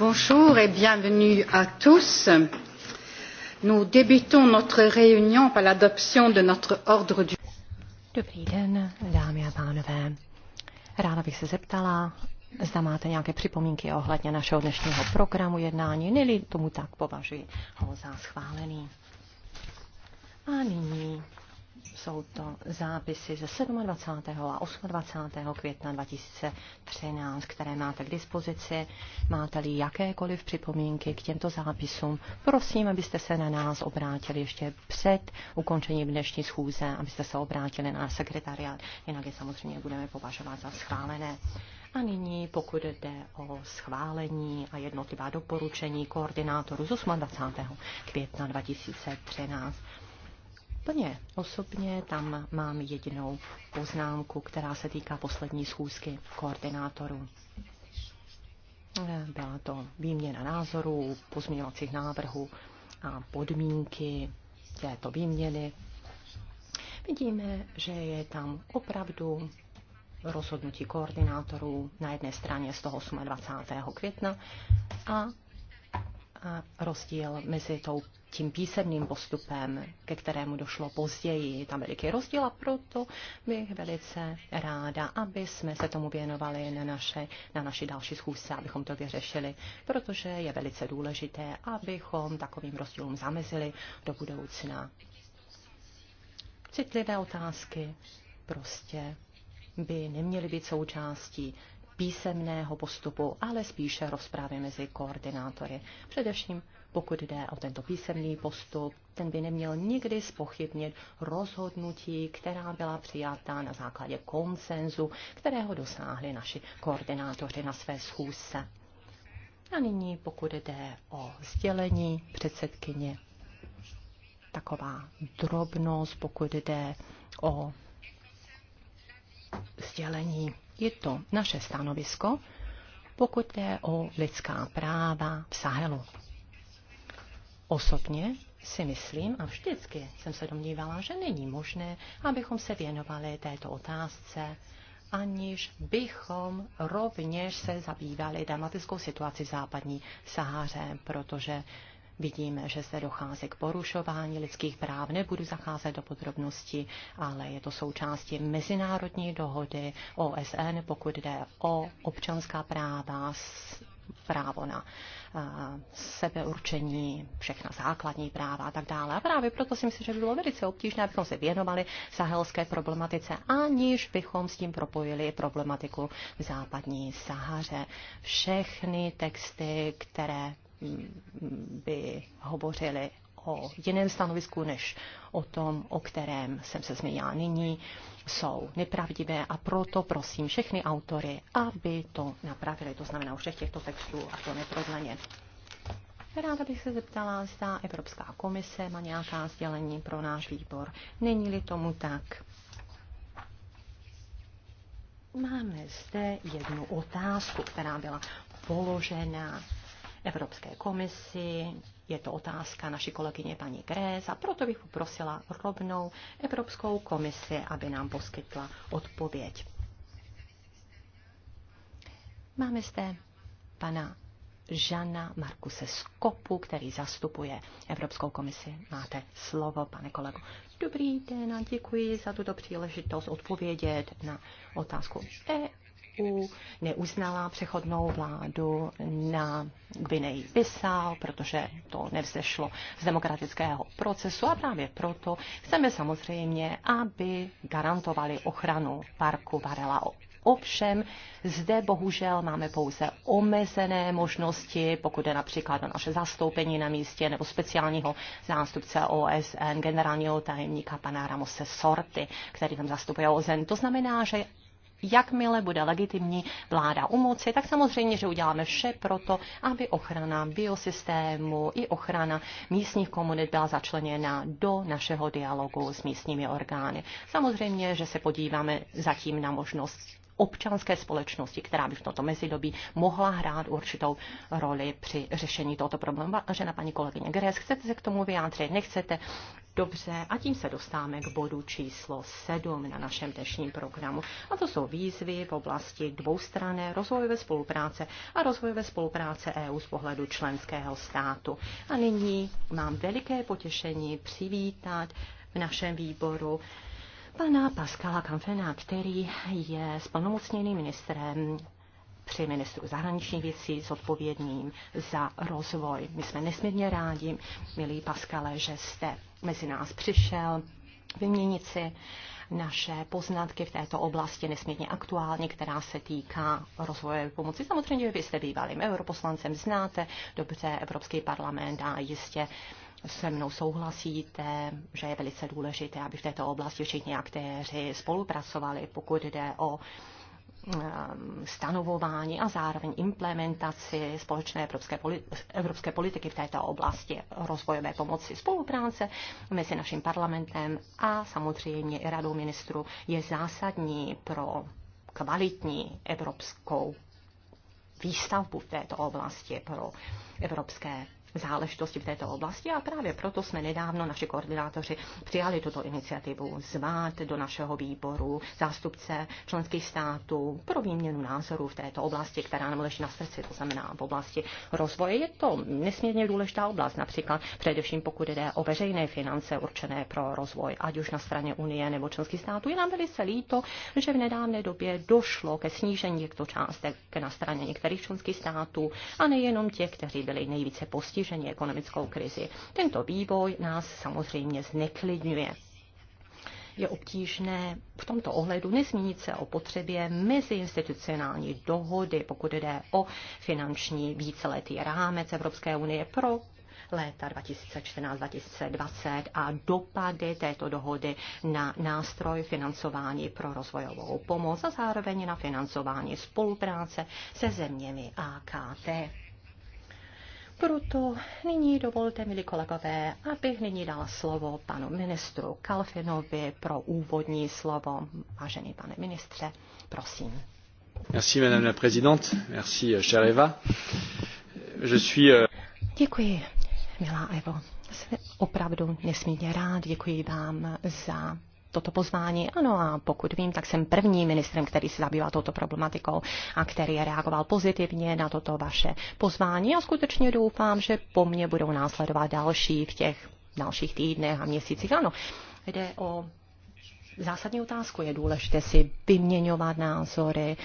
Bonjour et bienvenue à tous. Nous débutons notre réunion par l'adoption de notre ordre du Dobrý den, dámy a pánové. Ráda bych se zeptala, zda máte nějaké připomínky ohledně našeho dnešního programu jednání, nebo tomu tak považuji ho za schválený. A nyní jsou to zápisy ze 27. a 28. května 2013, které máte k dispozici. Máte-li jakékoliv připomínky k těmto zápisům, prosím, abyste se na nás obrátili ještě před ukončením dnešní schůze, abyste se obrátili na sekretariát, jinak je samozřejmě budeme považovat za schválené. A nyní, pokud jde o schválení a jednotlivá doporučení koordinátoru z 28. května 2013, úplně osobně tam mám jedinou poznámku, která se týká poslední schůzky koordinátorů. Byla to výměna názorů, pozměňovacích návrhů a podmínky této výměny. Vidíme, že je tam opravdu rozhodnutí koordinátorů na jedné straně z toho 28. května a, a rozdíl mezi tou tím písemným postupem, ke kterému došlo později. Je tam veliký rozdíl a proto bych velice ráda, aby jsme se tomu věnovali na, naše, na naši další schůzce, abychom to vyřešili, protože je velice důležité, abychom takovým rozdílům zamezili do budoucna. Citlivé otázky prostě by neměly být součástí písemného postupu, ale spíše rozprávy mezi koordinátory. Především pokud jde o tento písemný postup, ten by neměl nikdy spochybnit rozhodnutí, která byla přijata na základě konsenzu, kterého dosáhli naši koordinátoři na své schůzce. A nyní, pokud jde o sdělení předsedkyně, taková drobnost, pokud jde o sdělení. Je to naše stanovisko, pokud jde o lidská práva v Sahelu. Osobně si myslím a vždycky jsem se domnívala, že není možné, abychom se věnovali této otázce, aniž bychom rovněž se zabývali dramatickou situaci v západní Saháře, protože Vidíme, že se dochází k porušování lidských práv. Nebudu zacházet do podrobností, ale je to součástí mezinárodní dohody OSN, pokud jde o občanská práva, právo na sebeurčení, všechna základní práva a tak dále. A právě proto si myslím, že by bylo velice obtížné, abychom se věnovali sahelské problematice, aniž bychom s tím propojili problematiku v západní Sahaře. Všechny texty, které mm, by hovořili o jiném stanovisku než o tom, o kterém jsem se zmínila nyní, jsou nepravdivé a proto prosím všechny autory, aby to napravili, to znamená u všech těchto textů a to neprodleně. Ráda bych se zeptala, zda Evropská komise má nějaká sdělení pro náš výbor. Není-li tomu tak, máme zde jednu otázku, která byla položena Evropské komisi je to otázka naší kolegyně paní Grés a proto bych poprosila rovnou Evropskou komisi, aby nám poskytla odpověď. Máme zde pana Žana Markuse Skopu, který zastupuje Evropskou komisi. Máte slovo, pane kolego. Dobrý den a děkuji za tuto příležitost odpovědět na otázku e, EU neuznala přechodnou vládu na Gvinej Bissau, protože to nevzešlo z demokratického procesu a právě proto chceme samozřejmě, aby garantovali ochranu parku Varela Ovšem zde bohužel máme pouze omezené možnosti, pokud je například na naše zastoupení na místě nebo speciálního zástupce OSN, generálního tajemníka pana Ramose Sorty, který tam zastupuje OSN. To znamená, že jakmile bude legitimní vláda u moci, tak samozřejmě, že uděláme vše proto, aby ochrana biosystému i ochrana místních komunit byla začleněna do našeho dialogu s místními orgány. Samozřejmě, že se podíváme zatím na možnost občanské společnosti, která by v tomto mezidobí mohla hrát určitou roli při řešení tohoto problému. Vážená paní kolegyně Gres, chcete se k tomu vyjádřit? Nechcete? Dobře, a tím se dostáváme k bodu číslo 7 na našem dnešním programu. A to jsou výzvy v oblasti dvoustrané rozvojové spolupráce a rozvojové spolupráce EU z pohledu členského státu. A nyní mám veliké potěšení přivítat v našem výboru pana Pascala Kamfena, který je splnomocněným ministrem při ministru zahraničních věcí zodpovědným za rozvoj. My jsme nesmírně rádi, milý Paskale, že jste mezi nás přišel vyměnit si naše poznatky v této oblasti nesmírně aktuální, která se týká rozvoje pomoci. Samozřejmě vy jste bývalým europoslancem, znáte dobře Evropský parlament a jistě se mnou souhlasíte, že je velice důležité, aby v této oblasti všichni aktéři spolupracovali, pokud jde o ehm, stanovování a zároveň implementaci společné evropské, evropské politiky v této oblasti rozvojové pomoci spolupráce mezi naším parlamentem a samozřejmě i radou ministrů je zásadní pro kvalitní evropskou výstavbu v této oblasti pro evropské záležitosti v této oblasti a právě proto jsme nedávno naši koordinátoři přijali tuto iniciativu zvát do našeho výboru zástupce členských států pro výměnu názorů v této oblasti, která nám leží na srdci, to znamená v oblasti rozvoje. Je to nesmírně důležitá oblast, například především pokud jde o veřejné finance určené pro rozvoj, ať už na straně Unie nebo členských států. Je nám velice líto, že v nedávné době došlo ke snížení těchto částek na straně některých členských států a nejenom těch, kteří byli nejvíce postiženi postiženi ekonomickou krizi. Tento vývoj nás samozřejmě zneklidňuje je obtížné v tomto ohledu nezmínit se o potřebě meziinstitucionální dohody, pokud jde o finanční víceletý rámec Evropské unie pro léta 2014-2020 a dopady této dohody na nástroj financování pro rozvojovou pomoc a zároveň na financování spolupráce se zeměmi AKT. Proto nyní dovolte, milí kolegové, abych nyní dal slovo panu ministru Kalfinovi pro úvodní slovo. Vážený pane ministře, prosím. Merci, madame la présidente. Merci, euh, chère Eva. Je suis... Euh, Děkuji, milá Evo. Jsem opravdu nesmírně rád. Děkuji vám za toto pozvání. Ano, a pokud vím, tak jsem první ministrem, který se zabývá touto problematikou a který reagoval pozitivně na toto vaše pozvání. A skutečně doufám, že po mně budou následovat další v těch dalších týdnech a měsících. Ano, jde o zásadní otázku. Je důležité si vyměňovat názory,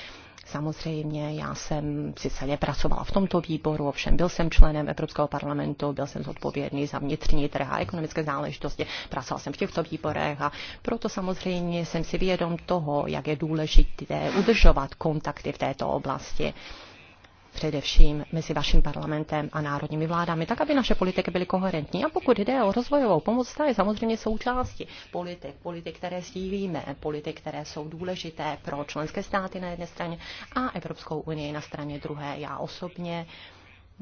Samozřejmě já jsem sice nepracovala v tomto výboru, ovšem byl jsem členem Evropského parlamentu, byl jsem zodpovědný za vnitřní trh a ekonomické záležitosti, pracoval jsem v těchto výborech a proto samozřejmě jsem si vědom toho, jak je důležité udržovat kontakty v této oblasti především mezi vaším parlamentem a národními vládami, tak aby naše politiky byly koherentní. A pokud jde o rozvojovou pomoc, ta je samozřejmě součástí politik, politik, které sdílíme, politik, které jsou důležité pro členské státy na jedné straně a Evropskou unii na straně druhé. Já osobně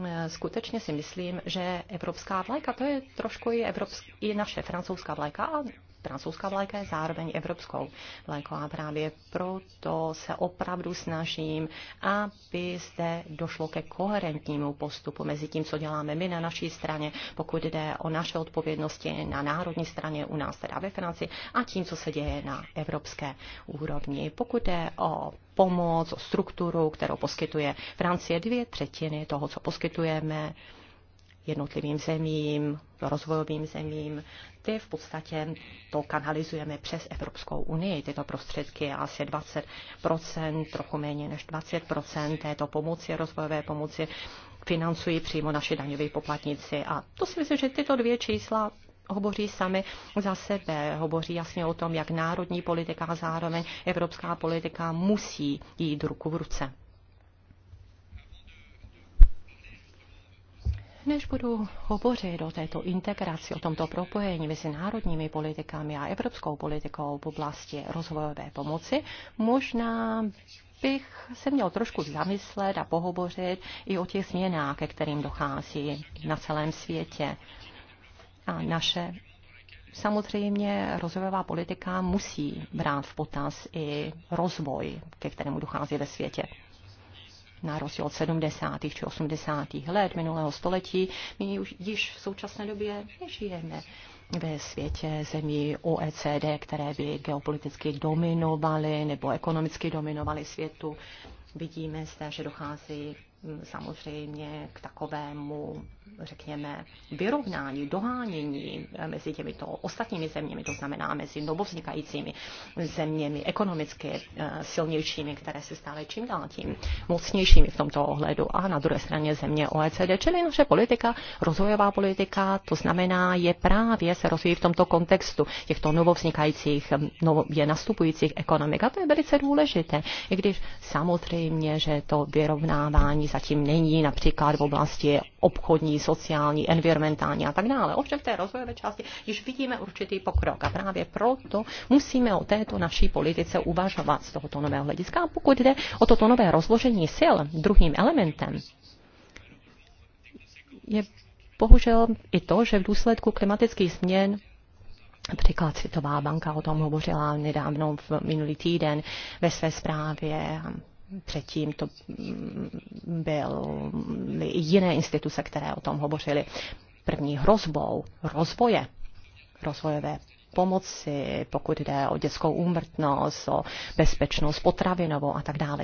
eh, skutečně si myslím, že evropská vlajka, to je trošku i, evropsk, i naše francouzská vlajka a francouzská vlajka je zároveň evropskou vlajkou a právě proto se opravdu snažím, aby zde došlo ke koherentnímu postupu mezi tím, co děláme my na naší straně, pokud jde o naše odpovědnosti na národní straně u nás teda ve Francii a tím, co se děje na evropské úrovni. Pokud jde o pomoc, o strukturu, kterou poskytuje Francie, dvě třetiny toho, co poskytujeme, jednotlivým zemím, rozvojovým zemím. Ty v podstatě to kanalizujeme přes Evropskou unii, tyto prostředky asi 20%, trochu méně než 20% této pomoci, rozvojové pomoci, financují přímo naši daňoví poplatníci. A to si myslím, že tyto dvě čísla hovoří sami za sebe, hovoří jasně o tom, jak národní politika a zároveň evropská politika musí jít ruku v ruce. Než budu hovořit o této integraci, o tomto propojení mezi národními politikami a evropskou politikou v oblasti rozvojové pomoci, možná bych se měl trošku zamyslet a pohovořit i o těch změnách, ke kterým dochází na celém světě. A naše Samozřejmě rozvojová politika musí brát v potaz i rozvoj, ke kterému dochází ve světě na rozdíl od 70. či 80. let minulého století. My už již v současné době nežijeme ve světě zemí OECD, které by geopoliticky dominovaly nebo ekonomicky dominovaly světu. Vidíme zde, že dochází samozřejmě k takovému, řekněme, vyrovnání, dohánění mezi těmito ostatními zeměmi, to znamená mezi novovznikajícími zeměmi, ekonomicky eh, silnějšími, které se stále čím dál tím mocnějšími v tomto ohledu a na druhé straně země OECD, čili naše politika, rozvojová politika, to znamená, je právě se rozvíjí v tomto kontextu těchto novovznikajících, nově nastupujících ekonomik a to je velice důležité, i když samozřejmě, že to vyrovnávání zatím není, například v oblasti obchodní, sociální, environmentální a tak dále. Ovšem v té rozvojové části již vidíme určitý pokrok a právě proto musíme o této naší politice uvažovat z tohoto nového hlediska. A pokud jde o toto nové rozložení sil, druhým elementem je bohužel i to, že v důsledku klimatických změn Například Světová banka o tom hovořila nedávno v minulý týden ve své zprávě Předtím to mm, byly jiné instituce, které o tom hovořily. První hrozbou rozvoje, rozvojové pomoci, pokud jde o dětskou úmrtnost, o bezpečnost potravinovou a tak dále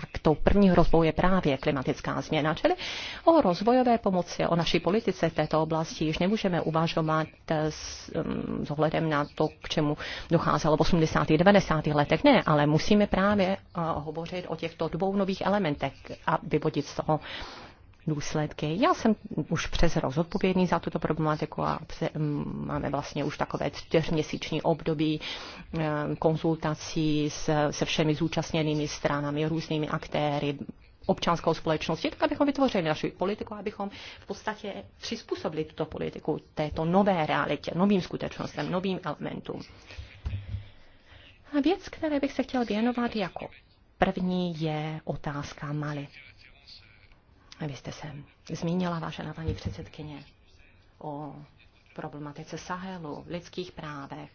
tak tou první hrozbou je právě klimatická změna. Čili o rozvojové pomoci, o naší politice v této oblasti již nemůžeme uvažovat s, um, s ohledem na to, k čemu docházelo v 80. a 90. letech. Ne, ale musíme právě uh, hovořit o těchto dvou nových elementech a vyvodit z toho důsledky. Já jsem už přes rok zodpovědný za tuto problematiku a máme vlastně už takové čtyřměsíční období konzultací se všemi zúčastněnými stranami, různými aktéry, občanskou společností, tak abychom vytvořili naši politiku, abychom v podstatě přizpůsobili tuto politiku této nové realitě, novým skutečnostem, novým elementům. A věc, které bych se chtěl věnovat jako první, je otázka Mali. Vy jste se zmínila, vážená paní předsedkyně, o problematice Sahelu, lidských právech,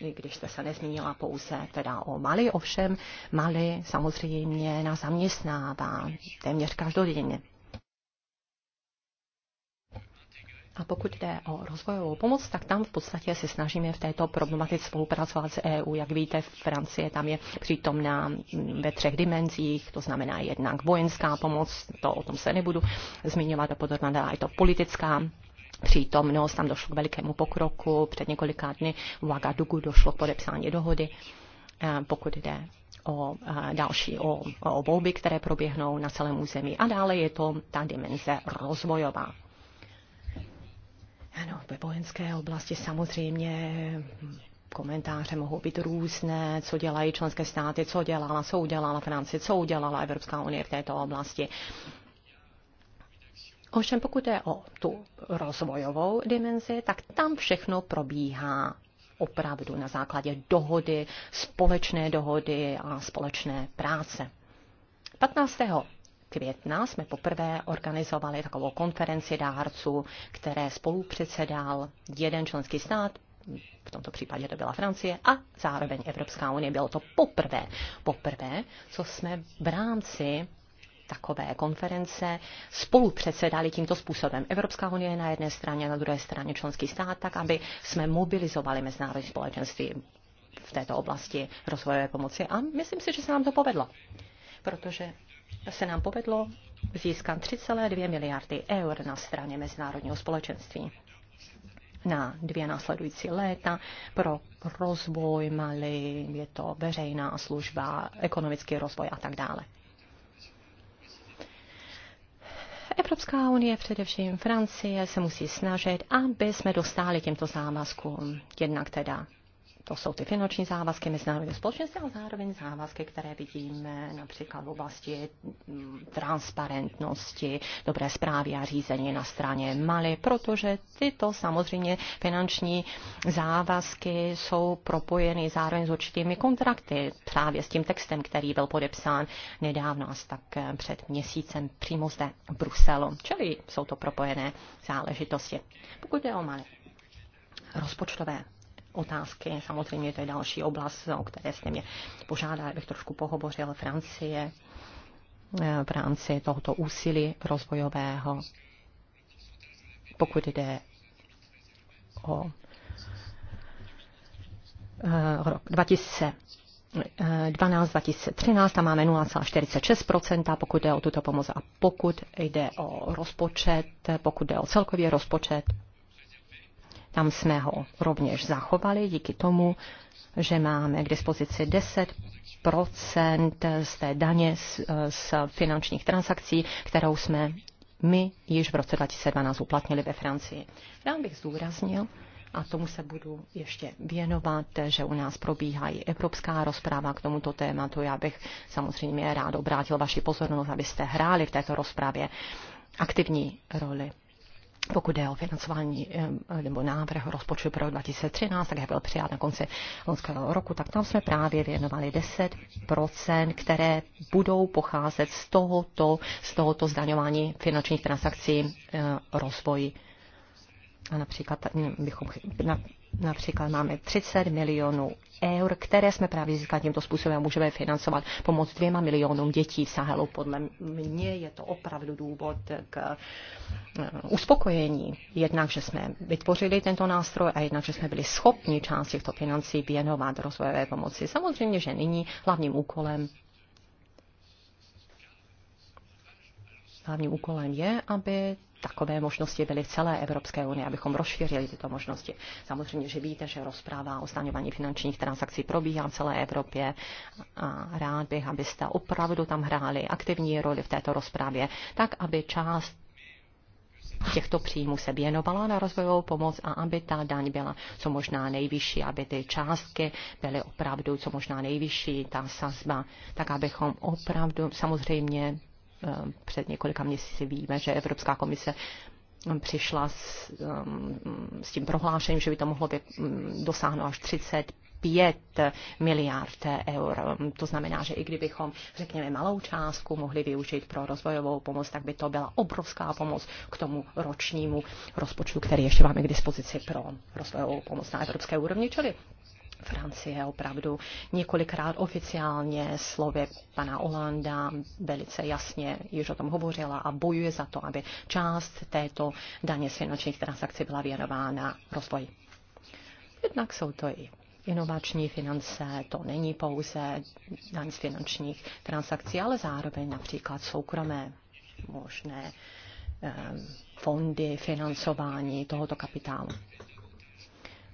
i když jste se nezmínila pouze teda o Mali, ovšem Mali samozřejmě nás zaměstnává téměř každodenně. A pokud jde o rozvojovou pomoc, tak tam v podstatě se snažíme v této problematice spolupracovat s EU. Jak víte, v Francie tam je přítomná ve třech dimenzích, to znamená jednak vojenská pomoc, to o tom se nebudu zmiňovat, a podobně, je to politická přítomnost, tam došlo k velikému pokroku. Před několika dny v Wagadugu došlo k podepsání dohody, pokud jde o další, o, o volby, které proběhnou na celém území. A dále je to ta dimenze rozvojová. Ano, ve vojenské oblasti samozřejmě komentáře mohou být různé, co dělají členské státy, co dělala, co udělala Francie, co udělala Evropská unie v této oblasti. Ovšem pokud je o tu rozvojovou dimenzi, tak tam všechno probíhá opravdu na základě dohody, společné dohody a společné práce. 15 května jsme poprvé organizovali takovou konferenci dárců, které spolu předsedal jeden členský stát, v tomto případě to byla Francie a zároveň Evropská unie. Bylo to poprvé, poprvé, co jsme v rámci takové konference spolu předsedali tímto způsobem. Evropská unie na jedné straně, na druhé straně členský stát, tak aby jsme mobilizovali mezinárodní společenství v této oblasti rozvojové pomoci a myslím si, že se nám to povedlo. Protože se nám povedlo získat 3,2 miliardy eur na straně mezinárodního společenství na dvě následující léta pro rozvoj Mali, je to veřejná služba, ekonomický rozvoj a tak dále. Evropská unie, především Francie, se musí snažit, aby jsme dostali těmto závazkům. Jednak teda to jsou ty finanční závazky mezinárodní společnosti ale zároveň závazky, které vidíme například v oblasti mm, transparentnosti, dobré zprávy a řízení na straně Mali, protože tyto samozřejmě finanční závazky jsou propojeny zároveň s určitými kontrakty, právě s tím textem, který byl podepsán nedávno, asi tak eh, před měsícem přímo zde v Bruselu. Čili jsou to propojené záležitosti. Pokud jde o Mali, rozpočtové otázky. Samozřejmě to je další oblast, o které jste mě požádá, abych trošku pohovořil. Francie eh, v rámci tohoto úsilí rozvojového, pokud jde o eh, rok 2000. 12-2013, eh, tam máme 0,46%, pokud jde o tuto pomoc a pokud jde o rozpočet, pokud jde o celkový rozpočet, tam jsme ho rovněž zachovali díky tomu, že máme k dispozici 10 z té daně z, z finančních transakcí, kterou jsme my již v roce 2012 uplatnili ve Francii. Rád bych zdůraznil, a tomu se budu ještě věnovat, že u nás probíhá i evropská rozpráva k tomuto tématu. Já bych samozřejmě rád obrátil vaši pozornost, abyste hráli v této rozpravě aktivní roli pokud jde o financování nebo návrh rozpočtu pro 2013, tak jak byl přijat na konci loňského roku, tak tam jsme právě věnovali 10%, které budou pocházet z tohoto, z tohoto zdaňování finančních transakcí eh, rozvoji. A například hm, bychom, Například máme 30 milionů eur, které jsme právě získali tímto způsobem, a můžeme financovat pomoc dvěma milionům dětí v Sahelu. Podle mě je to opravdu důvod k eh, uspokojení. Jednak, že jsme vytvořili tento nástroj a jednak, že jsme byli schopni část těchto financí věnovat rozvojové pomoci. Samozřejmě, že nyní hlavním úkolem hlavním úkolem je, aby takové možnosti byly v celé Evropské unii, abychom rozšířili tyto možnosti. Samozřejmě, že víte, že rozpráva o zdaňování finančních transakcí probíhá v celé Evropě a rád bych, abyste opravdu tam hráli aktivní roli v této rozprávě, tak aby část těchto příjmů se věnovala na rozvojovou pomoc a aby ta daň byla co možná nejvyšší, aby ty částky byly opravdu co možná nejvyšší, ta sazba, tak abychom opravdu samozřejmě Eh, před několika měsíci víme, že Evropská komise eh, přišla s, eh, s tím prohlášením, že by to mohlo být mm, dosáhnout až 30 5 miliard eur. To znamená, že i kdybychom, řekněme, malou částku mohli využít pro rozvojovou pomoc, tak by to byla obrovská pomoc k tomu ročnímu rozpočtu, který ještě máme k dispozici pro rozvojovou pomoc na evropské úrovni. Čili Francie opravdu několikrát oficiálně slově pana Olanda velice jasně již o tom hovořila a bojuje za to, aby část této daně z finančních transakcí byla věnována rozvoji. Jednak jsou to i inovační finance, to není pouze daň z finančních transakcí, ale zároveň například soukromé možné eh, fondy financování tohoto kapitálu.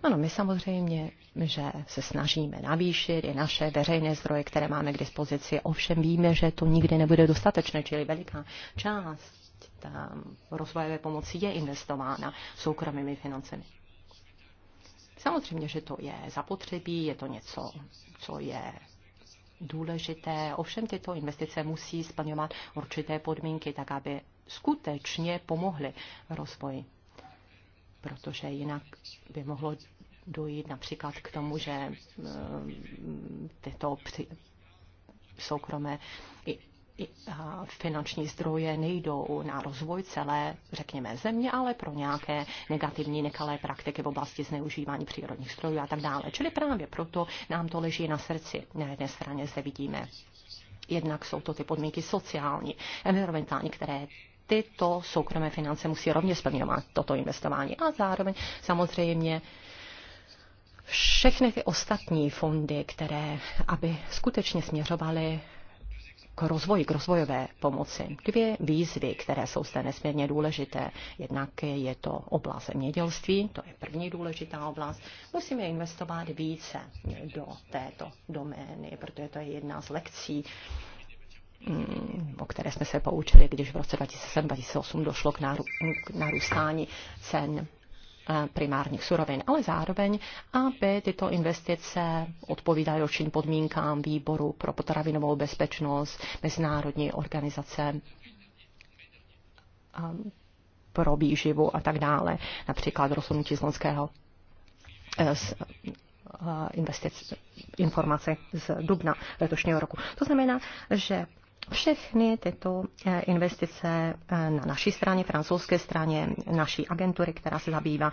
Ano, my samozřejmě, že se snažíme navýšit i naše veřejné zdroje, které máme k dispozici, ovšem víme, že to nikdy nebude dostatečné, čili veliká část rozvojové pomoci je investována soukromými financemi. Samozřejmě, že to je zapotřebí, je to něco, co je důležité. Ovšem tyto investice musí splňovat určité podmínky, tak aby skutečně pomohly rozvoji, protože jinak by mohlo dojít například k tomu, že eh, tyto při, soukromé i, i, finanční zdroje nejdou na rozvoj celé, řekněme, země, ale pro nějaké negativní, nekalé praktiky v oblasti zneužívání přírodních strojů a tak dále. Čili právě proto nám to leží na srdci. Na jedné straně zde vidíme. Jednak jsou to ty podmínky sociální, environmentální, které tyto soukromé finance musí rovně splňovat toto investování. A zároveň samozřejmě všechny ty ostatní fondy, které, aby skutečně směřovaly k rozvoji, k rozvojové pomoci. Dvě výzvy, které jsou zde nesmírně důležité. Jednak je to oblast zemědělství, to je první důležitá oblast. Musíme investovat více do této domény, protože to je jedna z lekcí, mm, o které jsme se poučili, když v roce 2007-2008 došlo k, náru, k narůstání cen Eh, primárních surovin, ale zároveň, aby tyto investice odpovídaly určitým podmínkám výboru pro potravinovou bezpečnost, mezinárodní organizace eh, pro výživu a tak dále, například rozhodnutí z loňského eh, investic, informace z dubna letošního roku. To znamená, že všechny tyto eh, investice eh, na naší straně, francouzské straně, naší agentury, která se zabývá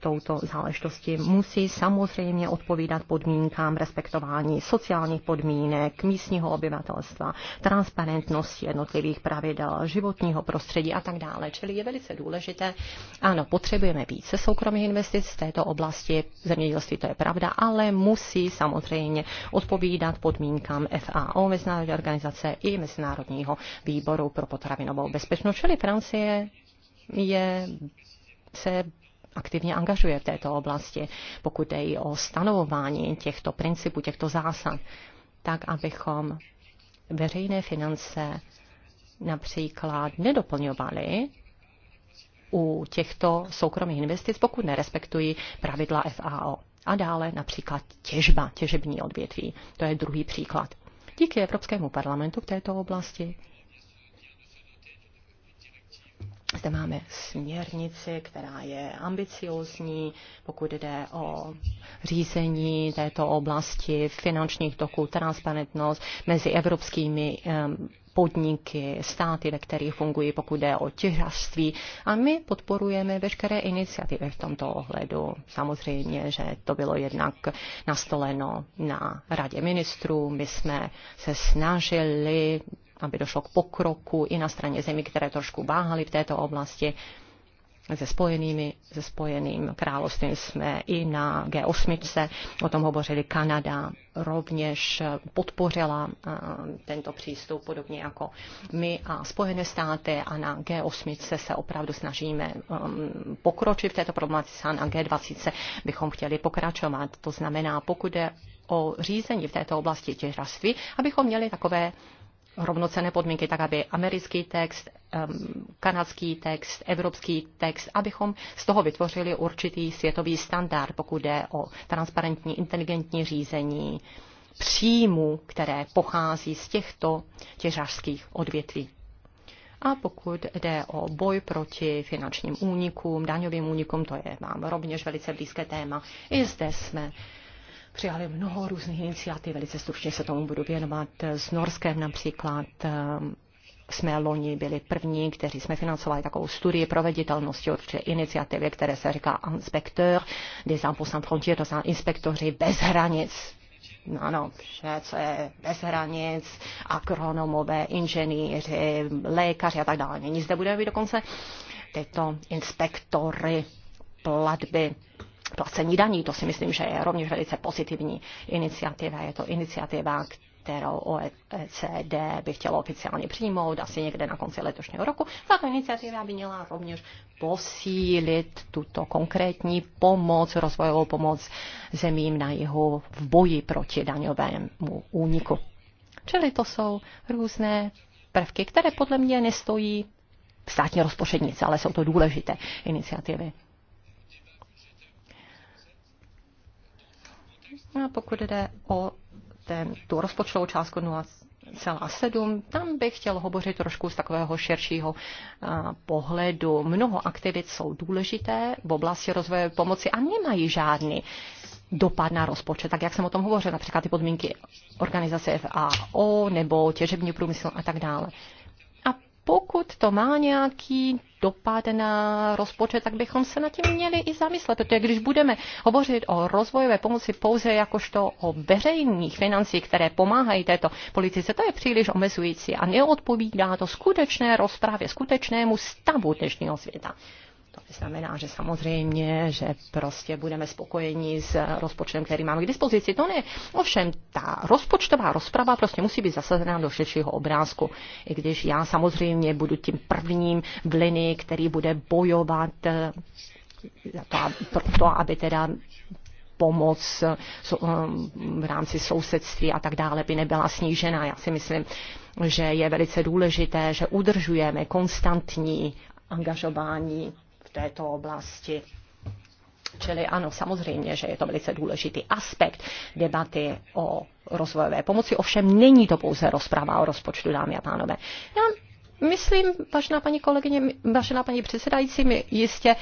touto záležitostí, musí samozřejmě odpovídat podmínkám respektování sociálních podmínek, místního obyvatelstva, transparentnosti jednotlivých pravidel, životního prostředí a tak dále. Čili je velice důležité, ano, potřebujeme více soukromých investic v této oblasti, zemědělství to je pravda, ale musí samozřejmě odpovídat podmínkám FAO, Mezinárodní organizace i mezi Mezinárodního výboru pro potravinovou bezpečnost, čili Francie je, se aktivně angažuje v této oblasti, pokud jde i o stanovování těchto principů, těchto zásad, tak abychom veřejné finance například nedoplňovaly u těchto soukromých investic, pokud nerespektují pravidla FAO. A dále například těžba, těžební odvětví. To je druhý příklad díky Evropskému parlamentu v této oblasti. Zde máme směrnici, která je ambiciozní, pokud jde o řízení této oblasti, finančních toků, transparentnost mezi evropskými podniky, státy, ve kterých fungují, pokud jde o těžařství. A my podporujeme veškeré iniciativy v tomto ohledu. Samozřejmě, že to bylo jednak nastoleno na radě ministrů. My jsme se snažili aby došlo k pokroku i na straně zemí, které trošku váhaly v této oblasti se, spojenými, se spojeným královstvím jsme i na G8, o tom hovořili Kanada, rovněž podpořila tento přístup, podobně jako my a Spojené státy a na G8 se opravdu snažíme um, pokročit v této problematice a na G20 bychom chtěli pokračovat. To znamená, pokud je o řízení v této oblasti těžařství, abychom měli takové rovnocené podmínky, tak aby americký text, kanadský text, evropský text, abychom z toho vytvořili určitý světový standard, pokud jde o transparentní, inteligentní řízení příjmu, které pochází z těchto těžařských odvětví. A pokud jde o boj proti finančním únikům, daňovým únikům, to je vám rovněž velice blízké téma. I zde jsme přijali mnoho různých iniciativ, velice stručně se tomu budu věnovat. S Norskem například ehm, jsme loni byli první, kteří jsme financovali takovou studii proveditelnosti určité iniciativy, které se říká inspektor, des Ampousants Frontier, to znamená inspektoři bez hranic. Ano, vše, co je bez hranic, akronomové, inženýři, lékaři a tak dále. Nyní zde budeme být dokonce tyto inspektory platby placení daní. To si myslím, že je rovněž velice pozitivní iniciativa. Je to iniciativa, kterou OECD by chtělo oficiálně přijmout asi někde na konci letošního roku. Tato iniciativa by měla rovněž posílit tuto konkrétní pomoc, rozvojovou pomoc zemím na jihu v boji proti daňovému úniku. Čili to jsou různé prvky, které podle mě nestojí státní rozpočet ale jsou to důležité iniciativy. No a pokud jde o ten, tu rozpočtovou částku 0,7, tam bych chtěl hovořit trošku z takového širšího pohledu. Mnoho aktivit jsou důležité v oblasti rozvoje pomoci a nemají žádný dopad na rozpočet, tak jak jsem o tom hovořil, například ty podmínky organizace FAO nebo těžební průmysl a tak dále pokud to má nějaký dopad na rozpočet, tak bychom se nad tím měli i zamyslet, protože když budeme hovořit o rozvojové pomoci pouze jakožto o veřejných financích, které pomáhají této politice, to je příliš omezující a neodpovídá to skutečné rozprávě, skutečnému stavu dnešního světa. To znamená, že samozřejmě, že prostě budeme spokojeni s rozpočtem, který máme k dispozici. To ne. Ovšem, ta rozpočtová rozprava prostě musí být zasazená do širšího obrázku. I když já samozřejmě budu tím prvním v linii, který bude bojovat eh, za to, proto, aby teda pomoc eh, v rámci sousedství a tak dále by nebyla snížena. Já si myslím, že je velice důležité, že udržujeme konstantní angažování této oblasti. Čili ano, samozřejmě, že je to velice důležitý aspekt debaty o rozvojové pomoci, ovšem není to pouze rozprava o rozpočtu, dámy a pánové. Já myslím, vážená paní kolegyně, vážená paní předsedající, my jistě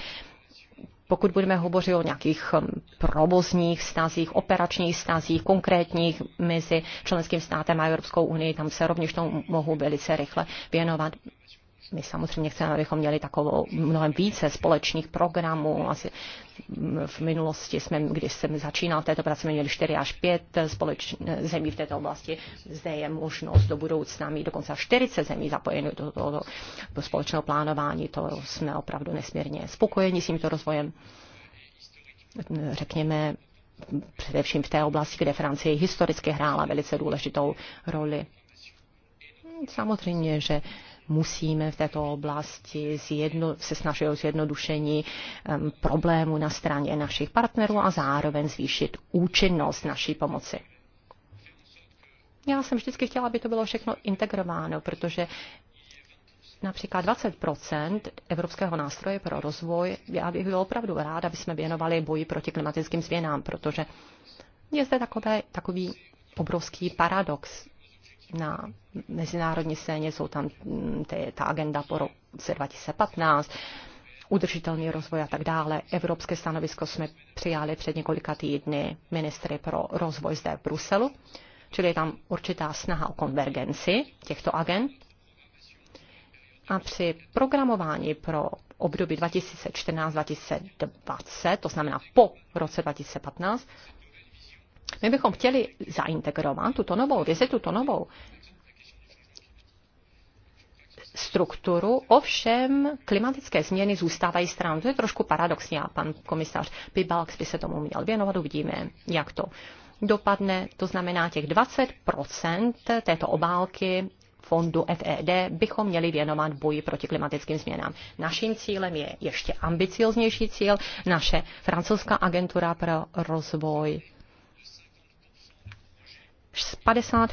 pokud budeme hovořit o nějakých um, provozních stazích, operačních stazích, konkrétních mezi členským státem a Evropskou unii, tam se rovněž tomu mohu velice rychle věnovat my samozřejmě chceme, abychom měli takovou mnohem více společných programů. Asi v minulosti jsme, když jsem začínal v této práci, měli 4 až 5 zemí v této oblasti. Zde je možnost do budoucna mít dokonce až 40 zemí zapojené do, do, do, do společného plánování. To jsme opravdu nesmírně spokojeni s tímto rozvojem. Řekněme, především v té oblasti, kde Francie historicky hrála velice důležitou roli. Samozřejmě, že musíme v této oblasti zjedno, se snažit o zjednodušení um, problému na straně našich partnerů a zároveň zvýšit účinnost naší pomoci. Já jsem vždycky chtěla, aby to bylo všechno integrováno, protože například 20 Evropského nástroje pro rozvoj, já bych byl opravdu rád, aby jsme věnovali boji proti klimatickým změnám, protože je zde takové, takový obrovský paradox na mezinárodní scéně, jsou tam mm, ty, ta agenda po roce 2015, udržitelný rozvoj a tak dále. Evropské stanovisko jsme přijali před několika týdny ministry pro rozvoj zde v Bruselu, čili je tam určitá snaha o konvergenci těchto agent. A při programování pro období 2014-2020, to znamená po roce 2015, my bychom chtěli zaintegrovat tuto novou vizi, tuto novou strukturu, ovšem klimatické změny zůstávají stranou. To je trošku paradoxní a pan komisař Pibalx by se tomu měl věnovat, uvidíme, jak to dopadne. To znamená, těch 20% této obálky fondu FED bychom měli věnovat boji proti klimatickým změnám. Naším cílem je ještě ambicioznější cíl. Naše francouzská agentura pro rozvoj 50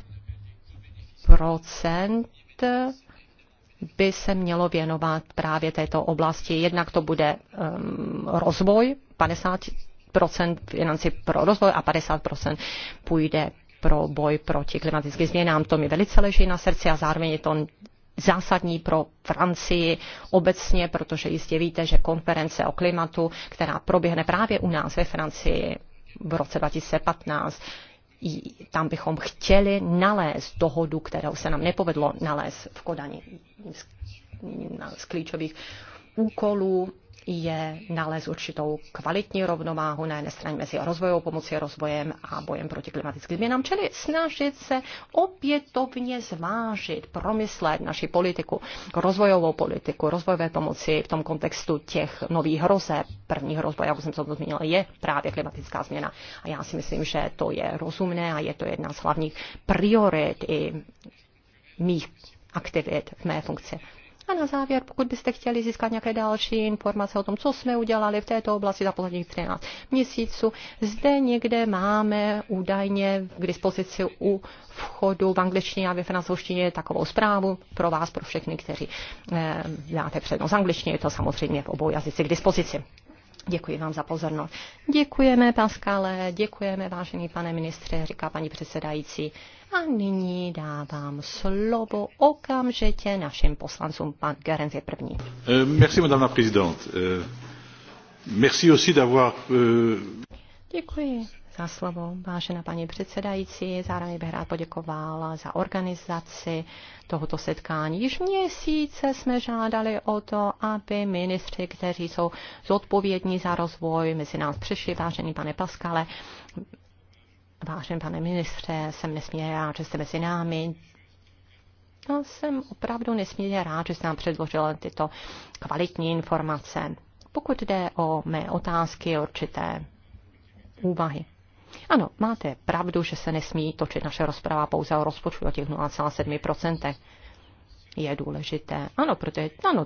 by se mělo věnovat právě této oblasti. Jednak to bude um, rozvoj, 50 financí pro rozvoj a 50 půjde pro boj proti klimatickým změnám. To mi velice leží na srdci a zároveň je to zásadní pro Francii obecně, protože jistě víte, že konference o klimatu, která proběhne právě u nás ve Francii v roce 2015, tam bychom chtěli nalézt dohodu, kterou se nám nepovedlo nalézt v Kodani z, z klíčových úkolů je nalézt určitou kvalitní rovnováhu na jedné straně mezi rozvojovou pomocí, rozvojem a bojem proti klimatickým změnám, čili snažit se opětovně zvážit, promyslet naši politiku, rozvojovou politiku, rozvojové pomoci v tom kontextu těch nových hrozeb. První hrozba, jak už jsem se to zmínila, je právě klimatická změna. A já si myslím, že to je rozumné a je to jedna z hlavních priorit i mých aktivit v mé funkci. A na závěr, pokud byste chtěli získat nějaké další informace o tom, co jsme udělali v této oblasti za posledních 13 měsíců, zde někde máme údajně k dispozici u vchodu v angličtině a ve francouzštině takovou zprávu pro vás, pro všechny, kteří eh, dáte přednost angličtině, je to samozřejmě v obou jazycích k dispozici. Děkuji vám za pozornost. Děkujeme, Paskale, děkujeme, vážený pane ministře, říká paní předsedající. A nyní dávám slovo okamžitě našim poslancům. Pan Gerenz je první. Euh, merci, madame la présidente. Euh, merci aussi d'avoir... Euh, Děkuji za slovo, vážená paní předsedající. Zároveň bych rád poděkoval za organizaci tohoto setkání. Již měsíce jsme žádali o to, aby ministři, kteří jsou zodpovědní za rozvoj, mezi nás přišli, vážený pane Paskale, Vážený pane ministře, jsem nesmírně rád, že jste mezi námi. Já jsem opravdu nesmírně rád, že jste nám předložil tyto kvalitní informace. Pokud jde o mé otázky, určité úvahy. Ano, máte pravdu, že se nesmí točit naše rozprava pouze o rozpočtu o těch 0,7%. Je důležité. Ano, protože ano,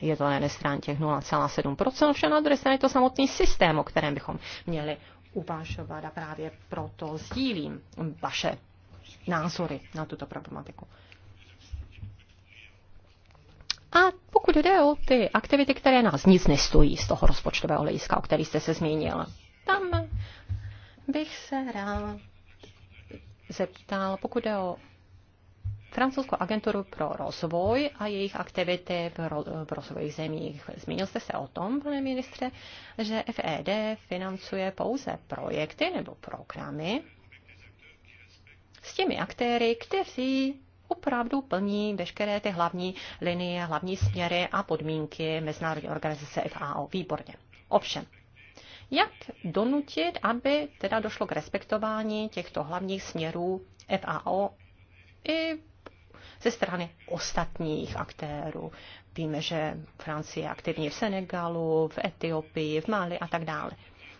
je to na jedné straně těch 0,7%, ovšem na druhé straně je to samotný systém, o kterém bychom měli uvažovat a právě proto sdílím vaše názory na tuto problematiku. A pokud jde o ty aktivity, které nás nic nestojí z toho rozpočtového hlediska, o který jste se zmínil, tam bych se rád zeptal, pokud jde o francouzskou agenturu pro rozvoj a jejich aktivity v, ro, v rozvojových zemích. Zmínil jste se o tom, pane ministře, že FED financuje pouze projekty nebo programy s těmi aktéry, kteří opravdu plní veškeré ty hlavní linie, hlavní směry a podmínky Mezinárodní organizace FAO. Výborně. Ovšem, jak donutit, aby teda došlo k respektování těchto hlavních směrů FAO i ze strany ostatních aktérů. Víme, že Francie je aktivní v Senegalu, v Etiopii, v Mali a tak dále.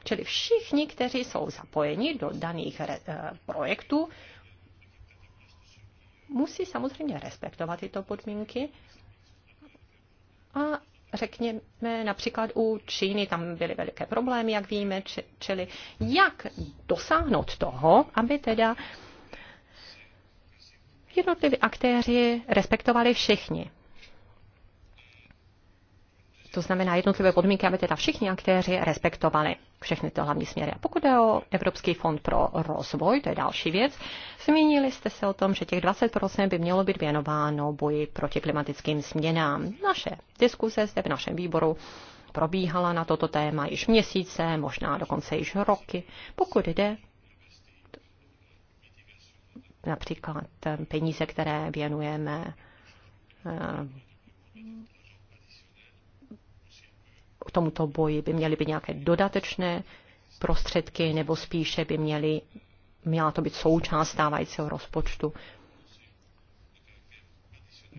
Čili všichni, kteří jsou zapojeni do daných re, eh, projektů, musí samozřejmě respektovat tyto podmínky a řekněme například u Číny, tam byly veliké problémy, jak víme, čili jak dosáhnout toho, aby teda jednotliví aktéři respektovali všichni. To znamená jednotlivé podmínky, aby teda všichni aktéři respektovali všechny ty hlavní směry. A pokud je o Evropský fond pro rozvoj, to je další věc, zmínili jste se o tom, že těch 20% by mělo být věnováno boji proti klimatickým změnám. Naše diskuse zde v našem výboru probíhala na toto téma již měsíce, možná dokonce již roky. Pokud jde například eh, peníze, které věnujeme k eh, tomuto boji, by měly být nějaké dodatečné prostředky, nebo spíše by měly, měla to být součást stávajícího rozpočtu.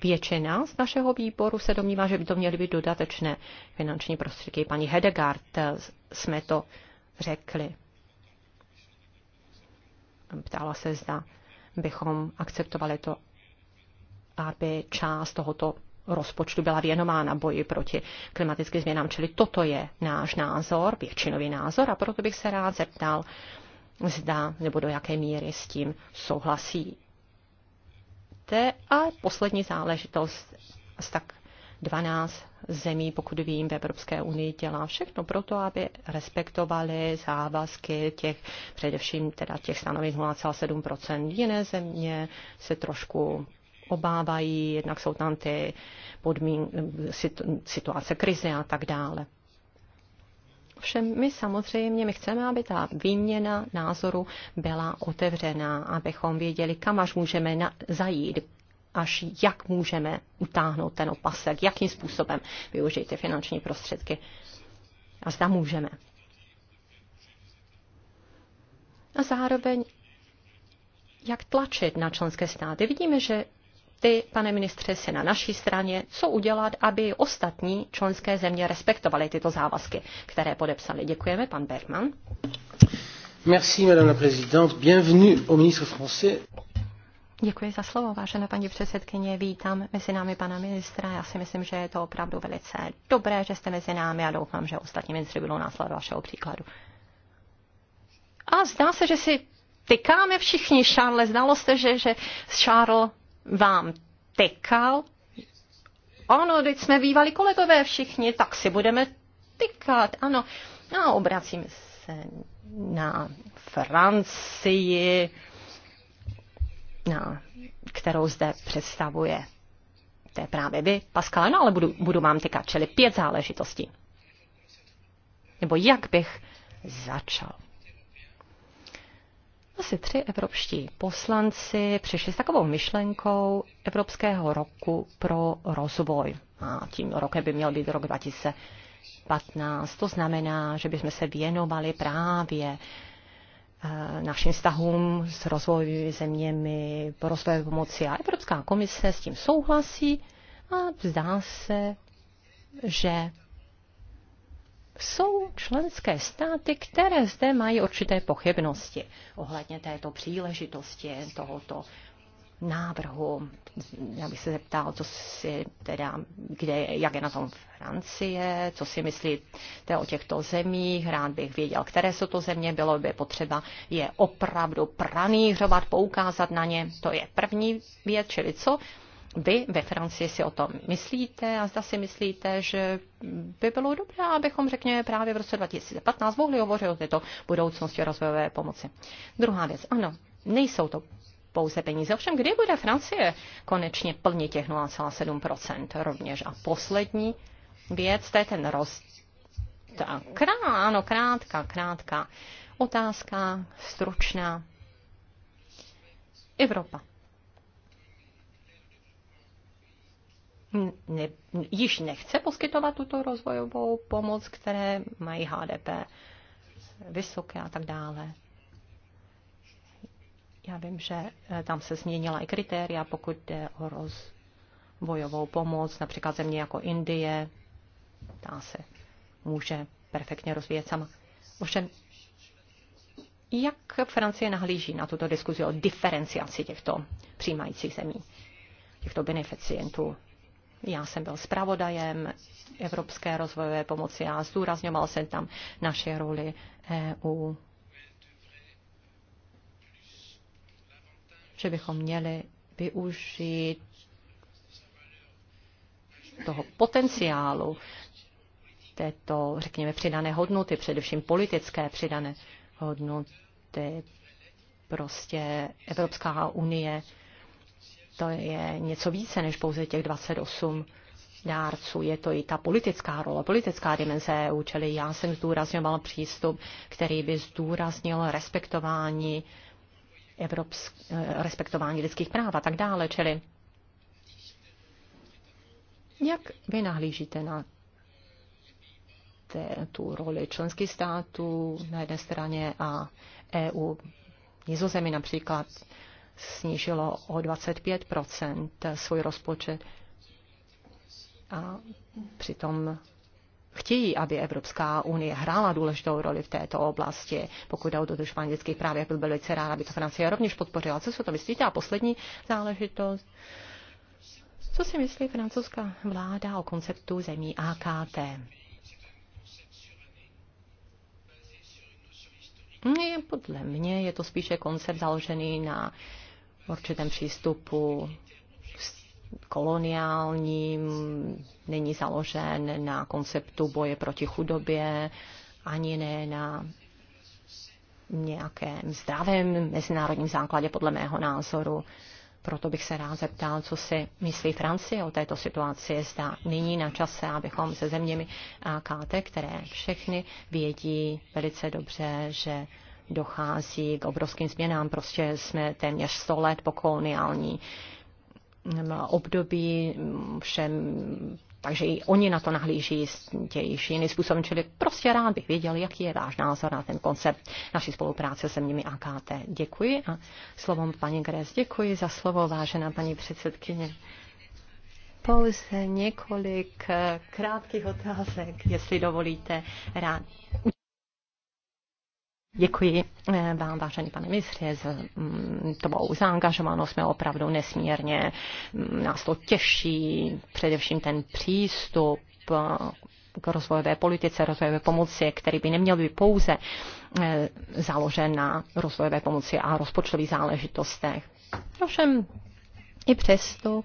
Většina z našeho výboru se domnívá, že by to měly být dodatečné finanční prostředky. Paní Hedegard eh, jsme to řekli. Ptala se, zda bychom akceptovali to, aby část tohoto rozpočtu byla věnována boji proti klimatickým změnám. Čili toto je náš názor, většinový názor a proto bych se rád zeptal, zda nebo do jaké míry s tím souhlasí. A poslední záležitost tak 12 zemí, pokud vím, v Evropské unii dělá všechno pro to, aby respektovali závazky těch, především teda těch stanovit 0,7 Jiné země se trošku obávají, jednak jsou tam ty podmín, situace krize a tak dále. Všem my samozřejmě, my chceme, aby ta výměna názoru byla otevřená, abychom věděli, kam až můžeme na, zajít, až jak můžeme utáhnout ten opasek, jakým způsobem využít ty finanční prostředky a zda můžeme. A zároveň, jak tlačit na členské státy. Vidíme, že ty, pane ministře, se na naší straně, co udělat, aby ostatní členské země respektovaly tyto závazky, které podepsali. Děkujeme, pan Bergman. Merci, madame la présidente. Bienvenue au ministre français. Děkuji za slovo, vážená paní předsedkyně. Vítám mezi námi pana ministra. Já si myslím, že je to opravdu velice dobré, že jste mezi námi a doufám, že ostatní ministři budou následovat vašeho příkladu. A zdá se, že si tykáme všichni, Šárle. Znalo jste, že, že Charles vám tykal? Ano, teď jsme bývali kolegové všichni, tak si budeme tykat. Ano, a obracím se na Francii kterou zde představuje to je právě vy, Pascal, no ale budu, budu mám tykat, čili pět záležitostí. Nebo jak bych začal? Asi tři evropští poslanci přišli s takovou myšlenkou Evropského roku pro rozvoj. A tím rokem by měl být rok 2015. To znamená, že bychom se věnovali právě Eh, našim vztahům s rozvojovými zeměmi, rozvoje pomoci. A Evropská komise s tím souhlasí a zdá se, že jsou členské státy, které zde mají určité pochybnosti ohledně této příležitosti, tohoto návrhu. Já bych se zeptal, co si teda, kde, jak je na tom Francie, co si myslíte o těchto zemích, rád bych věděl, které jsou to země, bylo by potřeba je opravdu pranýřovat, poukázat na ně, to je první věc, čili co vy ve Francii si o tom myslíte a zda si myslíte, že by bylo dobré, abychom, řekněme, právě v roce 2015 mohli hovořit o této budoucnosti rozvojové pomoci. Druhá věc, ano, nejsou to pouze peníze. Ovšem, kdy bude Francie konečně plně těch 0,7% rovněž? A poslední věc, to je ten roz... Ta krá, ano, krátká, krátká otázka, stručná. Evropa. Ne, již nechce poskytovat tuto rozvojovou pomoc, které mají HDP vysoké a tak dále. Já vím, že eh, tam se změnila i kritéria, pokud jde o rozvojovou pomoc, například země jako Indie, ta se může perfektně rozvíjet sama. Ovšem, jak Francie nahlíží na tuto diskuzi o diferenciaci těchto přijímajících zemí, těchto beneficientů? Já jsem byl zpravodajem Evropské rozvojové pomoci a zdůrazňoval jsem tam naše roli EU že bychom měli využít toho potenciálu této, řekněme, přidané hodnoty, především politické přidané hodnoty. Prostě Evropská unie, to je něco více než pouze těch 28 dárců. Je to i ta politická rola, politická dimenze EU, čili já jsem zdůrazňoval přístup, který by zdůraznil respektování uh, evropsk, eh, respektování lidských práv a tak dále. Čili jak vy nahlížíte na té, tu roli členských států na jedné straně a EU? Nizozemí například snížilo o 25 svůj rozpočet a přitom chtějí, aby Evropská unie hrála důležitou roli v této oblasti, pokud jde o dodržování dětských práv, jak byl velice rád, aby to Francie rovněž podpořila. Co se to myslíte? A poslední záležitost. Co si myslí francouzská vláda o konceptu zemí AKT? Podle mě je to spíše koncept založený na určitém přístupu koloniální, není založen na konceptu boje proti chudobě, ani ne na nějakém zdravém mezinárodním základě, podle mého názoru. Proto bych se rád zeptal, co si myslí Francie o této situaci. Zda nyní na čase, abychom se zeměmi AKT, které všechny vědí velice dobře, že dochází k obrovským změnám. Prostě jsme téměř 100 let po koloniální Mm, období, mm, všem, takže i oni na to nahlíží tějiž jiným způsobem, čili prostě rád bych věděl, jaký je váš názor na ten koncept naší spolupráce se měmi AKT. Děkuji a slovom paní Gres, děkuji za slovo, vážená paní předsedkyně. Pouze několik eh, krátkých otázek, jestli dovolíte rád. Děkuji eh, vám, vážený pane ministře, za mm, tvou zaangažovanou Jsme opravdu nesmírně, mm, nás to těší, především ten přístup eh, k rozvojové politice, rozvojové pomoci, který by neměl být pouze eh, založen na rozvojové pomoci a rozpočtových záležitostech. Ovšem i přesto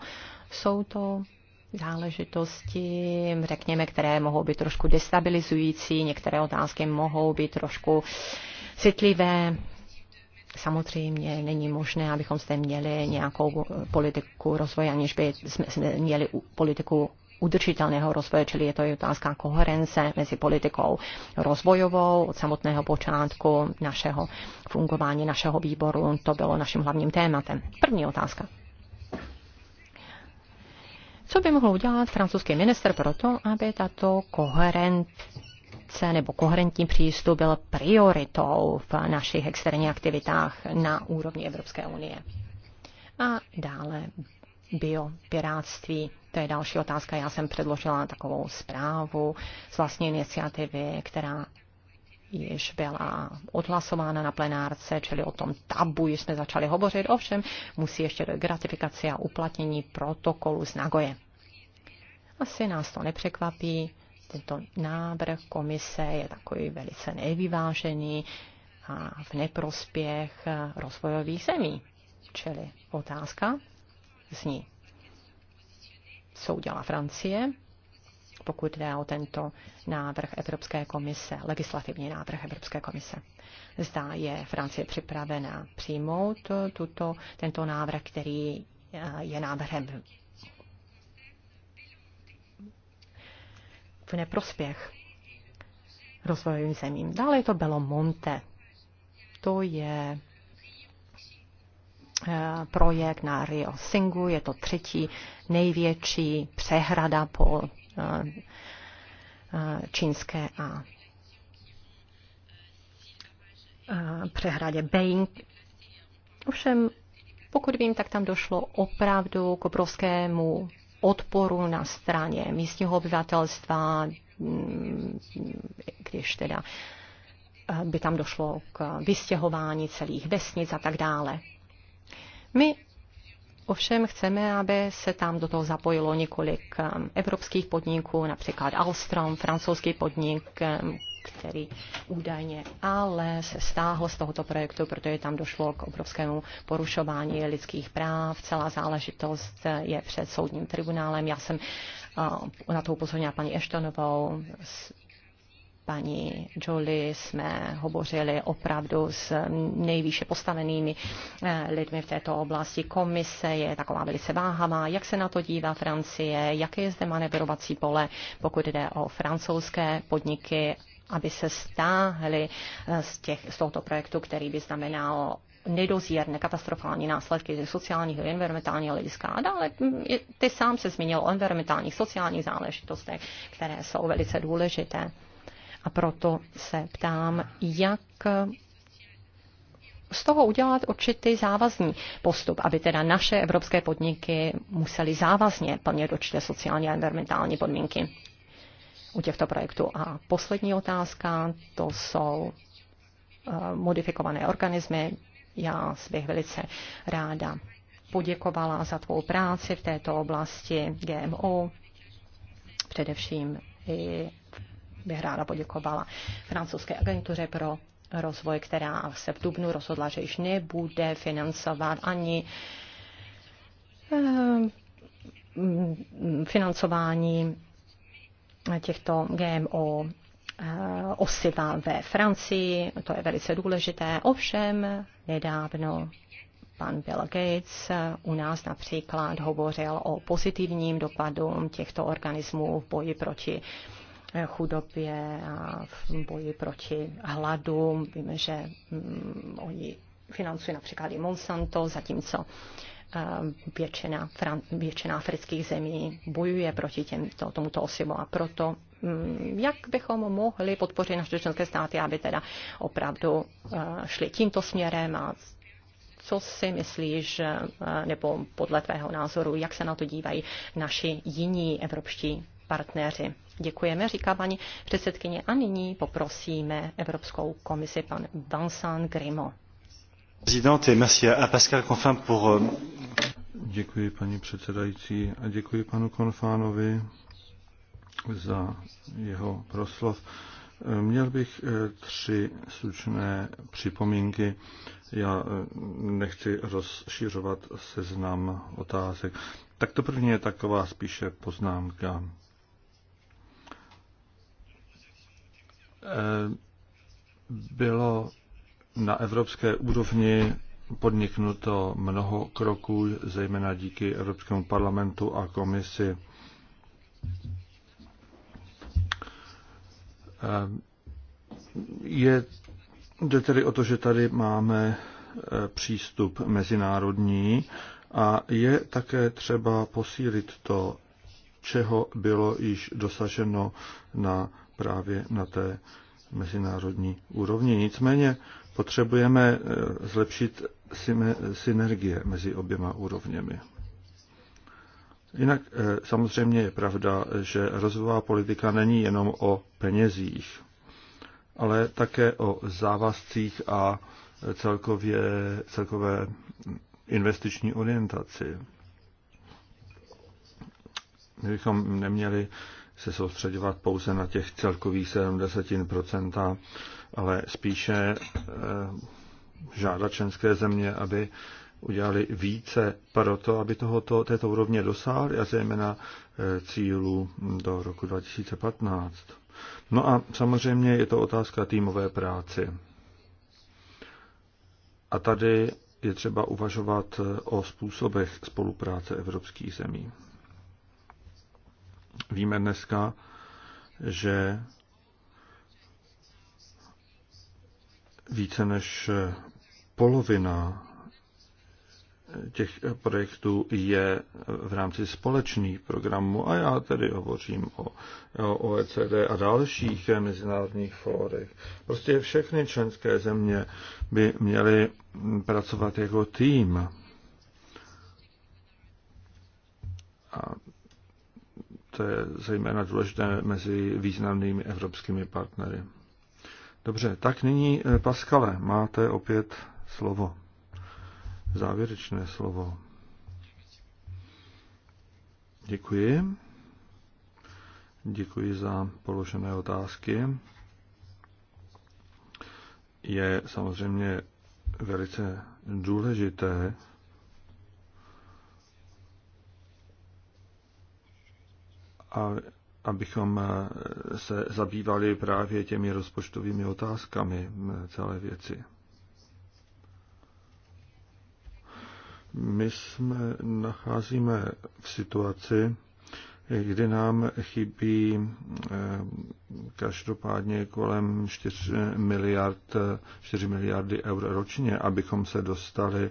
jsou to záležitosti, řekněme, které mohou být trošku destabilizující, některé otázky mohou být trošku citlivé. Samozřejmě není možné, abychom zde měli nějakou politiku rozvoje, aniž by jsme měli politiku udržitelného rozvoje, čili je to i otázka koherence mezi politikou rozvojovou od samotného počátku našeho fungování, našeho výboru. To bylo naším hlavním tématem. První otázka. Co by mohl udělat francouzský minister pro to, aby tato koherence nebo koherentní přístup byl prioritou v našich externích aktivitách na úrovni Evropské unie? A dále biopiráctví. To je další otázka. Já jsem předložila takovou zprávu z vlastní iniciativy, která již byla odhlasována na plenárce, čili o tom tabu jsme začali hovořit. Ovšem musí ještě dojít gratifikace a uplatnění protokolu z Nagoje. Asi nás to nepřekvapí. Tento návrh komise je takový velice nevyvážený a v neprospěch rozvojových zemí. Čili otázka zní, co udělá Francie, pokud jde o tento návrh Evropské komise, legislativní návrh Evropské komise. Zda je Francie připravena přijmout tuto, tento návrh, který eh, je návrhem v neprospěch rozvojovým zemím. Dále je to Belomonte. To je eh, projekt na Rio Singu, je to třetí největší přehrada po eh, eh, čínské a přehradě Being. Ovšem, pokud vím, tak tam došlo opravdu k obrovskému odporu na straně místního obyvatelstva, když teda eh, by tam došlo k vystěhování celých vesnic a tak dále. My Ovšem chceme, aby se tam do toho zapojilo několik eh, evropských podniků, například Alstrom, francouzský podnik, eh, který údajně ale se stáhl z tohoto projektu, protože tam došlo k obrovskému porušování lidských práv. Celá záležitost je před soudním tribunálem. Já jsem eh, na to upozornila paní Eštonovou, paní Jolie jsme hovořili opravdu s nejvýše postavenými eh, lidmi v této oblasti. Komise je taková velice váhavá, jak se na to dívá Francie, jaké je zde manevrovací pole, pokud jde o francouzské podniky aby se stáhly eh, z, těch, z tohoto projektu, který by znamenal nedozírné katastrofální následky ze sociálního a environmentálního hlediska. A dále mm, ty sám se zmínil o environmentálních sociálních záležitostech, které jsou velice důležité. A proto se ptám, jak eh, z toho udělat určitý závazný postup, aby teda naše evropské podniky musely závazně plně dočte sociální a environmentální podmínky u těchto projektů. A poslední otázka, to jsou eh, modifikované organismy. Já bych velice ráda poděkovala za tvou práci v této oblasti GMO, především i bych ráda poděkovala francouzské agentuře pro rozvoj, která se v Dubnu rozhodla, že již nebude financovat ani eh, financování těchto GMO eh, osiva ve Francii, to je velice důležité. Ovšem, nedávno pan Bill Gates u nás například hovořil o pozitivním dopadu těchto organismů v boji proti eh, chudobě a v boji proti hladu. Víme, že mm, oni financují například i Monsanto, zatímco Eh, většina, většina afrických zemí bojuje proti těmto, tomuto osivu a proto mm, jak bychom mohli podpořit naše členské státy, aby teda opravdu eh, šli tímto směrem a co si myslíš, eh, nebo podle tvého názoru, jak se na to dívají naši jiní evropští partneři. Děkujeme, říká paní předsedkyně. A nyní poprosíme Evropskou komisi pan Vincent Grimo. Euh, děkuji paní předsedající a děkuji panu Konfánovi za jeho proslov. Měl bych eh, tři slučné připomínky. Já eh, nechci rozšířovat seznam otázek. Tak to první je taková spíše poznámka. Eh, bylo na evropské úrovni podniknuto mnoho kroků, zejména díky Evropskému parlamentu a komisi. Eh, je, jde tedy o to, že tady máme eh, přístup mezinárodní a je také třeba posílit to, čeho bylo již dosaženo na, právě na té mezinárodní úrovni. Nicméně Potřebujeme eh, zlepšit synergie mezi oběma úrovněmi. Jinak eh, samozřejmě je pravda, že rozvojová politika není jenom o penězích, ale také o závazcích a eh, celkově, celkové investiční orientaci. My bychom neměli se soustředovat pouze na těch celkových 70%, ale spíše eh, žádat členské země, aby udělali více pro to, aby tohoto, této úrovně dosáhli a zejména eh, cílů do roku 2015. No a samozřejmě je to otázka týmové práci. A tady je třeba uvažovat eh, o způsobech spolupráce evropských zemí. Víme dneska, že více než polovina těch projektů je v rámci společných programů a já tedy hovořím o OECD a dalších mezinárodních fórech. Prostě všechny členské země by měly pracovat jako tým. A to je zejména důležité mezi významnými evropskými partnery. Dobře, tak nyní, eh, Paskale, máte opět slovo. Závěrečné slovo. Děkuji. Děkuji za položené otázky. Je samozřejmě velice důležité, a abychom eh, se zabývali právě těmi rozpočtovými otázkami mm, celé věci. My jsme nacházíme v situaci, kdy nám chybí eh, každopádně kolem 4 miliard, 4 miliardy eur ročně, abychom se dostali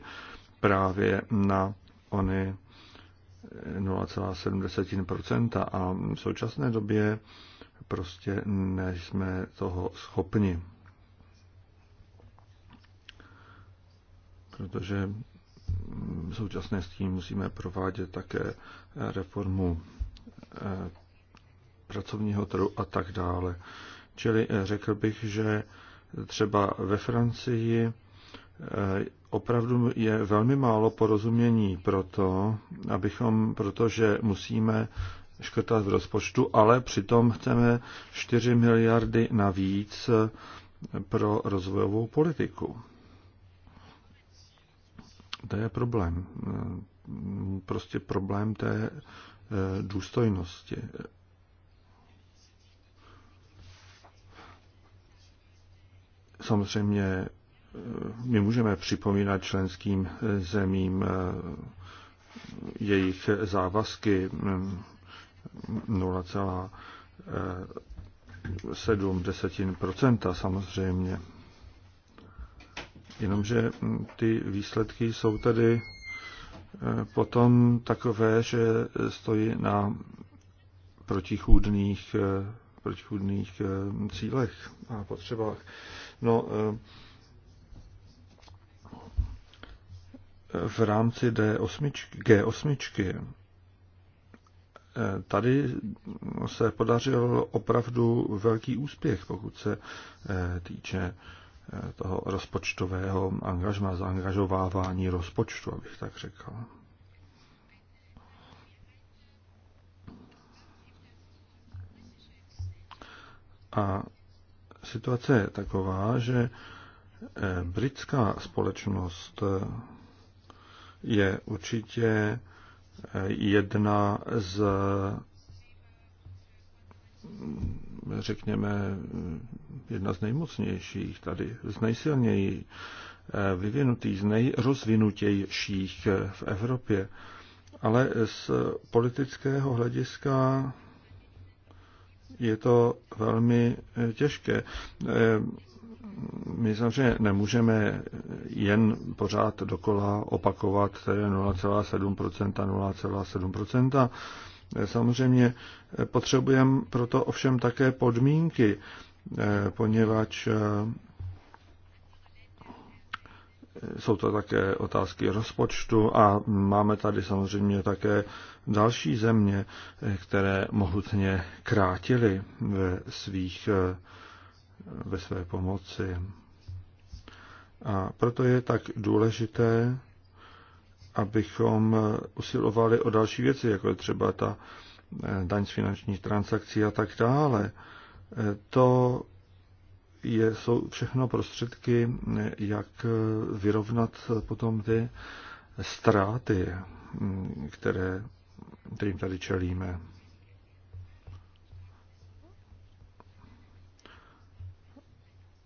právě na ony 0,7% a v současné době prostě nejsme toho schopni. Protože současně s tím musíme provádět také reformu eh, pracovního trhu a tak dále. Čili eh, řekl bych, že třeba ve Francii Eh, opravdu je velmi málo porozumění pro to, abychom, protože musíme škrtat v rozpočtu, ale přitom chceme 4 miliardy navíc eh, pro rozvojovou politiku. To je problém. Eh, prostě problém té důstojnosti. Samozřejmě my můžeme připomínat členským zemím eh, jejich závazky 0,7 eh, samozřejmě. Jenomže hm, ty výsledky jsou tedy eh, potom takové, že stojí na protichůdných, protichůdných cílech a potřebách. No, v rámci D8, G8 eh, tady se podařil opravdu velký úspěch, pokud se eh, týče eh, toho rozpočtového angažma, zaangažovávání rozpočtu, abych tak řekl. A situace je taková, že britská společnost je určitě eh, jedna z řekněme, jedna z nejmocnějších tady, z nejsilněji eh, vyvinutých, z nejrozvinutějších eh, v Evropě. Ale z politického hlediska je to velmi těžké my samozřejmě nemůžeme jen pořád dokola opakovat tedy 0,7%, 0,7%. Samozřejmě potřebujeme proto ovšem také podmínky, eh, poněvadž eh, jsou to také otázky rozpočtu a máme tady samozřejmě také další země, eh, které mohutně krátily ve svých ve své pomoci. A proto je tak důležité, abychom usilovali o další věci, jako je třeba ta eh, daň z finančních transakcí a tak dále. Eh, to je, jsou všechno prostředky, eh, jak vyrovnat potom ty ztráty, mm, které, kterým tady čelíme.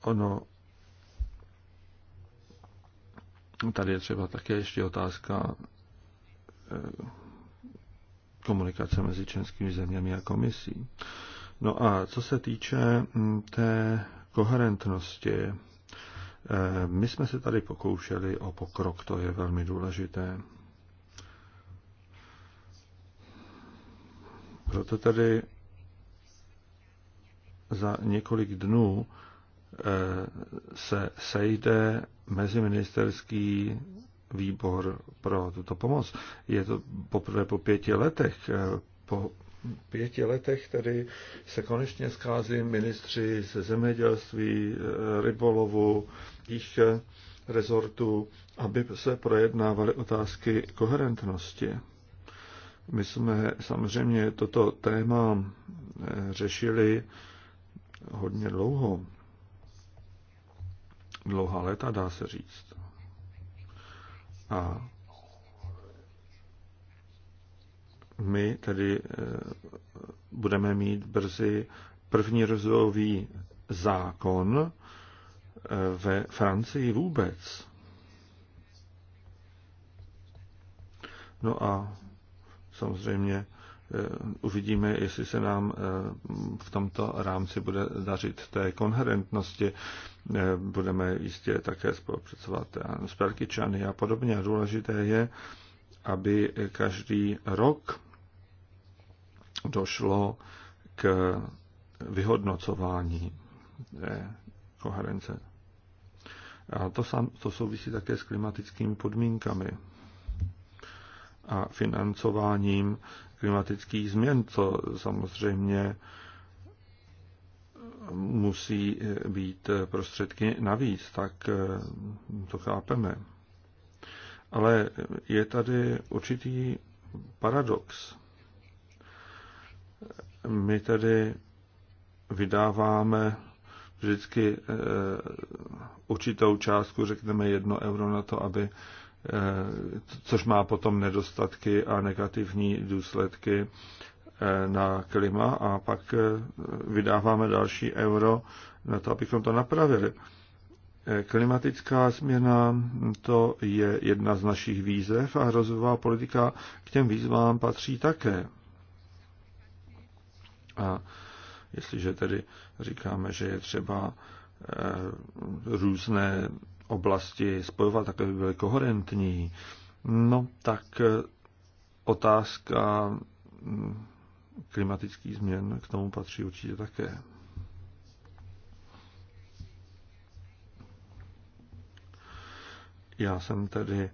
Ono Tady je třeba také ještě otázka eh, komunikace mezi českými zeměmi a komisí. No a co se týče hm, té koherentnosti, eh, my jsme se tady pokoušeli o pokrok, to je velmi důležité. Proto tady za několik dnů Eh, se sejde meziministerský výbor pro tuto pomoc. Je to poprvé po pěti letech. Eh, po pěti letech tedy se konečně schází ministři se zemědělství, eh, rybolovu, jich rezortů, aby se projednávaly otázky koherentnosti. My jsme samozřejmě toto téma řešili hodně dlouho dlouhá léta, dá se říct. A my tedy eh, budeme mít brzy první rozvojový zákon eh, ve Francii vůbec. No a samozřejmě Eh, uvidíme, jestli se nám eh, v tomto rámci bude dařit té konherentnosti. Eh, budeme jistě také spolupracovat s Perkyčany a podobně. Důležité je, aby každý rok došlo k vyhodnocování koherence. A to, sam, to souvisí také s klimatickými podmínkami a financováním klimatických změn, co samozřejmě musí být prostředky navíc, tak eh, to chápeme. Ale je tady určitý paradox. My tedy vydáváme vždycky eh, určitou částku, řekneme jedno euro na to, aby což má potom nedostatky a negativní důsledky eh, na klima a pak eh, vydáváme další euro na to, abychom to napravili. Eh, klimatická změna to je jedna z našich výzev a rozvojová politika k těm výzvám patří také. A jestliže tedy říkáme, že je třeba různé oblasti spojovat, tak aby byly koherentní, no tak eh, otázka mm, klimatických změn k tomu patří určitě také. Já jsem tedy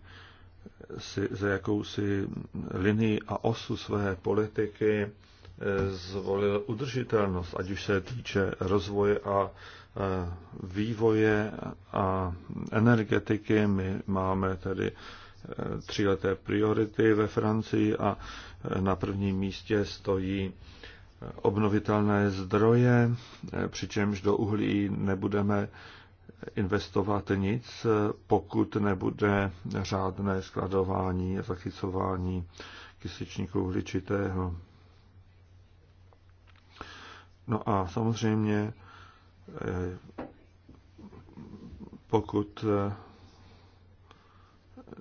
si, ze jakousi linii a osu své politiky eh, zvolil udržitelnost, ať už se týče rozvoje a Eh, vývoje a energetiky. My máme tedy eh, tříleté priority ve Francii a eh, na prvním místě stojí obnovitelné zdroje, přičemž do uhlí nebudeme investovat nic, pokud nebude řádné skladování a zachycování kysličníku uhličitého. No a samozřejmě Eh, pokud eh,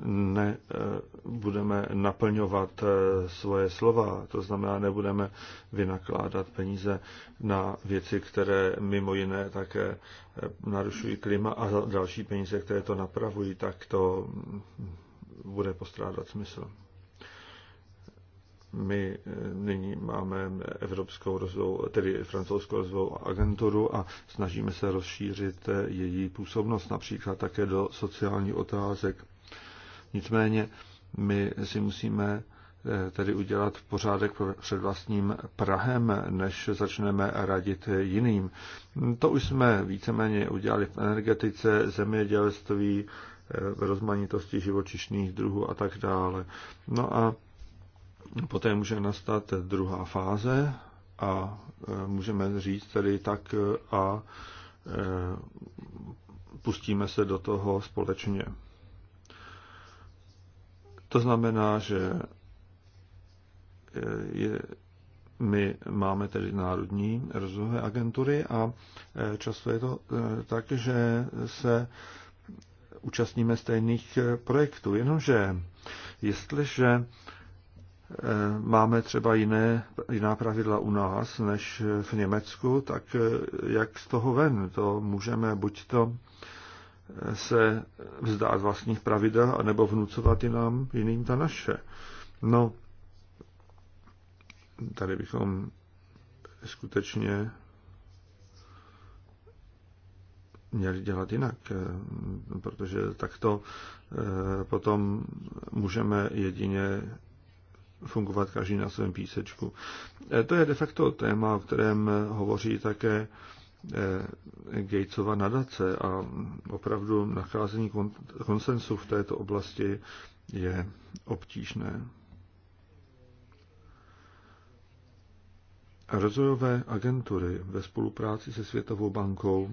nebudeme eh, naplňovat svoje slova, to znamená nebudeme vynakládat peníze na věci, které mimo jiné také narušují klima a další peníze, které to napravují, tak to bude postrádat smysl. My eh, nyní máme eh, Evropskou rozvou, eh, tedy francouzskou rozvou agenturu a snažíme se rozšířit její působnost například také do sociálních otázek. Nicméně my si musíme tedy udělat pořádek před vlastním Prahem, než začneme radit jiným. To už jsme víceméně udělali v energetice, zemědělství, rozmanitosti živočišných druhů a tak dále. No a Poté může nastat druhá fáze a e, můžeme říct tedy tak e, a e, pustíme se do toho společně. To znamená, že je, my máme tedy národní rozvojové agentury a často je to tak, že se účastníme stejných projektů. Jenomže jestliže Eh, máme třeba jiné, jiná pravidla u nás než v Německu, tak eh, jak z toho ven? To můžeme buď to eh, se vzdát vlastních pravidel, anebo vnucovat i nám jiným ta naše. No, tady bychom skutečně měli dělat jinak, protože takto potom můžeme jedině fungovat každý na svém písečku. E, to je de facto téma, o kterém hovoří také e, Gatesova nadace a opravdu nacházení konsensu v této oblasti je obtížné. Rozvojové agentury ve spolupráci se Světovou bankou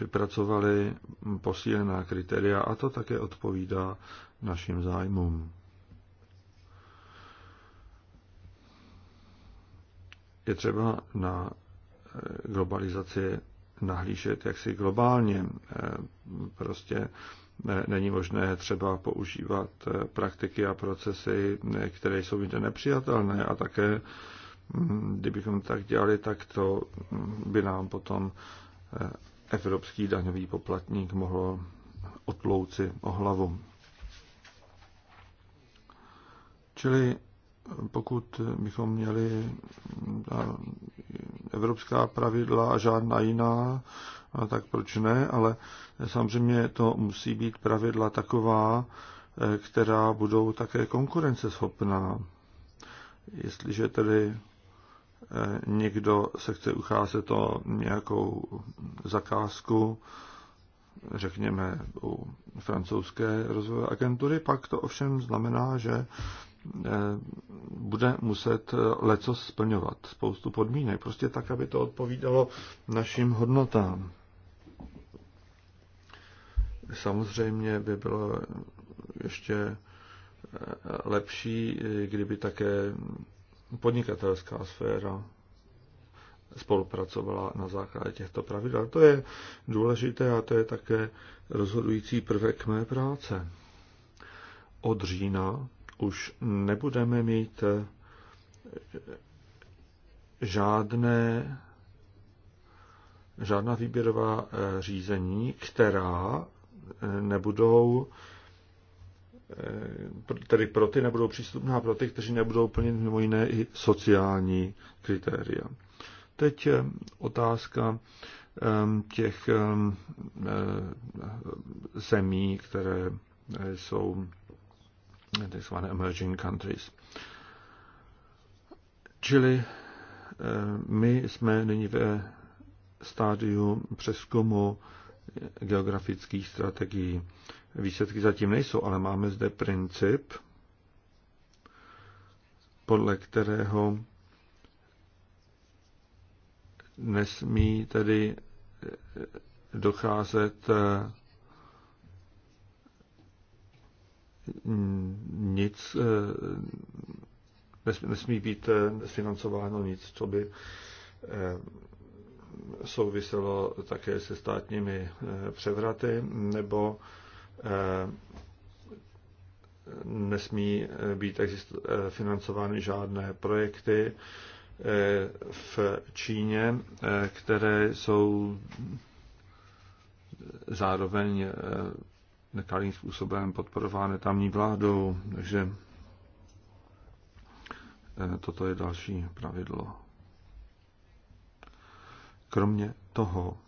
vypracovali posílená kritéria a to také odpovídá našim zájmům. Je třeba na eh, globalizaci nahlížet jaksi globálně. Eh, prostě eh, není možné třeba používat praktiky a procesy, které jsou jinde nepřijatelné a také, hm, kdybychom tak dělali, tak to hm, by nám potom evropský daňový poplatník mohl otlouci o hlavu. Čili pokud bychom měli evropská pravidla a žádná jiná, tak proč ne, ale samozřejmě to musí být pravidla taková, e, která budou také konkurenceschopná. Jestliže tedy Eh, někdo se chce ucházet o nějakou zakázku, řekněme, u francouzské rozvojové agentury, pak to ovšem znamená, že eh, bude muset eh, leco splňovat, spoustu podmínek, prostě tak, aby to odpovídalo našim hodnotám. Samozřejmě by bylo ještě lepší, kdyby také podnikatelská sféra spolupracovala na základě těchto pravidel. To je důležité a to je také rozhodující prvek mé práce. Od října už nebudeme mít eh, žádné, žádná výběrová eh, řízení, která eh, nebudou tedy pro ty nebudou přístupná pro ty, kteří nebudou plnit mimo jiné i sociální kritéria. Teď eh, otázka ehm, těch ehm, eh, zemí, které eh, jsou tzv. emerging countries. Čili my jsme nyní ve stádiu přeskumu geografických strategií. Výsledky zatím nejsou, ale máme zde princip, podle kterého nesmí tedy docházet eh, nic, eh, nesmí být eh, financováno nic, co by souviselo také se státními převraty nebo Eh, nesmí eh, být eh, financovány žádné projekty v Číně, které jsou zároveň nekalým způsobem podporovány tamní vládou, takže toto je další pravidlo. Kromě toho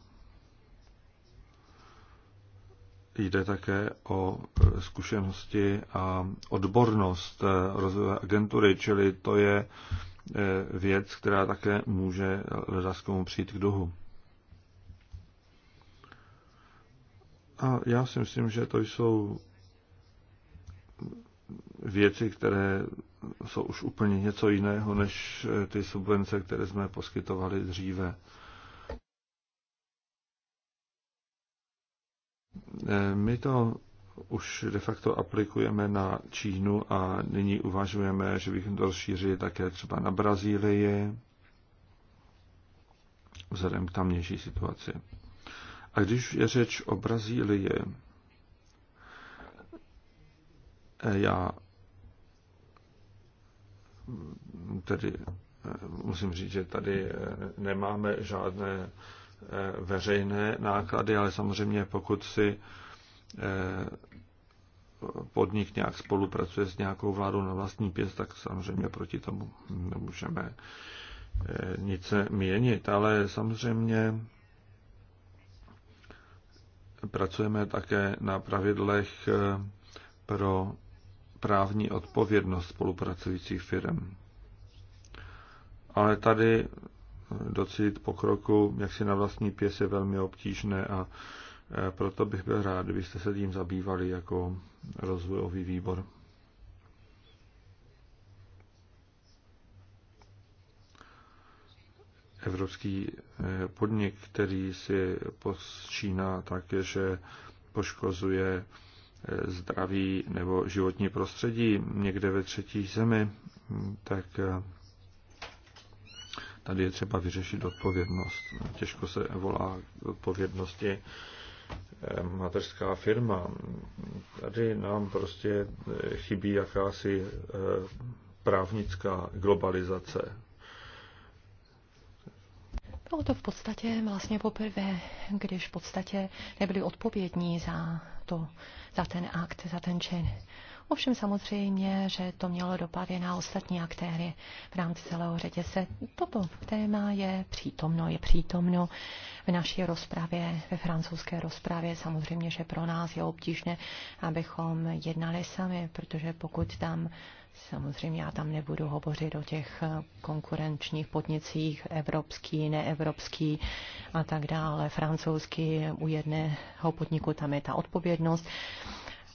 jde také o e, zkušenosti a odbornost e, rozvojové agentury, čili to je e, věc, která také může ledaskomu přijít k duhu. A já si myslím, že to jsou věci, které jsou už úplně něco jiného než ty subvence, které jsme poskytovali dříve. Eh, my to už de facto aplikujeme na Čínu a nyní uvažujeme, že bychom to rozšířili také třeba na Brazílii, vzhledem k tamnější situaci. A když je řeč o Brazílii, eh, já tedy eh, musím říct, že tady nemáme žádné veřejné náklady, ale samozřejmě pokud si eh, podnik nějak spolupracuje s nějakou vládou na vlastní pěst, tak samozřejmě proti tomu nemůžeme eh, nic měnit, ale samozřejmě pracujeme také na pravidlech eh, pro právní odpovědnost spolupracujících firm. Ale tady docit pokroku, jak si na vlastní pěs je velmi obtížné a e, proto bych byl rád, kdybyste se tím zabývali jako rozvojový výbor. Evropský e, podnik, který si posčíná tak, že poškozuje e, zdraví nebo životní prostředí někde ve třetí zemi, tak Tady je třeba vyřešit odpovědnost. Těžko se volá odpovědnosti eh, mateřská firma. Tady nám prostě eh, chybí jakási eh, právnická globalizace. Bylo to v podstatě vlastně poprvé, když v podstatě nebyli odpovědní za to, za ten akt, za ten čin. Ovšem samozřejmě, že to mělo dopady na ostatní aktéry v rámci celého řetězce. Toto téma je přítomno, je přítomno v naší rozpravě, ve francouzské rozpravě. Samozřejmě, že pro nás je obtížné, abychom jednali sami, protože pokud tam Samozřejmě já tam nebudu hovořit o těch konkurenčních podnicích, evropský, neevropský a tak dále, francouzský, u jedného podniku tam je ta odpovědnost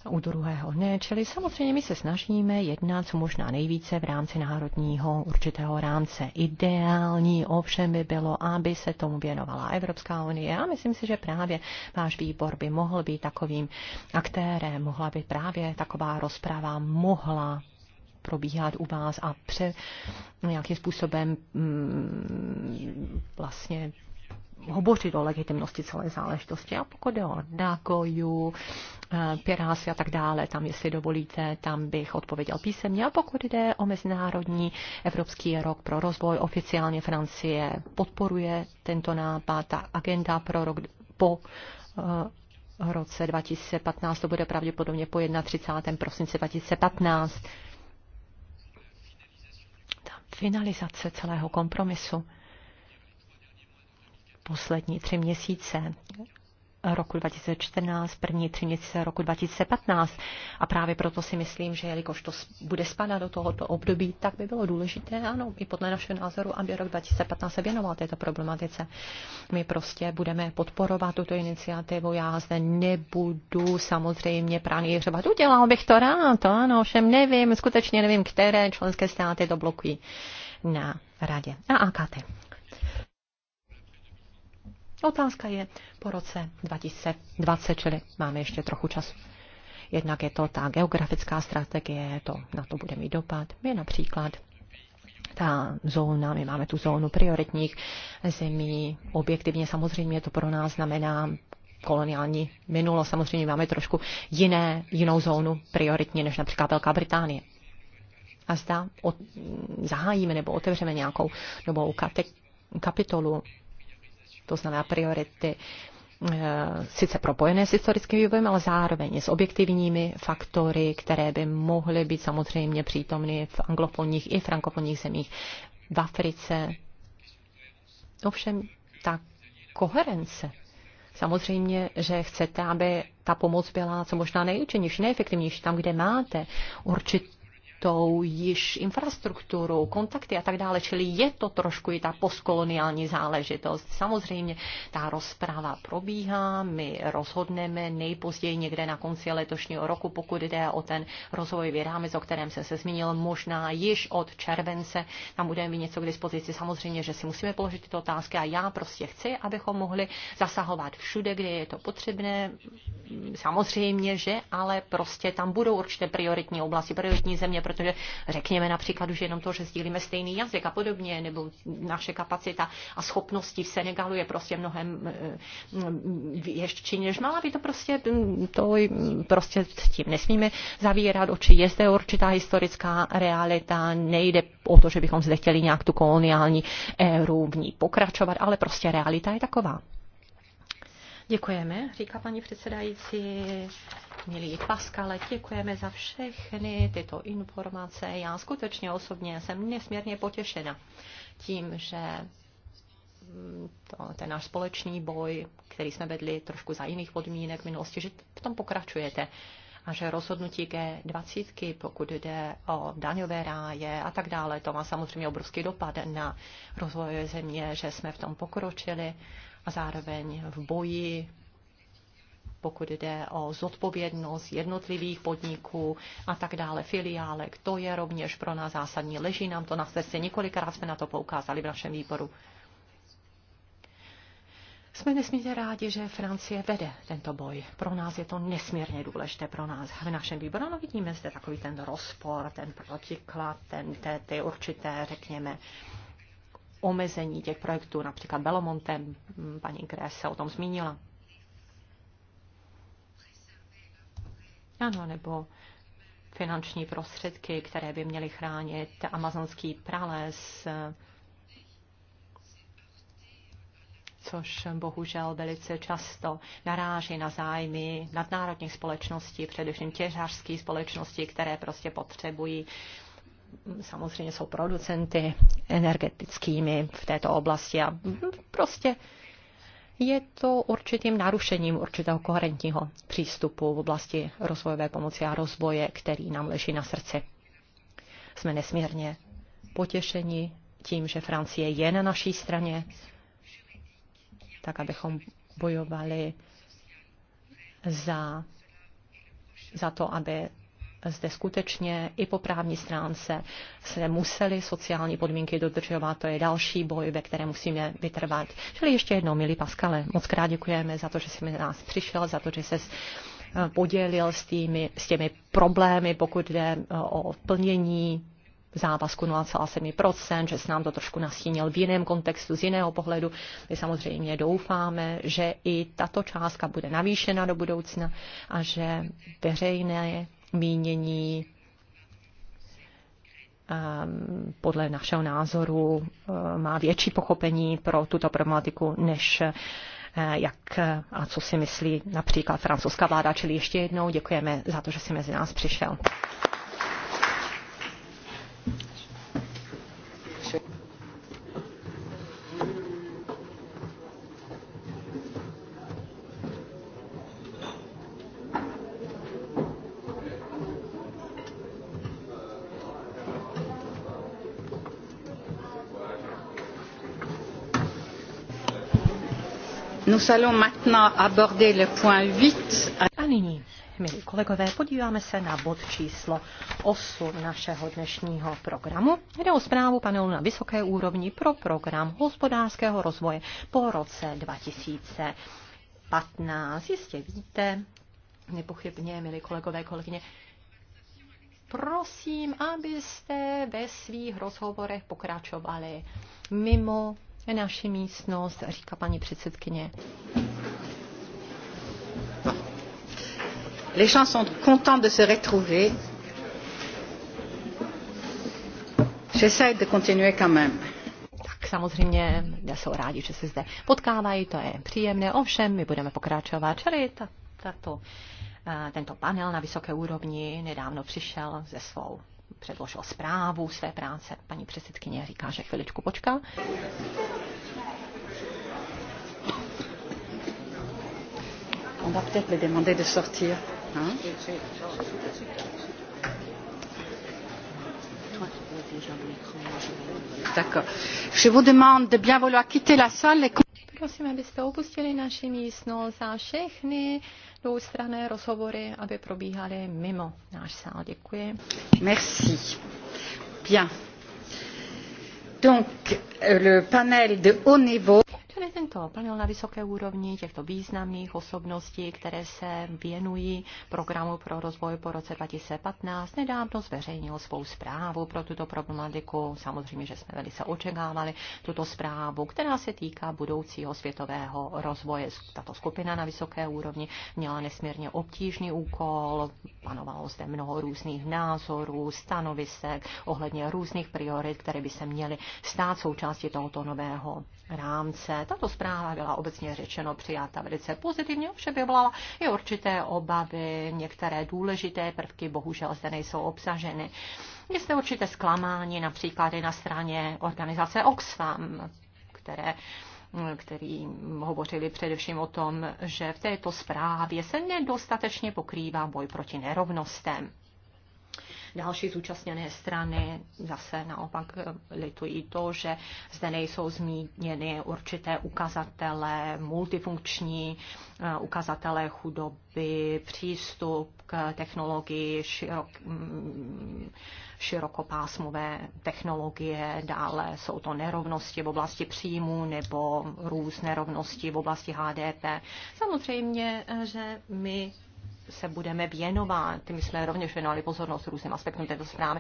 u druhého ne. Čili samozřejmě my se snažíme jednat co možná nejvíce v rámci národního určitého rámce. Ideální ovšem by bylo, aby se tomu věnovala Evropská unie. A myslím si, že právě váš výbor by mohl být takovým aktérem, mohla by právě taková rozprava mohla probíhat u vás a pře, nějakým způsobem mm, vlastně hovořit o legitimnosti celé záležitosti. A pokud jde o Nagoju, eh, Pirásy a tak dále, tam, jestli dovolíte, tam bych odpověděl písemně. A pokud jde o Mezinárodní Evropský rok pro rozvoj, oficiálně Francie podporuje tento nápad. Ta agenda pro rok po eh, roce 2015, to bude pravděpodobně po 31. prosince 2015. Ta finalizace celého kompromisu poslední tři měsíce roku 2014, první tři měsíce roku 2015. A právě proto si myslím, že jelikož to bude spadat do tohoto období, tak by bylo důležité, ano, i podle našeho názoru, aby rok 2015 se věnoval této problematice. My prostě budeme podporovat tuto iniciativu. Já zde nebudu samozřejmě pranířovat. Udělal bych to rád, ano, všem nevím, skutečně nevím, které členské státy to blokují na radě. A AKT. Otázka je po roce 2020, čili máme ještě trochu času. Jednak je to ta geografická strategie, to, na to bude mít dopad. My například ta zóna, my máme tu zónu prioritních zemí. Objektivně samozřejmě to pro nás znamená koloniální minulost. Samozřejmě máme trošku jiné, jinou zónu prioritní než například Velká Británie. A zda od, zahájíme nebo otevřeme nějakou novou kate, kapitolu to znamená priority eh, sice propojené s historickým vývojem, ale zároveň s objektivními faktory, které by mohly být samozřejmě přítomny v anglofonních i frankofonních zemích, v Africe. Ovšem, ta koherence. Samozřejmě, že chcete, aby ta pomoc byla co možná nejúčinnější, nejefektivnější, tam, kde máte určitě určitou již infrastrukturu, kontakty a tak dále, čili je to trošku i ta postkoloniální záležitost. Samozřejmě ta rozpráva probíhá, my rozhodneme nejpozději někde na konci letošního roku, pokud jde o ten rozvoj rámec, o kterém jsem se zmínil, možná již od července, tam budeme mít něco k dispozici. Samozřejmě, že si musíme položit tyto otázky a já prostě chci, abychom mohli zasahovat všude, kde je to potřebné. Samozřejmě, že ale prostě tam budou určité prioritní oblasti, prioritní země, protože řekněme například už jenom to, že sdílíme stejný jazyk a podobně, nebo naše kapacita a schopnosti v Senegalu je prostě mnohem ještě eh, mm, než malá, to prostě, mm, to mm, prostě tím nesmíme zavírat oči. Je zde určitá historická realita, nejde o to, že bychom zde chtěli nějak tu koloniální éru v ní pokračovat, ale prostě realita je taková. Děkujeme, říká paní předsedající. Milí Paskale, děkujeme za všechny tyto informace. Já skutečně osobně jsem nesmírně potěšena tím, že to, ten náš společný boj, který jsme vedli trošku za jiných podmínek v minulosti, že v tom pokračujete a že rozhodnutí G20, pokud jde o daňové ráje a tak dále, to má samozřejmě obrovský dopad na rozvoj země, že jsme v tom pokročili a zároveň v boji, pokud jde o zodpovědnost jednotlivých podniků a tak dále, filiálek. To je rovněž pro nás zásadní. Leží nám to na srdci. Několikrát jsme na to poukázali v našem výboru. Jsme nesmírně rádi, že Francie vede tento boj. Pro nás je to nesmírně důležité, pro nás v našem výboru. No vidíme zde takový ten rozpor, ten protiklad, ten, ty, ty určité, řekněme, uh, omezení těch projektů, například Belomonte, paní Gress se o tom zmínila. Ano, nebo finanční prostředky, které by měly chránit amazonský prales, což bohužel velice často naráží na zájmy nadnárodních společností, především těžařských společností, které prostě potřebují uh, samozřejmě jsou producenty energetickými v této oblasti a prostě je to určitým narušením určitého koherentního přístupu v oblasti rozvojové pomoci a rozvoje, který nám leží na srdci. Jsme nesmírně potěšeni tím, že Francie je na naší straně, tak abychom bojovali za, za to, aby zde skutečně i po právní stránce se museli sociální podmínky dodržovat. To je další boj, ve kterém musíme vytrvat. Čili ještě jednou, milí Paskale, moc krát děkujeme za to, že jsi mi nás přišel, za to, že se eh, podělil s těmi, s těmi problémy, pokud jde eh, o plnění závazku 0,7%, že s nám to trošku nastínil v jiném kontextu, z jiného pohledu. My samozřejmě doufáme, že i tato částka bude navýšena do budoucna a že veřejné mínění ehm, podle našeho názoru ehm, má větší pochopení pro tuto problematiku, než eh, jak eh, a co si myslí například francouzská vláda. Čili ještě jednou děkujeme za to, že si mezi nás přišel. A nyní, milí kolegové, podíváme se na bod číslo 8 našeho dnešního programu. Jde o zprávu panelu na vysoké úrovni pro program hospodářského rozvoje po roce 2015. Jistě víte, nepochybně, milí kolegové, kolegyně, prosím, abyste ve svých rozhovorech pokračovali mimo je naši místnost, říká paní předsedkyně. Les gens sont contents de se retrouver. J'essaie de continuer quand même. Tak samozřejmě já jsou rádi, že se zde potkávají, to je příjemné, ovšem my budeme pokračovat, čili tato, tento panel na vysoké úrovni nedávno přišel ze svou předložil zprávu své práce. Paní předsedkyně říká, že chviličku počká. On va peut-être le demander de sortir. D'accord. Je vous demande de bien vouloir quitter la salle. Prosím, abyste opustili naši místnost a všechny dvoustrané rozhovory, aby probíhaly mimo náš sál. Děkuji. Merci. Bien. Donc, le panel de haut niveau. Čili tento plnil na vysoké úrovni těchto významných osobností, které se věnují programu pro rozvoj po roce 2015, nedávno zveřejnil svou zprávu pro tuto problematiku. Samozřejmě, že jsme velice očekávali tuto zprávu, která se týká budoucího světového rozvoje. Tato skupina na vysoké úrovni měla nesmírně obtížný úkol, panovalo zde mnoho různých názorů, stanovisek ohledně různých priorit, které by se měly stát součástí tohoto nového rámce tato zpráva byla obecně řečeno přijata velice pozitivně, ovšem vyvolala i určité obavy, některé důležité prvky bohužel zde nejsou obsaženy. Je zde určité zklamání například i na straně organizace Oxfam, které který hovořili především o tom, že v této zprávě se nedostatečně pokrývá boj proti nerovnostem. Další zúčastněné strany zase naopak eh, litují to, že zde nejsou zmíněny určité ukazatele, multifunkční eh, ukazatele chudoby, přístup k technologii, širok, mm, širokopásmové technologie, dále jsou to nerovnosti v oblasti příjmu nebo různé nerovnosti v oblasti HDP. Samozřejmě, eh, že my se budeme věnovat. My jsme rovněž věnovali pozornost různým aspektům této zprávy.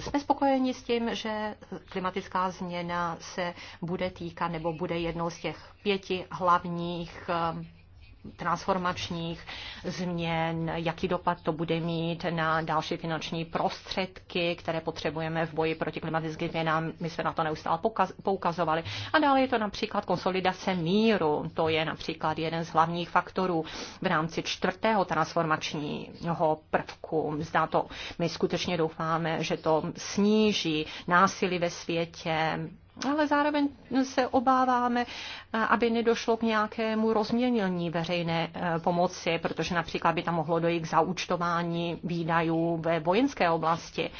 Jsme spokojeni s tím, že klimatická změna se bude týkat nebo bude jednou z těch pěti hlavních eh, transformačních změn, jaký dopad to bude mít na další finanční prostředky, které potřebujeme v boji proti klimatickým změnám. My jsme na to neustále poukazovali. A dále je to například konsolidace míru. To je například jeden z hlavních faktorů v rámci čtvrtého transformačního prvku. Zdá to, my skutečně doufáme, že to sníží násilí ve světě, ale zároveň se obáváme, aby nedošlo k nějakému rozměnění veřejné eh, pomoci, protože například by tam mohlo dojít k zaučtování výdajů ve vojenské oblasti.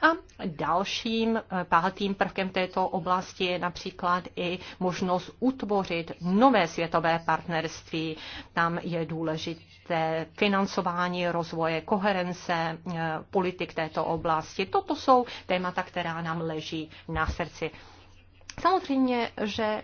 A dalším eh, pátým prvkem této oblasti je například i možnost utvořit nové světové partnerství. Tam je důležité financování, rozvoje, koherence eh, politik této oblasti. Toto jsou témata, která nám leží na srdci. Samozřejmě, že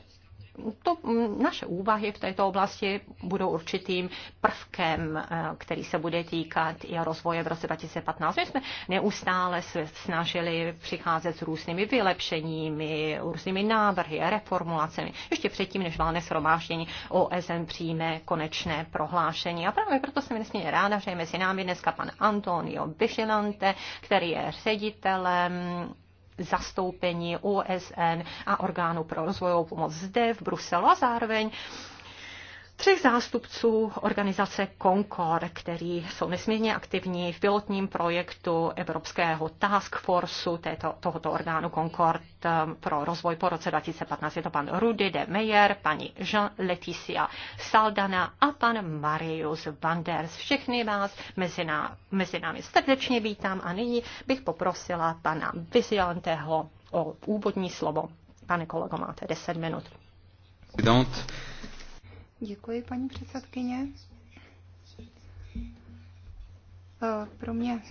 to, naše úvahy v této oblasti budou určitým prvkem, eh, který se bude týkat i rozvoje v roce 2015. My jsme neustále se snažili přicházet s různými vylepšeními, různými návrhy, reformulacemi, ještě předtím, než válné shromáždění OSN přijme konečné prohlášení. A právě proto jsem nesmírně ráda, že je mezi námi dneska pan Antonio Vigilante, který je ředitelem zastoupení OSN a orgánu pro rozvojovou pomoc zde v Bruselu a zároveň třech zástupců organizace Concord, který jsou nesmírně aktivní v pilotním projektu Evropského task forceu této, tohoto orgánu Concord um, pro rozvoj po roce 2015. Je to pan Rudy de Meyer, paní Jean Leticia Saldana a pan Marius Vanders. Všechny vás mezi, ná, mezi námi srdečně vítám a nyní bych poprosila pana Vizianteho o úvodní slovo. Pane kolego, máte 10 minut. Děkuji, paní předsedkyně. E, pro mě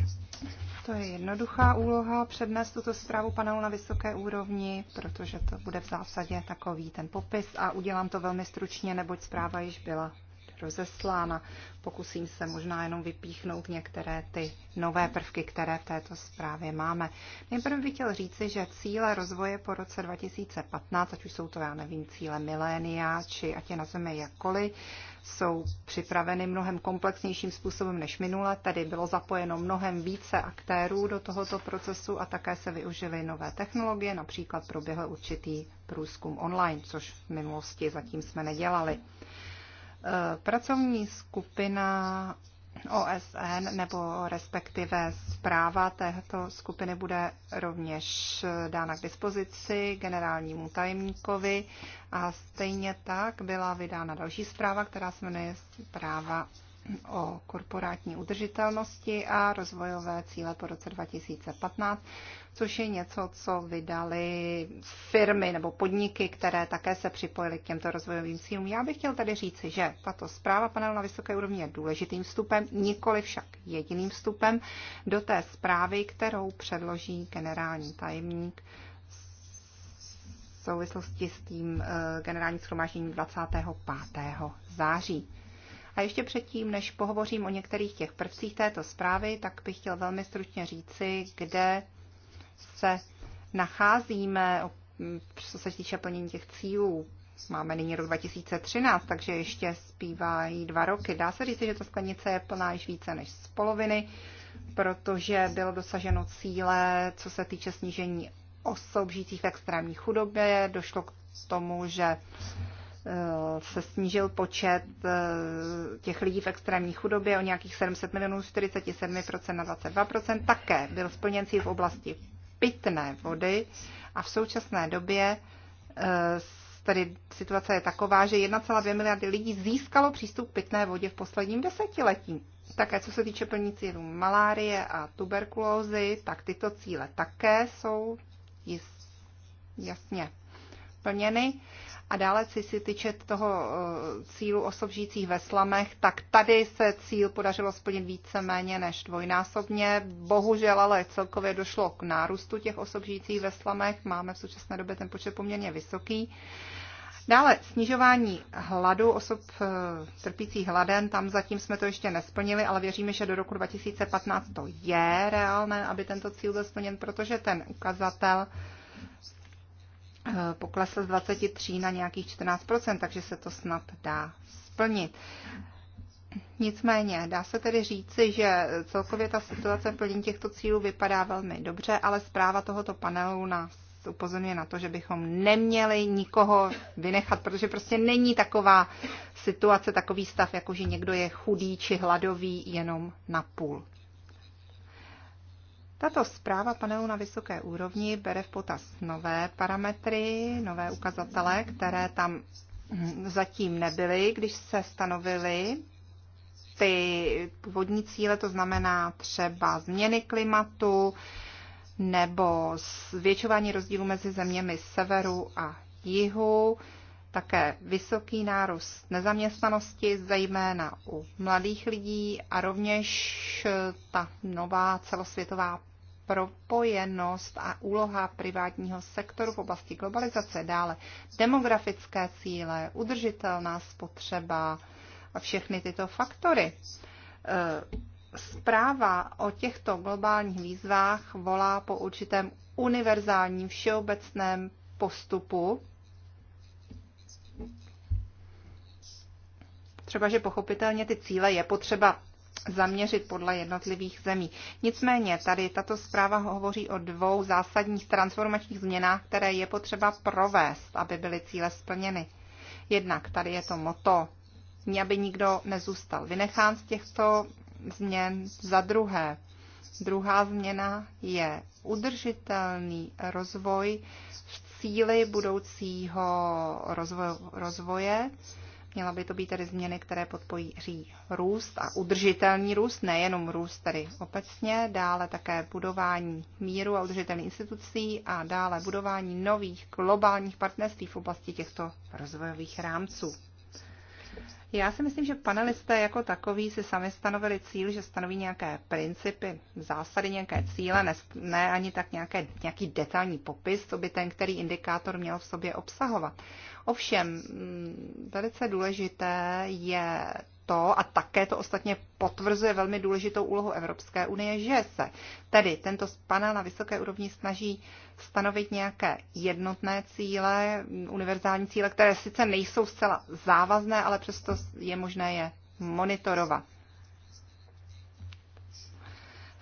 to je jednoduchá úloha přednést tuto zprávu panelu na vysoké úrovni, protože to bude v zásadě takový ten popis a udělám to velmi stručně, neboť zpráva již byla rozeslána. Pokusím se možná jenom vypíchnout některé ty nové prvky, které v této zprávě máme. Nejprve bych chtěl říci, že cíle rozvoje po roce 2015, ať už jsou to, já nevím, cíle milénia, či ať je nazveme jakkoliv, jsou připraveny mnohem komplexnějším způsobem než minule, tedy bylo zapojeno mnohem více aktérů do tohoto procesu a také se využily nové technologie, například proběhl určitý průzkum online, což v minulosti zatím jsme nedělali. Eh, pracovní skupina OSN nebo respektive zpráva této skupiny bude rovněž eh, dána k dispozici generálnímu tajemníkovi a stejně tak byla vydána další zpráva, která se jmenuje zpráva o korporátní udržitelnosti a rozvojové cíle po roce 2015, což je něco, co vydali firmy nebo podniky, které také se připojily k těmto rozvojovým cílům. Já bych chtěl tady říci, že tato zpráva panelu na vysoké úrovni je důležitým vstupem, nikoli však jediným vstupem do té zprávy, kterou předloží generální tajemník v souvislosti s tím eh, generální schromážděním 25. září. A ještě předtím, než pohovořím o některých těch prvcích této zprávy, tak bych chtěl velmi stručně říci, kde se nacházíme, co se týče plnění těch cílů. Máme nyní rok 2013, takže ještě zpívají dva roky. Dá se říct, že ta sklenice je plná již více než z poloviny, protože bylo dosaženo cíle, co se týče snížení osob žijících v extrémní chudobě. Došlo k tomu, že se snížil počet eh, těch lidí v extrémní chudobě o nějakých 700 milionů 47% na 22%. Také byl splněn cíl v oblasti pitné vody a v současné době eh, tady situace je taková, že 1,2 miliardy lidí získalo přístup k pitné vodě v posledním desetiletí. Také co se týče plní cílů malárie a tuberkulózy, tak tyto cíle také jsou jasně plněny. A dále, co se týče toho eh, cílu osob žijících ve slamech, tak tady se cíl podařilo splnit více méně než dvojnásobně. Bohužel ale celkově došlo k nárůstu těch osob žijících ve slamech. Máme v současné době ten počet poměrně vysoký. Dále snižování hladu osob eh, trpících hladem, tam zatím jsme to ještě nesplnili, ale věříme, že do roku 2015 to je reálné, aby tento cíl byl splněn, protože ten ukazatel Eh, poklesl z 23 na nějakých 14%, takže se to snad dá splnit. Nicméně, dá se tedy říci, že celkově ta situace v plnění těchto cílů vypadá velmi dobře, ale zpráva tohoto panelu nás upozorňuje na to, že bychom neměli nikoho vynechat, protože prostě není taková situace, takový stav, jako že někdo je chudý či hladový jenom na půl. Tato zpráva panelu na vysoké úrovni bere v potaz nové parametry, nové ukazatele, které tam zatím nebyly, když se stanovily ty původní cíle, to znamená třeba změny klimatu nebo zvětšování rozdílu mezi zeměmi severu a jihu, také vysoký nárůst nezaměstnanosti, zejména u mladých lidí a rovněž ta nová celosvětová propojenost a úloha privátního sektoru v oblasti globalizace, dále demografické cíle, udržitelná spotřeba a všechny tyto faktory. E, zpráva o těchto globálních výzvách volá po určitém univerzálním všeobecném postupu, třeba, že pochopitelně ty cíle je potřeba zaměřit podle jednotlivých zemí. Nicméně tady tato zpráva hovoří o dvou zásadních transformačních změnách, které je potřeba provést, aby byly cíle splněny. Jednak tady je to moto, aby nikdo nezůstal vynechán z těchto změn. Za druhé, druhá změna je udržitelný rozvoj v cíli budoucího rozvoje Měla by to být tedy změny, které podpojí růst a udržitelný růst, nejenom růst tedy obecně, dále také budování míru a udržitelných institucí a dále budování nových globálních partnerství v oblasti těchto rozvojových rámců. Já si myslím, že panelisté jako takový si sami stanovili cíl, že stanoví nějaké principy, zásady, nějaké cíle, ne, ne ani tak nějaké, nějaký detailní popis, co by ten, který indikátor měl v sobě obsahovat. Ovšem, mm, velice důležité je to, a také to ostatně potvrzuje velmi důležitou úlohu Evropské unie, že se tedy tento panel na vysoké úrovni snaží stanovit nějaké jednotné cíle, univerzální cíle, které sice nejsou zcela závazné, ale přesto je možné je monitorovat.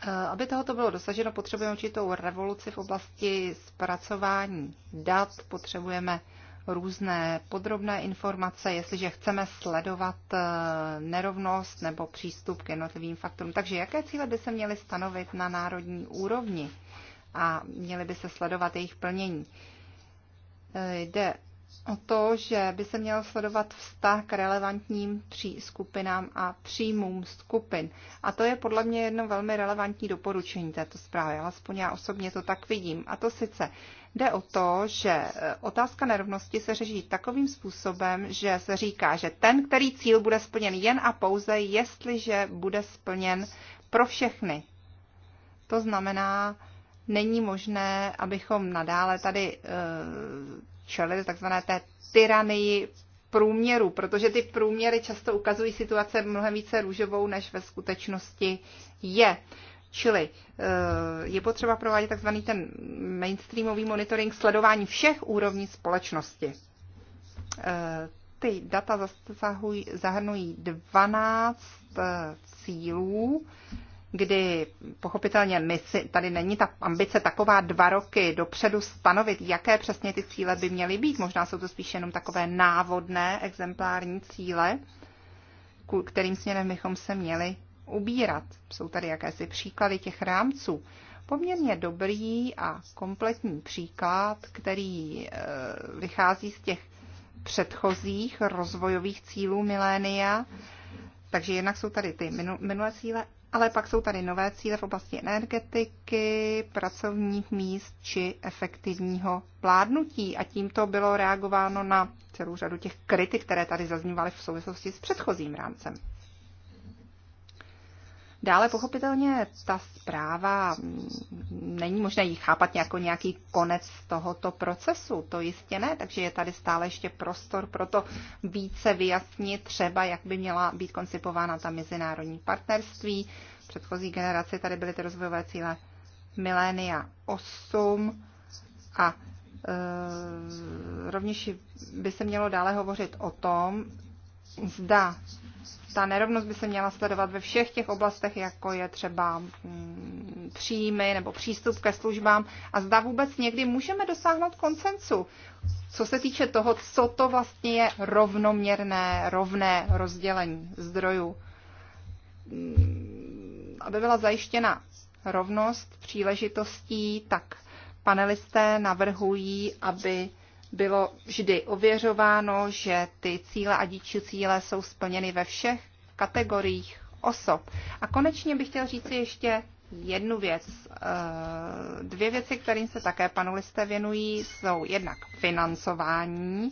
Eh, aby tohoto bylo dosaženo, potřebujeme určitou revoluci v oblasti zpracování dat, potřebujeme uh, různé podrobné informace, jestliže chceme sledovat eh, nerovnost nebo přístup k jednotlivým faktorům. Takže jaké cíle by se měly stanovit na národní úrovni a měly by se sledovat jejich plnění? Eh, jde o to, že by se měl sledovat vztah k relevantním pří skupinám a příjmům skupin. A to je podle mě jedno velmi relevantní doporučení této zprávy, alespoň já osobně to tak vidím. A to sice Jde o to, že eh, otázka nerovnosti se řeší takovým způsobem, že se říká, že ten, který cíl bude splněn jen a pouze, jestliže bude splněn pro všechny. To znamená, není možné, abychom nadále tady eh, čelili takzvané té tyranii průměru, protože ty průměry často ukazují situace mnohem více růžovou, než ve skutečnosti je. Čili eh, je potřeba provádět takzvaný ten mainstreamový monitoring sledování všech úrovní společnosti. Eh, ty data zahrnují 12 eh, cílů, kdy pochopitelně my si, tady není ta ambice taková dva roky dopředu stanovit, jaké přesně ty cíle by měly být. Možná jsou to spíše jenom takové návodné exemplární cíle, kterým směrem bychom se měli ubírat. Jsou tady jakési příklady těch rámců. Poměrně dobrý a kompletní příklad, který e, vychází z těch předchozích rozvojových cílů milénia. Takže jednak jsou tady ty minulé cíle, ale pak jsou tady nové cíle v oblasti energetiky, pracovních míst či efektivního vládnutí. A tímto bylo reagováno na celou řadu těch kritik, které tady zaznívaly v souvislosti s předchozím rámcem. Dále pochopitelně ta zpráva, mm, není možné ji chápat jako nějaký konec tohoto procesu, to jistě ne, takže je tady stále ještě prostor pro to více vyjasnit třeba, jak by měla být koncipována ta mezinárodní partnerství. V předchozí generaci tady byly ty rozvojové cíle milénia 8 a e, rovněž by se mělo dále hovořit o tom, zda ta nerovnost by se měla sledovat ve všech těch oblastech, jako je třeba mm, příjmy nebo přístup ke službám a zda vůbec někdy můžeme dosáhnout koncensu, co se týče toho, co to vlastně je rovnoměrné, rovné rozdělení zdrojů. Mm, aby byla zajištěna rovnost příležitostí, tak panelisté navrhují, aby bylo vždy ověřováno, že ty cíle a dílčí cíle jsou splněny ve všech kategoriích osob. A konečně bych chtěl říct ještě jednu věc. Eh, dvě věci, kterým se také panelisté věnují, jsou jednak financování,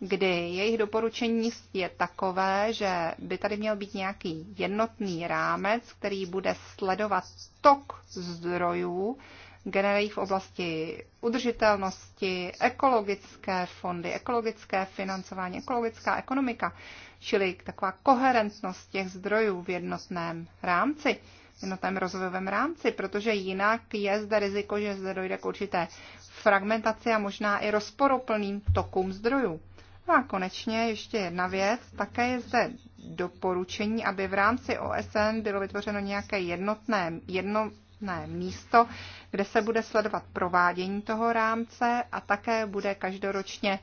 kdy jejich doporučení je takové, že by tady měl být nějaký jednotný rámec, který bude sledovat tok zdrojů generují v oblasti udržitelnosti, ekologické fondy, ekologické financování, ekologická ekonomika, čili taková koherentnost těch zdrojů v jednotném rámci, v jednotném rozvojovém rámci, protože jinak je zde riziko, že zde dojde k určité fragmentaci a možná i rozporuplným tokům zdrojů. No a konečně ještě jedna věc, také je zde doporučení, aby v rámci OSN bylo vytvořeno nějaké jednotné, jedno, ne místo, kde se bude sledovat provádění toho rámce a také bude každoročně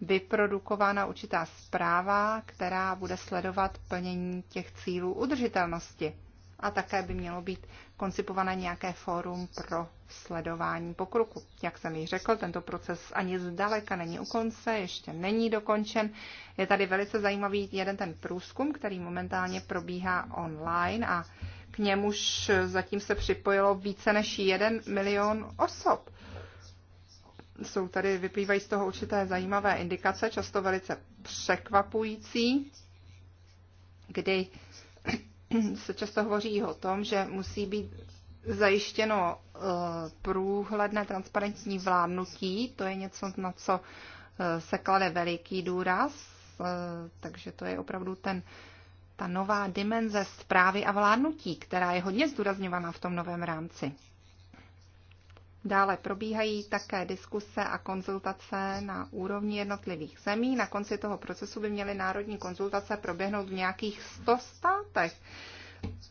vyprodukována určitá zpráva, která bude sledovat plnění těch cílů udržitelnosti. A také by mělo být koncipované nějaké fórum pro sledování pokroku. Jak jsem již řekl, tento proces ani zdaleka není u konce, ještě není dokončen. Je tady velice zajímavý jeden ten průzkum, který momentálně probíhá online a k němuž zatím se připojilo více než jeden milion osob. Jsou tady, vyplývají z toho určité zajímavé indikace, často velice překvapující, kdy se často hovoří o tom, že musí být zajištěno eh, průhledné transparentní vládnutí. To je něco, na co eh, se klade veliký důraz, eh, takže to je opravdu ten ta nová dimenze zprávy a vládnutí, která je hodně zdůrazňovaná v tom novém rámci. Dále probíhají také diskuse a konzultace na úrovni jednotlivých zemí. Na konci toho procesu by měly národní konzultace proběhnout v nějakých 100 státech.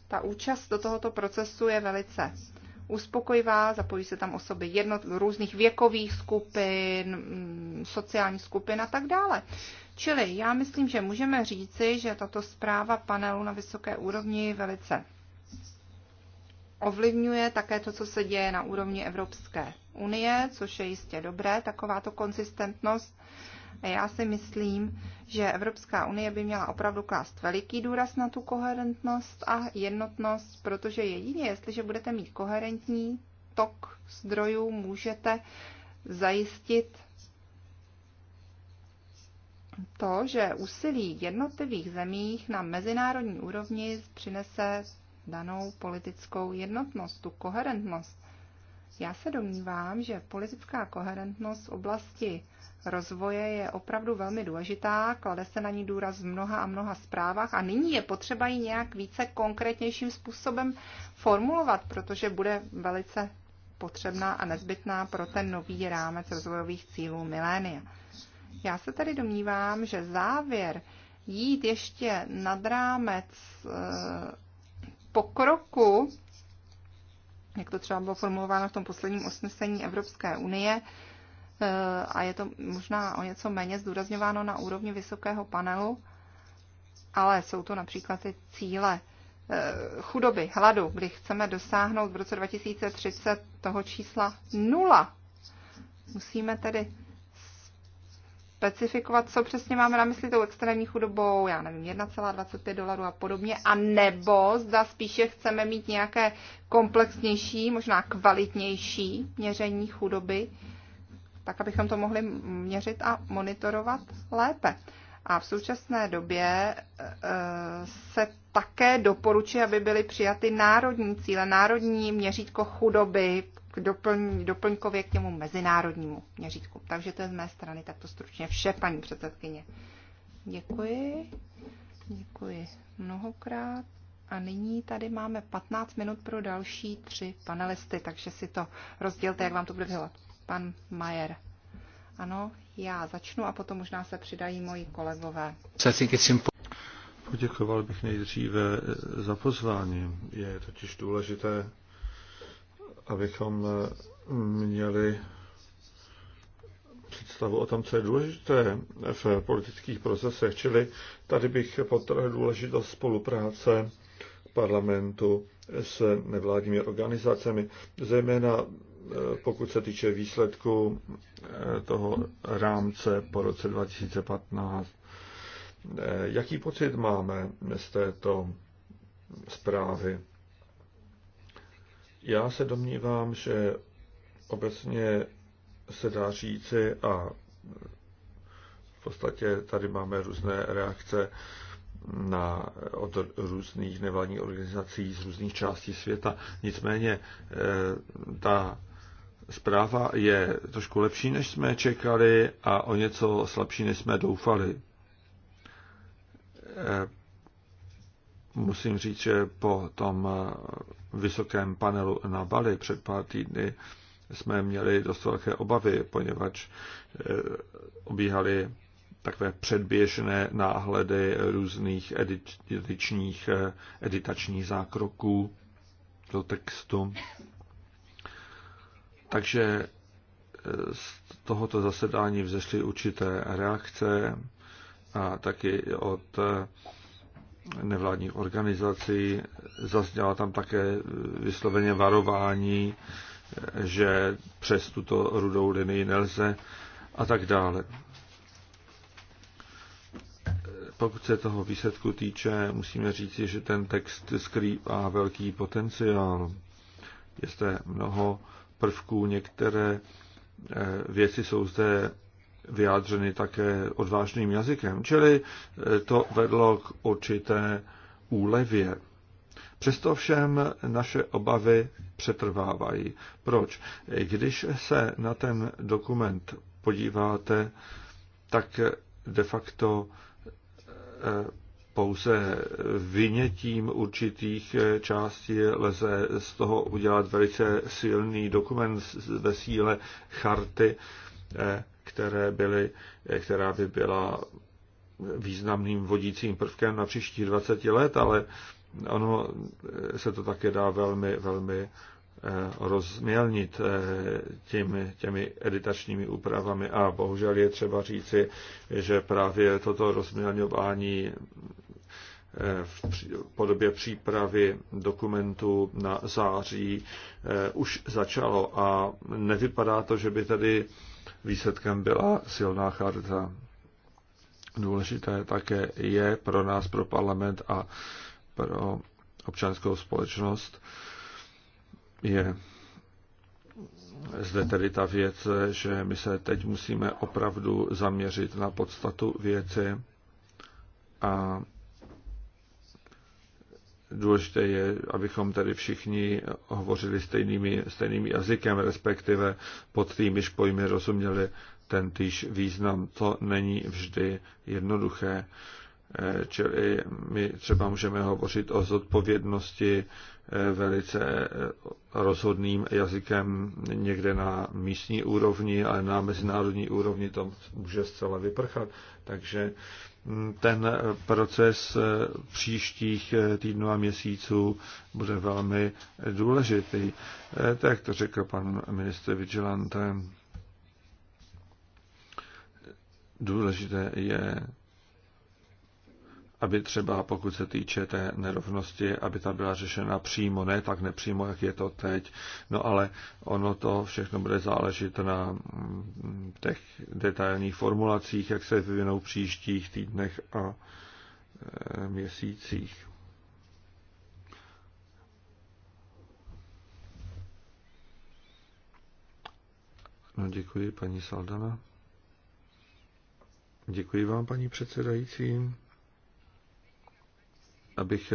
Ta účast do tohoto procesu je velice uspokojivá, zapojí se tam osoby jednot, různých věkových skupin, mm, sociálních skupin a tak dále. Čili já myslím, že můžeme říci, že tato zpráva panelu na vysoké úrovni velice ovlivňuje také to, co se děje na úrovni Evropské unie, což je jistě dobré, takováto konzistentnost. A já si myslím, že Evropská unie by měla opravdu klást veliký důraz na tu koherentnost a jednotnost, protože jedině, jestliže budete mít koherentní tok zdrojů, můžete zajistit to, že úsilí jednotlivých zemích na mezinárodní úrovni přinese danou politickou jednotnost, tu koherentnost. Já se domnívám, že politická koherentnost v oblasti rozvoje je opravdu velmi důležitá, klade se na ní důraz v mnoha a mnoha zprávách a nyní je potřeba ji nějak více konkrétnějším způsobem formulovat, protože bude velice potřebná a nezbytná pro ten nový rámec rozvojových cílů milénia. Já se tedy domnívám, že závěr jít ještě nad rámec eh, pokroku, jak to třeba bylo formulováno v tom posledním usnesení Evropské unie, Eh, a je to možná o něco méně zdůrazňováno na úrovni vysokého panelu, ale jsou to například ty cíle eh, chudoby, hladu, kdy chceme dosáhnout v roce 2030 toho čísla nula. Musíme tedy specifikovat, co přesně máme na mysli tou extrémní chudobou, já nevím, 1,25 dolarů a podobně, a nebo zda spíše chceme mít nějaké komplexnější, možná kvalitnější měření chudoby, tak abychom to mohli měřit a monitorovat lépe. A v současné době eh, se také doporučuje, aby byly přijaty národní cíle, národní měřítko chudoby k doplň, doplňkově k těmu mezinárodnímu měřítku. Takže to je z mé strany takto stručně vše, paní předsedkyně. Děkuji. Děkuji mnohokrát. A nyní tady máme 15 minut pro další tři panelisty, takže si to rozdělte, jak vám to bude vyhovat pan Majer. Ano, já začnu a potom možná se přidají moji kolegové. Poděkoval bych nejdříve eh, za pozvání. Je totiž důležité, abychom eh, měli představu o tom, co je důležité v politických procesech. Čili tady bych potrhl důležitost spolupráce parlamentu s nevládními organizacemi, zejména Eh, pokud se týče výsledku eh, toho rámce po roce 2015. Eh, jaký pocit máme z této zprávy? Já se domnívám, že obecně se dá říci a v podstatě tady máme různé reakce na, od různých nevládních organizací z různých částí světa. Nicméně ta Zpráva je trošku lepší, než jsme čekali a o něco slabší, než jsme doufali. Eh, musím říct, že po tom eh, vysokém panelu na Bali před pár týdny jsme měli dost velké obavy, poněvadž eh, obíhaly takové předběžné náhledy různých edičních, editačních zákroků do textu. Takže eh, z tohoto zasedání vzešly určité reakce a taky od eh, nevládních organizací. Zazněla tam také vysloveně varování, eh, že přes tuto rudou linii nelze a tak dále. Pokud se toho výsledku týče, musíme říci, že ten text skrývá velký potenciál. Je zde mnoho prvků, některé eh, věci jsou zde vyjádřeny také odvážným jazykem, čili eh, to vedlo k určité úlevě. Přesto všem naše obavy přetrvávají. Proč? Když se na ten dokument podíváte, tak de facto eh, pouze vynětím určitých eh, částí lze z toho udělat velice silný dokument ve síle charty, eh, které byly, eh, která by byla významným vodícím prvkem na příští 20 let, ale ono se to také dá velmi, velmi rozmělnit těmi, těmi editačními úpravami a bohužel je třeba říci, že právě toto rozmělňování v podobě přípravy dokumentu na září eh, už začalo a nevypadá to, že by tady výsledkem byla silná charta. Důležité také je pro nás, pro parlament a pro občanskou společnost, je zde tedy ta věc, že my se teď musíme opravdu zaměřit na podstatu věci a Důležité je, abychom tady všichni hovořili stejnými, stejným jazykem, respektive pod týmiž pojmy rozuměli ten týž význam. To není vždy jednoduché. Eh, čili my třeba můžeme hovořit o zodpovědnosti eh, velice eh, rozhodným jazykem někde na místní úrovni, ale na mezinárodní úrovni to může zcela vyprchat. Takže ten proces eh, příštích eh, týdnů a měsíců bude velmi důležitý. Eh, tak to řekl pan ministr Vigilante. Důležité je aby třeba pokud se týče té nerovnosti, aby ta byla řešena přímo, ne tak nepřímo, jak je to teď. No ale ono to všechno bude záležet na mm, těch detailních formulacích, jak se vyvinou v příštích týdnech a e, měsících. No děkuji, paní Saldana. Děkuji vám, paní předsedající abych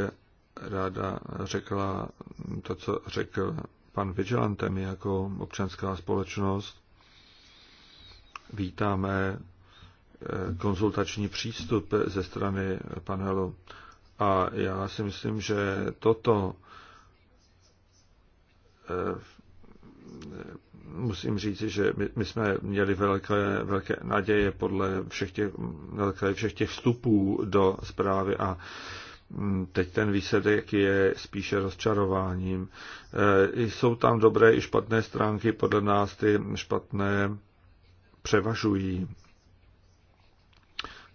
ráda řekla to, co řekl pan Vigilante, my jako občanská společnost vítáme eh, konzultační přístup ze strany panelu. A já si myslím, že toto eh, musím říci, že my, my jsme měli velké, velké naděje podle všech těch, velké všech těch vstupů do zprávy a Mm, teď ten výsledek je spíše rozčarováním. Eh, jsou tam dobré i špatné stránky, podle nás ty špatné převažují.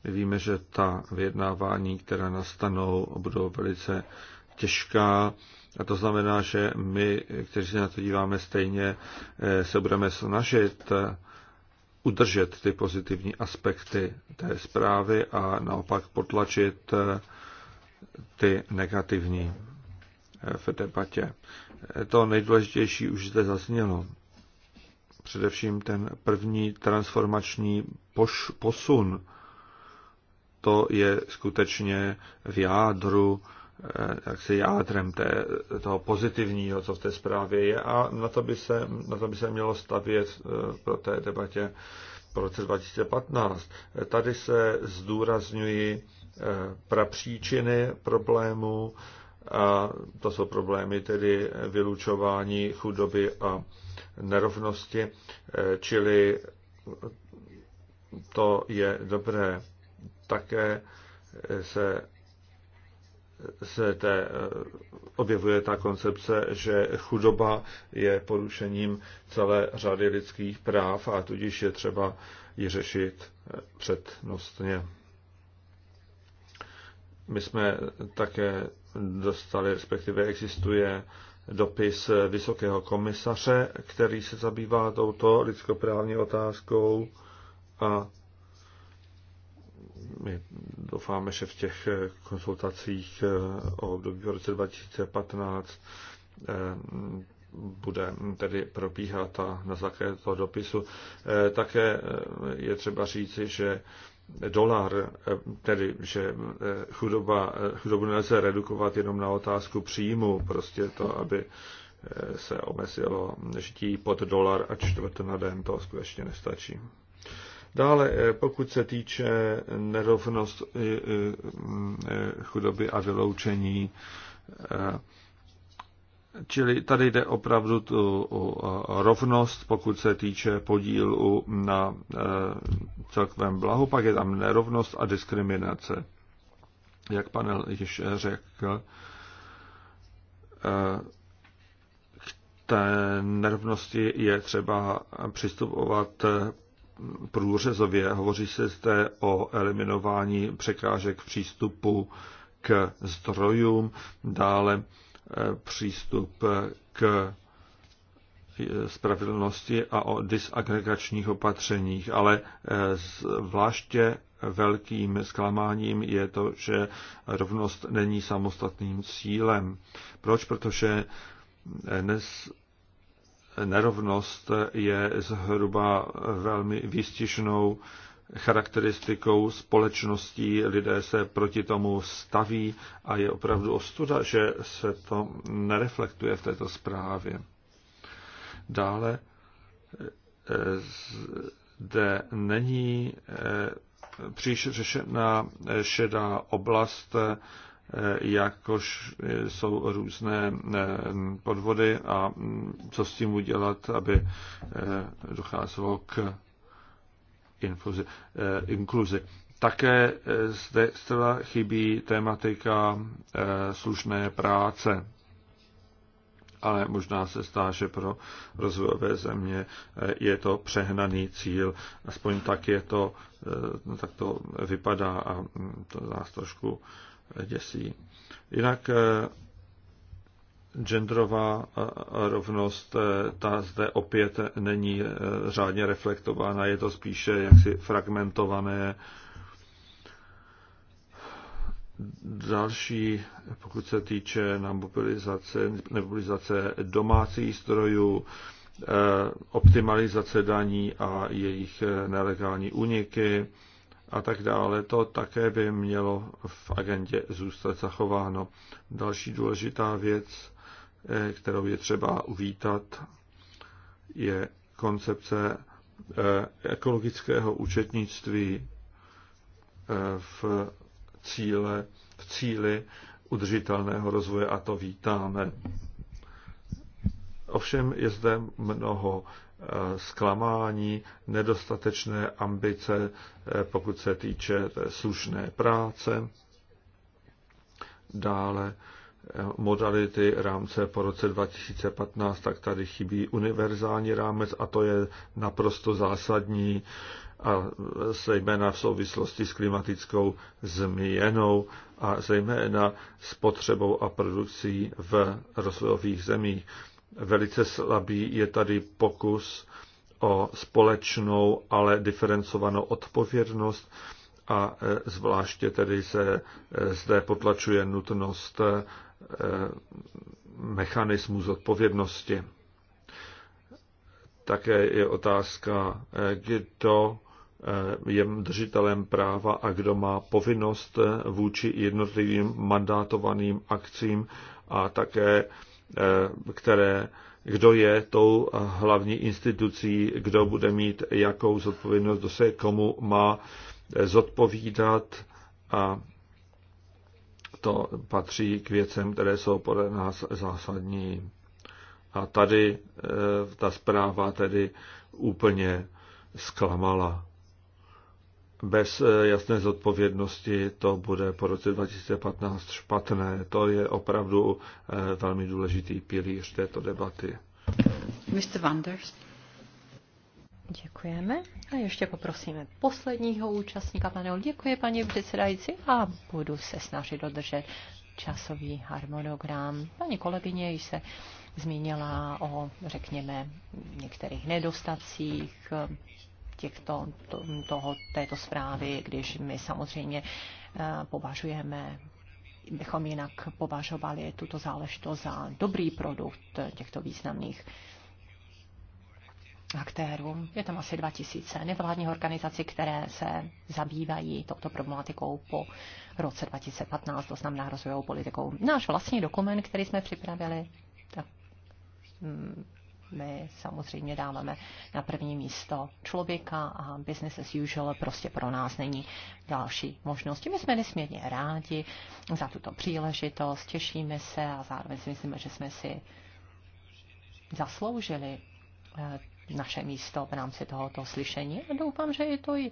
My víme, že ta vyjednávání, která nastanou, budou velice těžká. A to znamená, že my, kteří se na to díváme stejně, eh, se budeme snažit eh, udržet ty pozitivní aspekty té zprávy a naopak potlačit ty negativní eh, v debatě. Eh, to nejdůležitější už zde zaznělo. Především ten první transformační poš- posun. To je skutečně v jádru, eh, jak se jádrem té, toho pozitivního, co v té zprávě je a na to by se, na to by se mělo stavět pro té debatě v roce 2015. Tady se zdůrazňují Eh, prapříčiny problému a to jsou problémy tedy vylučování chudoby a nerovnosti, eh, čili to je dobré. Také eh, se, se té, objevuje ta koncepce, že chudoba je porušením celé řady lidských práv a tudíž je třeba ji řešit přednostně. My jsme také dostali, respektive existuje dopis Vysokého komisaře, který se zabývá touto lidskoprávní otázkou a my doufáme, že v těch konsultacích o období v roce 2015 eh, bude tedy probíhat a na základě toho dopisu. Eh, také je třeba říci, že dolar, eh, tedy že eh, chudoba, eh, chudobu nelze redukovat jenom na otázku příjmu, prostě to, aby se omezilo žití pod dolar a čtvrt na den, to skutečně nestačí. Dále, pokud se týče nerovnost mm, chudoby a vyloučení, Čili tady jde opravdu tu o rovnost, pokud se týče podílu na e, celkovém blahu, pak je tam nerovnost a diskriminace. Jak panel již řekl, e, k té nerovnosti je třeba přistupovat průřezově. Hovoří se zde o eliminování překážek přístupu k zdrojům, dále přístup k spravedlnosti a o disagregačních opatřeních, ale zvláště velkým zklamáním je to, že rovnost není samostatným cílem. Proč? Protože dnes nerovnost je zhruba velmi výstižnou charakteristikou společností. Lidé se proti tomu staví a je opravdu ostuda, že se to nereflektuje v této zprávě. Dále e, zde není e, příš řešená šedá oblast, e, jakož jsou různé podvody a co s tím udělat, aby docházelo k infuzi, eh, inkluzi. Také eh, zde zcela chybí tématika eh, slušné práce. Ale možná se stá, že pro rozvojové země je to přehnaný cíl. Aspoň tak je to, no, tak to vypadá a mm, to nás trošku děsí. Jinak genderová eh, rovnost, eh, ta zde opět není eh, řádně reflektována, je to spíše jaksi fragmentované. Další, pokud se týče na mobilizace, mobilizace domácích strojů, optimalizace daní a jejich nelegální úniky a tak dále. To také by mělo v agendě zůstat zachováno. Další důležitá věc kterou je třeba uvítat, je koncepce eh, ekologického účetnictví eh, v cíle, v cíli udržitelného rozvoje a to vítáme. Ovšem je zde mnoho eh, zklamání, nedostatečné ambice, pokud se týče slušné práce, dále modality rámce po roce 2015, tak tady chybí univerzální rámec a to je naprosto zásadní a zejména v souvislosti s klimatickou změnou a zejména s potřebou a produkcí v rozvojových zemích. Velice slabý je tady pokus o společnou, ale diferencovanou odpovědnost a e, zvláště tedy se e, zde potlačuje nutnost Eh, mechanismu zodpovědnosti, Také je otázka, eh, kdo eh, je držitelem práva a kdo má povinnost vůči jednotlivým mandátovaným akcím a také které, kdo je tou hlavní institucí, kdo bude mít jakou zodpovědnost, kdo se komu má zodpovídat a to patří k věcem, které jsou podle nás zásadní. A tady e, ta zpráva tedy úplně zklamala. Bez e, jasné zodpovědnosti to bude po roce 2015 špatné. To je opravdu e, velmi důležitý pilíř této debaty. Mr. Vanders. Děkujeme. A ještě poprosíme posledního účastníka panelu. Děkuji, paní předsedající, a budu se snažit dodržet časový harmonogram. Paní kolegyně již se zmínila o, řekněme, některých nedostacích eh, těchto, to, toho, této zprávy, když my samozřejmě eh, považujeme bychom jinak považovali tuto záležitost za dobrý produkt těchto významných aktérů. Je tam asi 2000 nevládních organizací, které se zabývají touto problematikou po roce 2015, to znamená rozvojovou politikou. Náš vlastní dokument, který jsme připravili, tak mm, my samozřejmě dáváme na první místo člověka a business as usual prostě pro nás není další možnosti. My jsme nesmírně rádi za tuto příležitost, těšíme se a zároveň si myslíme, že jsme si zasloužili eh, naše místo v rámci tohoto slyšení a doufám, že je to i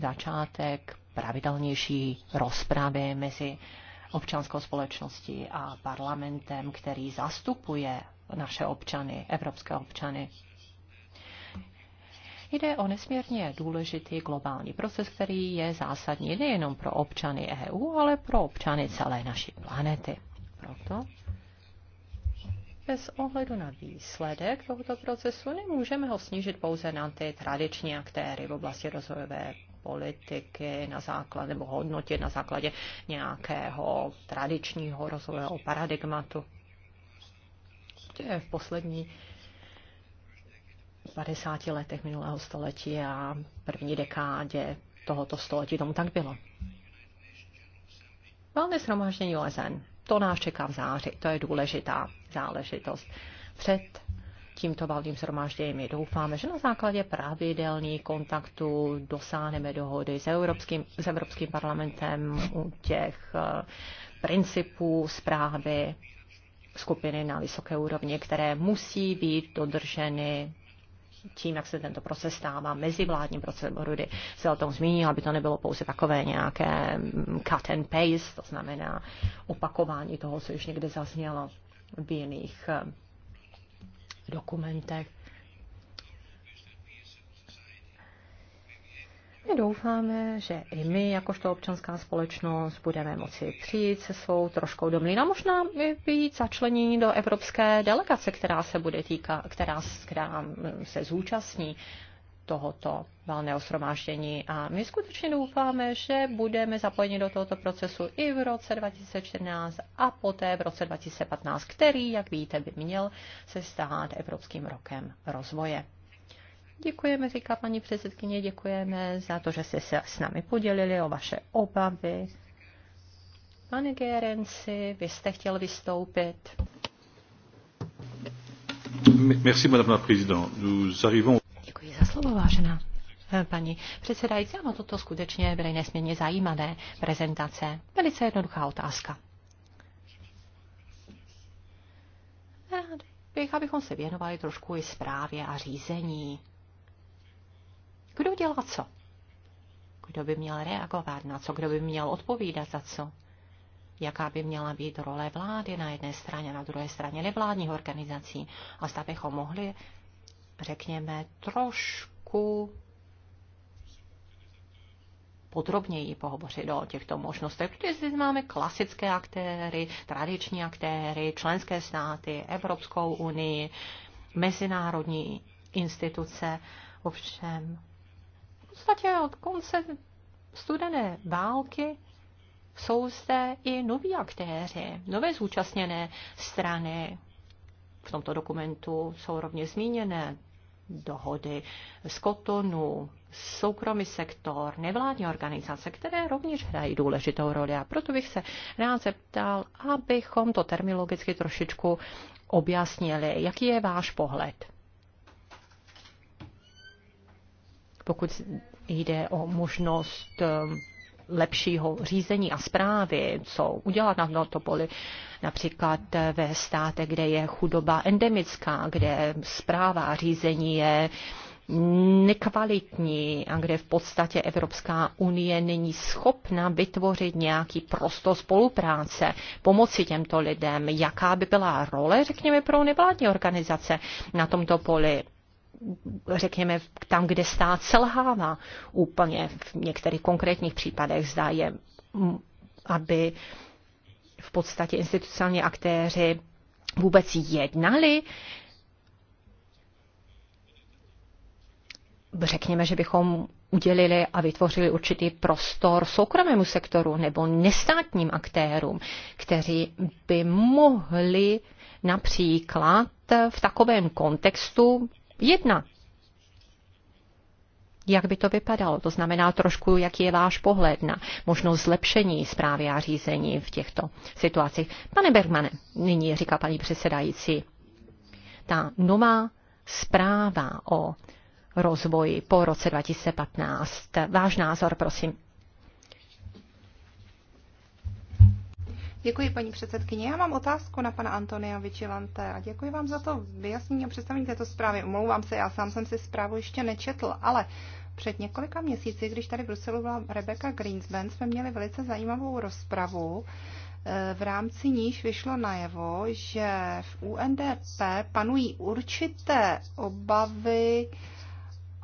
začátek pravidelnější rozpravy mezi občanskou společností a parlamentem, který zastupuje naše občany, evropské občany. Jde o nesmírně důležitý globální proces, který je zásadní nejenom pro občany EU, ale pro občany celé naší planety. Proto bez ohledu na výsledek tohoto procesu nemůžeme ho snížit pouze na ty tradiční aktéry v oblasti rozvojové politiky na základ, nebo hodnotit na základě nějakého tradičního rozvojového paradigmatu. To je v poslední 50 letech minulého století a první dekádě tohoto století tomu tak bylo. Velmi sromáždění OSN. To nás čeká v září. To je důležitá záležitost před tímto valným shromážděním. My doufáme, že na základě pravidelných kontaktů dosáhneme dohody s Evropským, s Evropským parlamentem u těch eh, principů zprávy skupiny na vysoké úrovni, které musí být dodrženy tím, jak se tento proces stává mezivládním procesem Rudy se o tom zmínil, aby to nebylo pouze takové nějaké mm, cut and paste, to znamená opakování toho, co už někde zaznělo v jiných eh, dokumentech. My doufáme, že i my, jakožto občanská společnost, budeme moci přijít se svou troškou do mlína, možná i být začlenění do evropské delegace, která se bude týkat, která, která mm, se zúčastní tohoto valného shromáždění. A my skutečně doufáme, že budeme zapojeni do tohoto procesu i v roce 2014 a poté v roce 2015, který, jak víte, by měl se stát Evropským rokem rozvoje. Děkujeme, říká paní předsedkyně, děkujeme za to, že jste se s námi podělili o vaše obavy. Pane Gerenci, vy jste chtěl vystoupit. Merci, madame la présidente. Nous arrivons slovo, vážená eh, paní předsedající. Ano, toto skutečně byly nesmírně zajímavé prezentace. Velice jednoduchá otázka. bych, abychom se věnovali trošku i zprávě a řízení. Kdo dělá co? Kdo by měl reagovat na co? Kdo by měl odpovídat za co? Jaká by měla být role vlády na jedné straně, na druhé straně nevládních organizací? A zda bychom mohli řekněme, trošku podrobněji pohovořit o těchto možnostech, protože zde máme klasické aktéry, tradiční aktéry, členské státy, Evropskou unii, mezinárodní instituce, ovšem v podstatě od konce studené války jsou zde i noví aktéři, nové zúčastněné strany, v tomto dokumentu jsou rovně zmíněné dohody z kotonu, soukromý sektor, nevládní organizace, které rovněž hrají důležitou roli. A proto bych se rád zeptal, abychom to terminologicky trošičku objasnili. Jaký je váš pohled? Pokud jde o možnost eh, lepšího řízení a zprávy, co udělat na tomto poli, například eh, ve státech, kde je chudoba endemická, kde zpráva a řízení je nekvalitní a kde v podstatě Evropská unie není schopna vytvořit nějaký prostor spolupráce, pomoci těmto lidem, jaká by byla role, řekněme, pro nevládní organizace na tomto poli řekněme, tam, kde stát selhává úplně v některých konkrétních případech, zdá je, aby v podstatě institucionální aktéři vůbec jednali? Řekněme, že bychom udělili a vytvořili určitý prostor soukromému sektoru nebo nestátním aktérům, kteří by mohli například v takovém kontextu jednat jak by to vypadalo. To znamená trošku, jaký je váš pohled na možnost zlepšení zprávy a řízení v těchto situacích. Pane Bergmane, nyní říká paní předsedající, ta nová zpráva o rozvoji po roce 2015. Váš názor, prosím. Děkuji, paní předsedkyně. Já mám otázku na pana Antonia Vigilante a děkuji vám za to vyjasnění a představení této zprávy. Omlouvám se, já sám jsem si zprávu ještě nečetl, ale před několika měsíci, když tady v Bruselu byla Rebecca Greenspan, jsme měli velice zajímavou rozpravu, eh, v rámci níž vyšlo najevo, že v UNDP panují určité obavy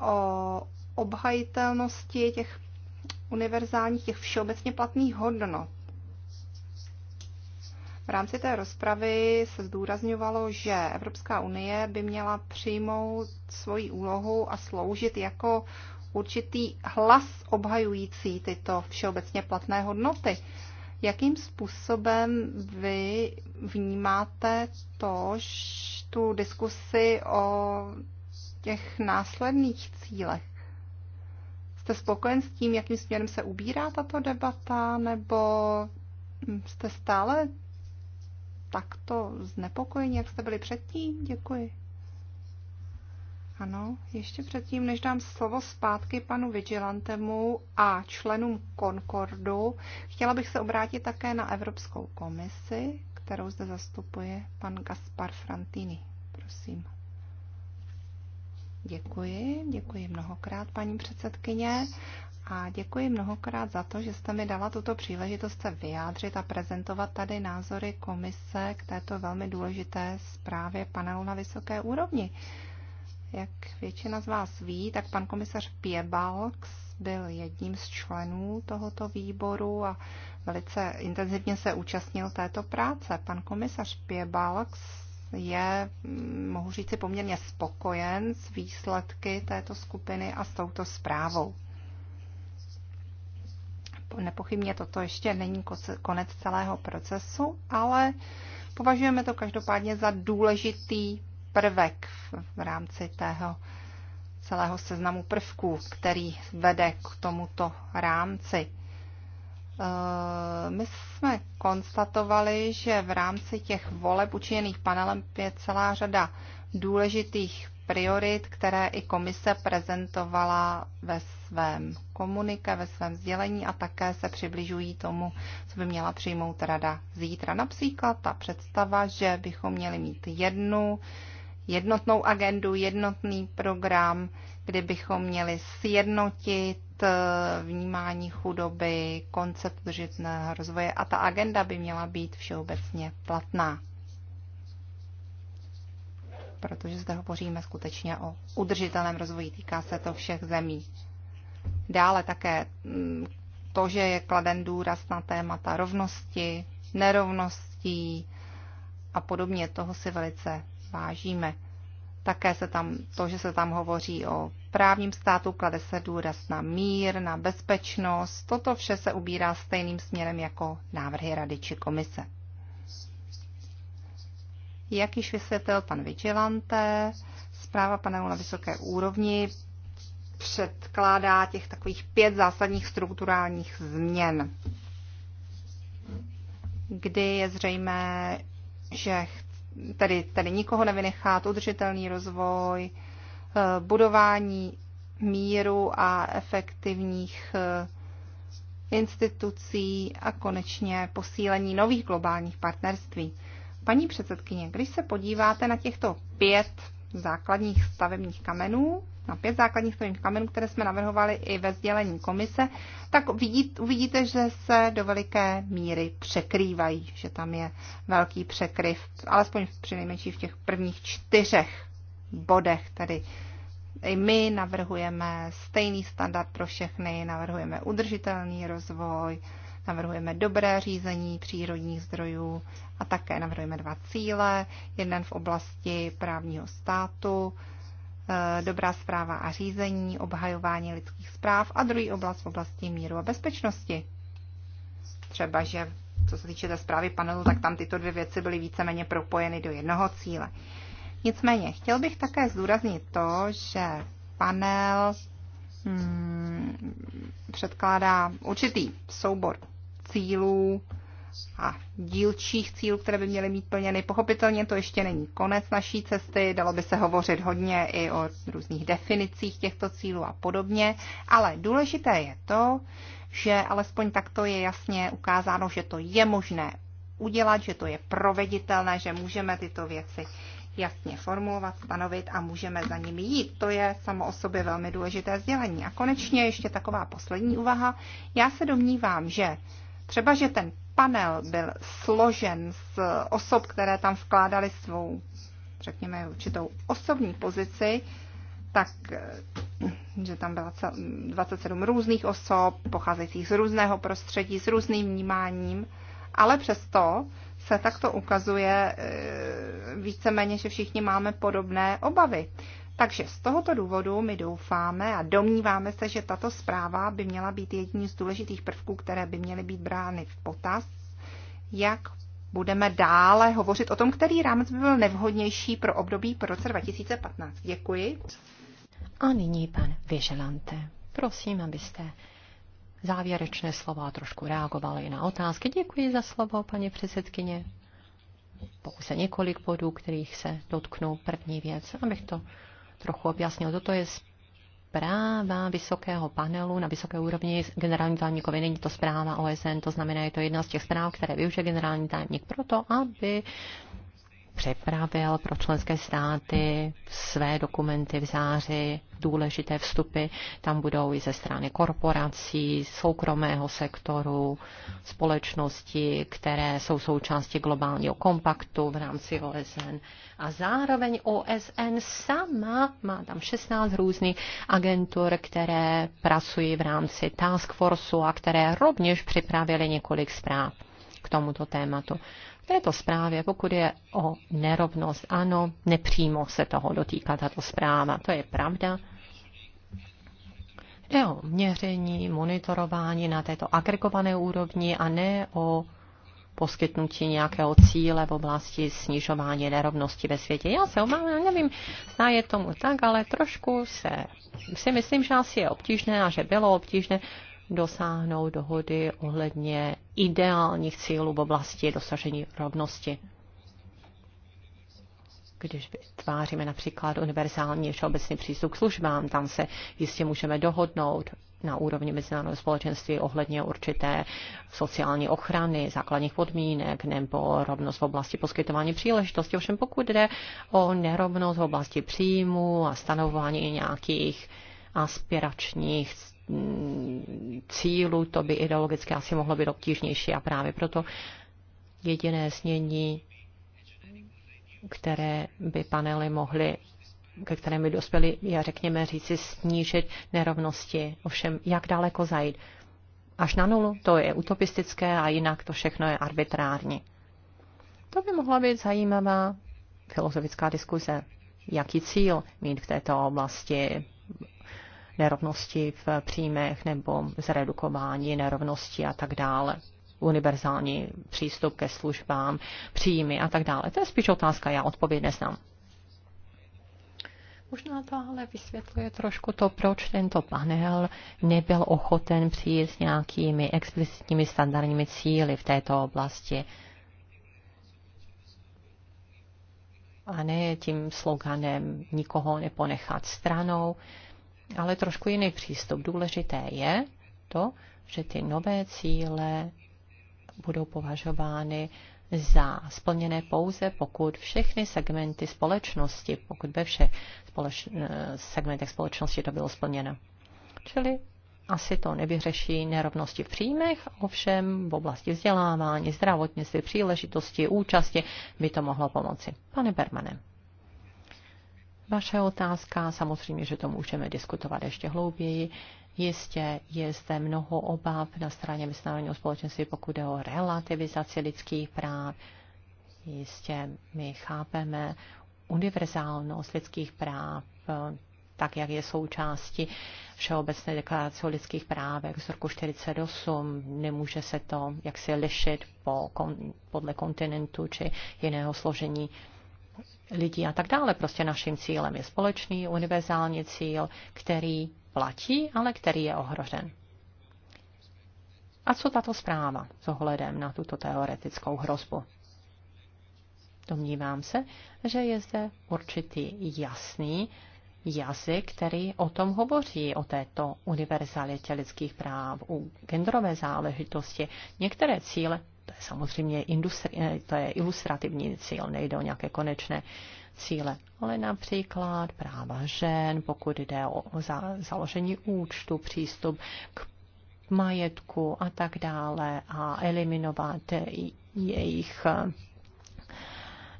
o obhajitelnosti těch univerzálních, těch všeobecně platných hodnot. V rámci té rozpravy se zdůrazňovalo, že Evropská unie by měla přijmout svoji úlohu a sloužit jako určitý hlas obhajující tyto všeobecně platné hodnoty. Jakým způsobem vy vnímáte to, tu diskusi o těch následných cílech? Jste spokojen s tím, jakým směrem se ubírá tato debata, nebo jste stále takto znepokojeni, jak jste byli předtím? Děkuji. Ano, ještě předtím, než dám slovo zpátky panu Vigilantemu a členům Concordu, chtěla bych se obrátit také na Evropskou komisi, kterou zde zastupuje pan Gaspar Frantini. Prosím. Děkuji, děkuji mnohokrát, paní předsedkyně a děkuji mnohokrát za to, že jste mi dala tuto příležitost se vyjádřit a prezentovat tady názory komise k této velmi důležité zprávě panelu na vysoké úrovni. Jak většina z vás ví, tak pan komisař Piebalks byl jedním z členů tohoto výboru a velice intenzivně se účastnil této práce. Pan komisař Piebalks je, mohu říci, poměrně spokojen s výsledky této skupiny a s touto zprávou. Nepochybně toto ještě není konec celého procesu, ale považujeme to každopádně za důležitý prvek v rámci tého celého seznamu prvků, který vede k tomuto rámci. Eh, my jsme konstatovali, že v rámci těch voleb učiněných panelem je celá řada důležitých priorit, které i komise prezentovala ve svém komunike, ve svém sdělení a také se přibližují tomu, co by měla přijmout rada zítra. Například ta představa, že bychom měli mít jednu jednotnou agendu, jednotný program, kdy bychom měli sjednotit eh, vnímání chudoby, koncept držitného rozvoje a ta agenda by měla být všeobecně platná protože zde hovoříme skutečně o udržitelném rozvoji, týká se to všech zemí. Dále také mm, to, že je kladen důraz na témata rovnosti, nerovností a podobně, toho si velice vážíme. Také se tam, to, že se tam hovoří o právním státu, klade se důraz na mír, na bezpečnost, toto vše se ubírá stejným směrem jako návrhy rady či komise. Jak již vysvětlil pan Vigilante, zpráva panelu na vysoké úrovni předkládá těch takových pět zásadních strukturálních změn, kdy je zřejmé, že tedy, tedy nikoho nevynechat, udržitelný rozvoj, eh, budování míru a efektivních eh, institucí a konečně posílení nových globálních partnerství. Paní předsedkyně, když se podíváte na těchto pět základních stavebních kamenů, na pět základních stavebních kamenů, které jsme navrhovali i ve sdělení komise, tak vidíte, uvidíte, že se do veliké míry překrývají, že tam je velký překryv, alespoň nejmenší v těch prvních čtyřech bodech, tedy i my navrhujeme stejný standard pro všechny, navrhujeme udržitelný rozvoj, navrhujeme dobré řízení přírodních zdrojů a také navrhujeme dva cíle, jeden v oblasti právního státu, eh, dobrá zpráva a řízení, obhajování lidských zpráv a druhý oblast v oblasti míru a bezpečnosti. Třeba, že co se týče té zprávy panelu, tak tam tyto dvě věci byly víceméně propojeny do jednoho cíle. Nicméně, chtěl bych také zdůraznit to, že panel hmm, předkládá určitý soubor cílů a dílčích cílů, které by měly mít plněny. Pochopitelně to ještě není konec naší cesty, dalo by se hovořit hodně i o různých definicích těchto cílů a podobně, ale důležité je to, že alespoň takto je jasně ukázáno, že to je možné udělat, že to je proveditelné, že můžeme tyto věci jasně formulovat, stanovit a můžeme za nimi jít. To je samo o sobě velmi důležité sdělení. A konečně ještě taková poslední úvaha. Já se domnívám, že Třeba, že ten panel byl složen z osob, které tam vkládali svou, řekněme, určitou osobní pozici, tak, eh, že tam bylo 27 různých osob, pocházejících z různého prostředí, s různým vnímáním, ale přesto se takto ukazuje eh, víceméně, že všichni máme podobné obavy. Takže z tohoto důvodu my doufáme a domníváme se, že tato zpráva by měla být jedním z důležitých prvků, které by měly být brány v potaz, jak budeme dále hovořit o tom, který rámec by byl nevhodnější pro období po roce 2015. Děkuji. A nyní pan Vyželante. Prosím, abyste závěrečné slova trošku reagovali na otázky. Děkuji za slovo, paní předsedkyně. Pouze několik bodů, kterých se dotknou. První věc, abych to trochu objasnil. Toto je zpráva vysokého panelu na vysoké úrovni generální tajemníkovi. Není to zpráva OSN, to znamená, je to jedna z těch zpráv, které využije generální tajemník proto, aby připravil pro členské státy své dokumenty v září, důležité vstupy. Tam budou i ze strany korporací, soukromého sektoru, společnosti, které jsou součástí globálního kompaktu v rámci OSN. A zároveň OSN sama má tam 16 různých agentur, které pracují v rámci task forceu a které rovněž připravili několik zpráv k tomuto tématu této zprávě, pokud je o nerovnost, ano, nepřímo se toho dotýká tato zpráva, to je pravda. Jde o měření, monitorování na této agregované úrovni a ne o poskytnutí nějakého cíle v oblasti snižování nerovnosti ve světě. Já se omám, nevím, zná je tomu tak, ale trošku se, si myslím, že asi je obtížné a že bylo obtížné dosáhnout dohody ohledně ideálních cílů v oblasti dosažení rovnosti. Když vytváříme například univerzální všeobecný přístup k službám, tam se jistě můžeme dohodnout na úrovni mezinárodního společenství ohledně určité sociální ochrany, základních podmínek nebo rovnost v oblasti poskytování příležitosti. Ovšem pokud jde o nerovnost v oblasti příjmu a stanovování nějakých aspiračních Mm, cílu, to by ideologicky asi mohlo být obtížnější a právě proto jediné snění, které by panely mohly ke kterém by dospěli, já řekněme, říci snížit nerovnosti. Ovšem, jak daleko zajít? Až na nulu, to je utopistické a jinak to všechno je arbitrární. To by mohla být zajímavá filozofická diskuze. Jaký cíl mít v této oblasti? nerovnosti v příjmech nebo zredukování nerovnosti a tak dále univerzální přístup ke službám, příjmy a tak dále. To je spíš otázka, já odpověď neznám. Možná to ale vysvětluje trošku to, proč tento panel nebyl ochoten přijít s nějakými explicitními standardními cíly v této oblasti. A ne tím sloganem nikoho neponechat stranou, ale trošku jiný přístup. Důležité je to, že ty nové cíle budou považovány za splněné pouze, pokud všechny segmenty společnosti, pokud ve všech společ, segmentech společnosti to bylo splněno. Čili asi to nevyřeší nerovnosti v příjmech, ovšem v oblasti vzdělávání, zdravotnictví, příležitosti, účasti by to mohlo pomoci. Pane Bermane. Vaše otázka, samozřejmě, že to můžeme diskutovat ještě hlouběji. Jistě je zde mnoho obav na straně mezinárodního společenství, pokud jde o relativizaci lidských práv. Jistě my chápeme univerzálnost lidských práv, tak jak je součástí Všeobecné deklarace o lidských právech z roku 1948. Nemůže se to jaksi lišit po, podle kontinentu či jiného složení lidí a tak dále. Prostě naším cílem je společný univerzální cíl, který platí, ale který je ohrožen. A co tato zpráva s ohledem na tuto teoretickou hrozbu? Domnívám se, že je zde určitý jasný jazyk, který o tom hovoří, o této univerzalitě lidských práv, u genderové záležitosti. Některé cíle to je samozřejmě industri- eh, to je ilustrativní cíl, nejde o nějaké konečné cíle, ale například práva žen, pokud jde o, o za- založení účtu, přístup k majetku a tak dále a eliminovat jejich eh,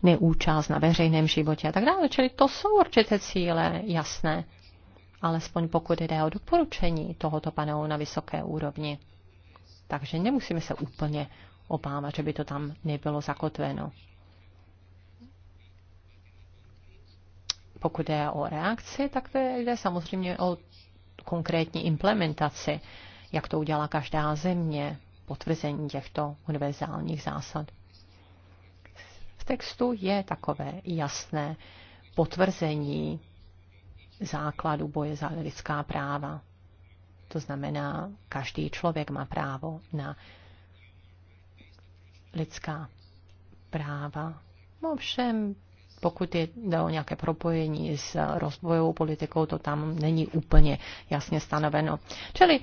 neúčast na veřejném životě a tak dále. Čili to jsou určité cíle jasné, alespoň pokud jde o doporučení tohoto panelu na vysoké úrovni. Takže nemusíme se úplně obávat, že by to tam nebylo zakotveno. Pokud je o reakci, tak to jde samozřejmě o konkrétní implementaci, jak to udělá každá země, potvrzení těchto univerzálních zásad. V textu je takové jasné potvrzení základu boje za lidská práva. To znamená, každý člověk má právo na lidská práva. No ovšem, pokud je o nějaké propojení s rozvojovou politikou, to tam není úplně jasně stanoveno. Čili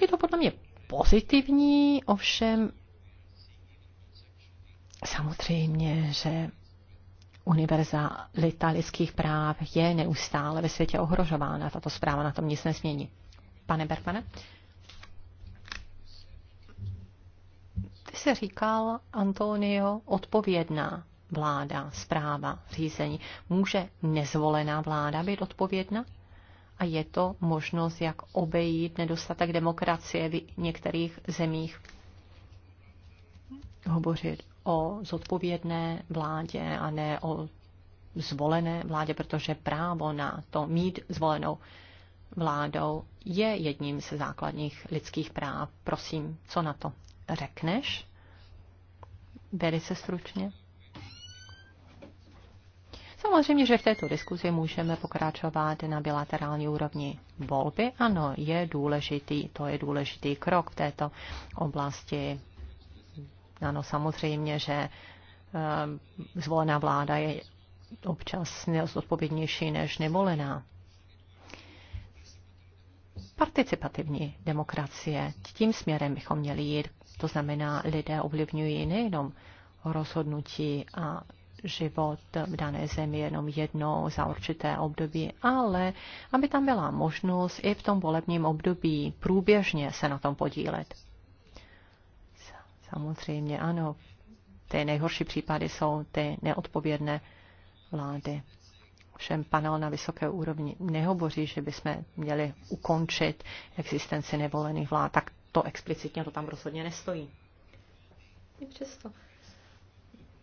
je to podle mě pozitivní, ovšem samozřejmě, že univerzalita lidských práv je neustále ve světě ohrožována. Tato zpráva na tom nic nesmění. Pane Berfane? Ty se říkal, Antonio, odpovědná vláda, zpráva, řízení. Může nezvolená vláda být odpovědná? A je to možnost, jak obejít nedostatek demokracie v některých zemích. Hovořit o zodpovědné vládě a ne o zvolené vládě, protože právo na to mít zvolenou vládou je jedním ze základních lidských práv. Prosím, co na to? řekneš? Velice stručně. Samozřejmě, že v této diskuzi můžeme pokračovat na bilaterální úrovni volby. Ano, je důležitý, to je důležitý krok v této oblasti. Ano, samozřejmě, že eh, zvolená vláda je občas nezodpovědnější než nevolená. Participativní demokracie. Tím směrem bychom měli jít to znamená, lidé ovlivňují nejenom rozhodnutí a život v dané zemi jenom jednou za určité období, ale aby tam byla možnost i v tom volebním období průběžně se na tom podílet. Samozřejmě ano, ty nejhorší případy jsou ty neodpovědné vlády. Všem panel na vysoké úrovni nehovoří, že bychom měli ukončit existenci nevolených vlád. Tak to explicitně to tam rozhodně nestojí. I přesto.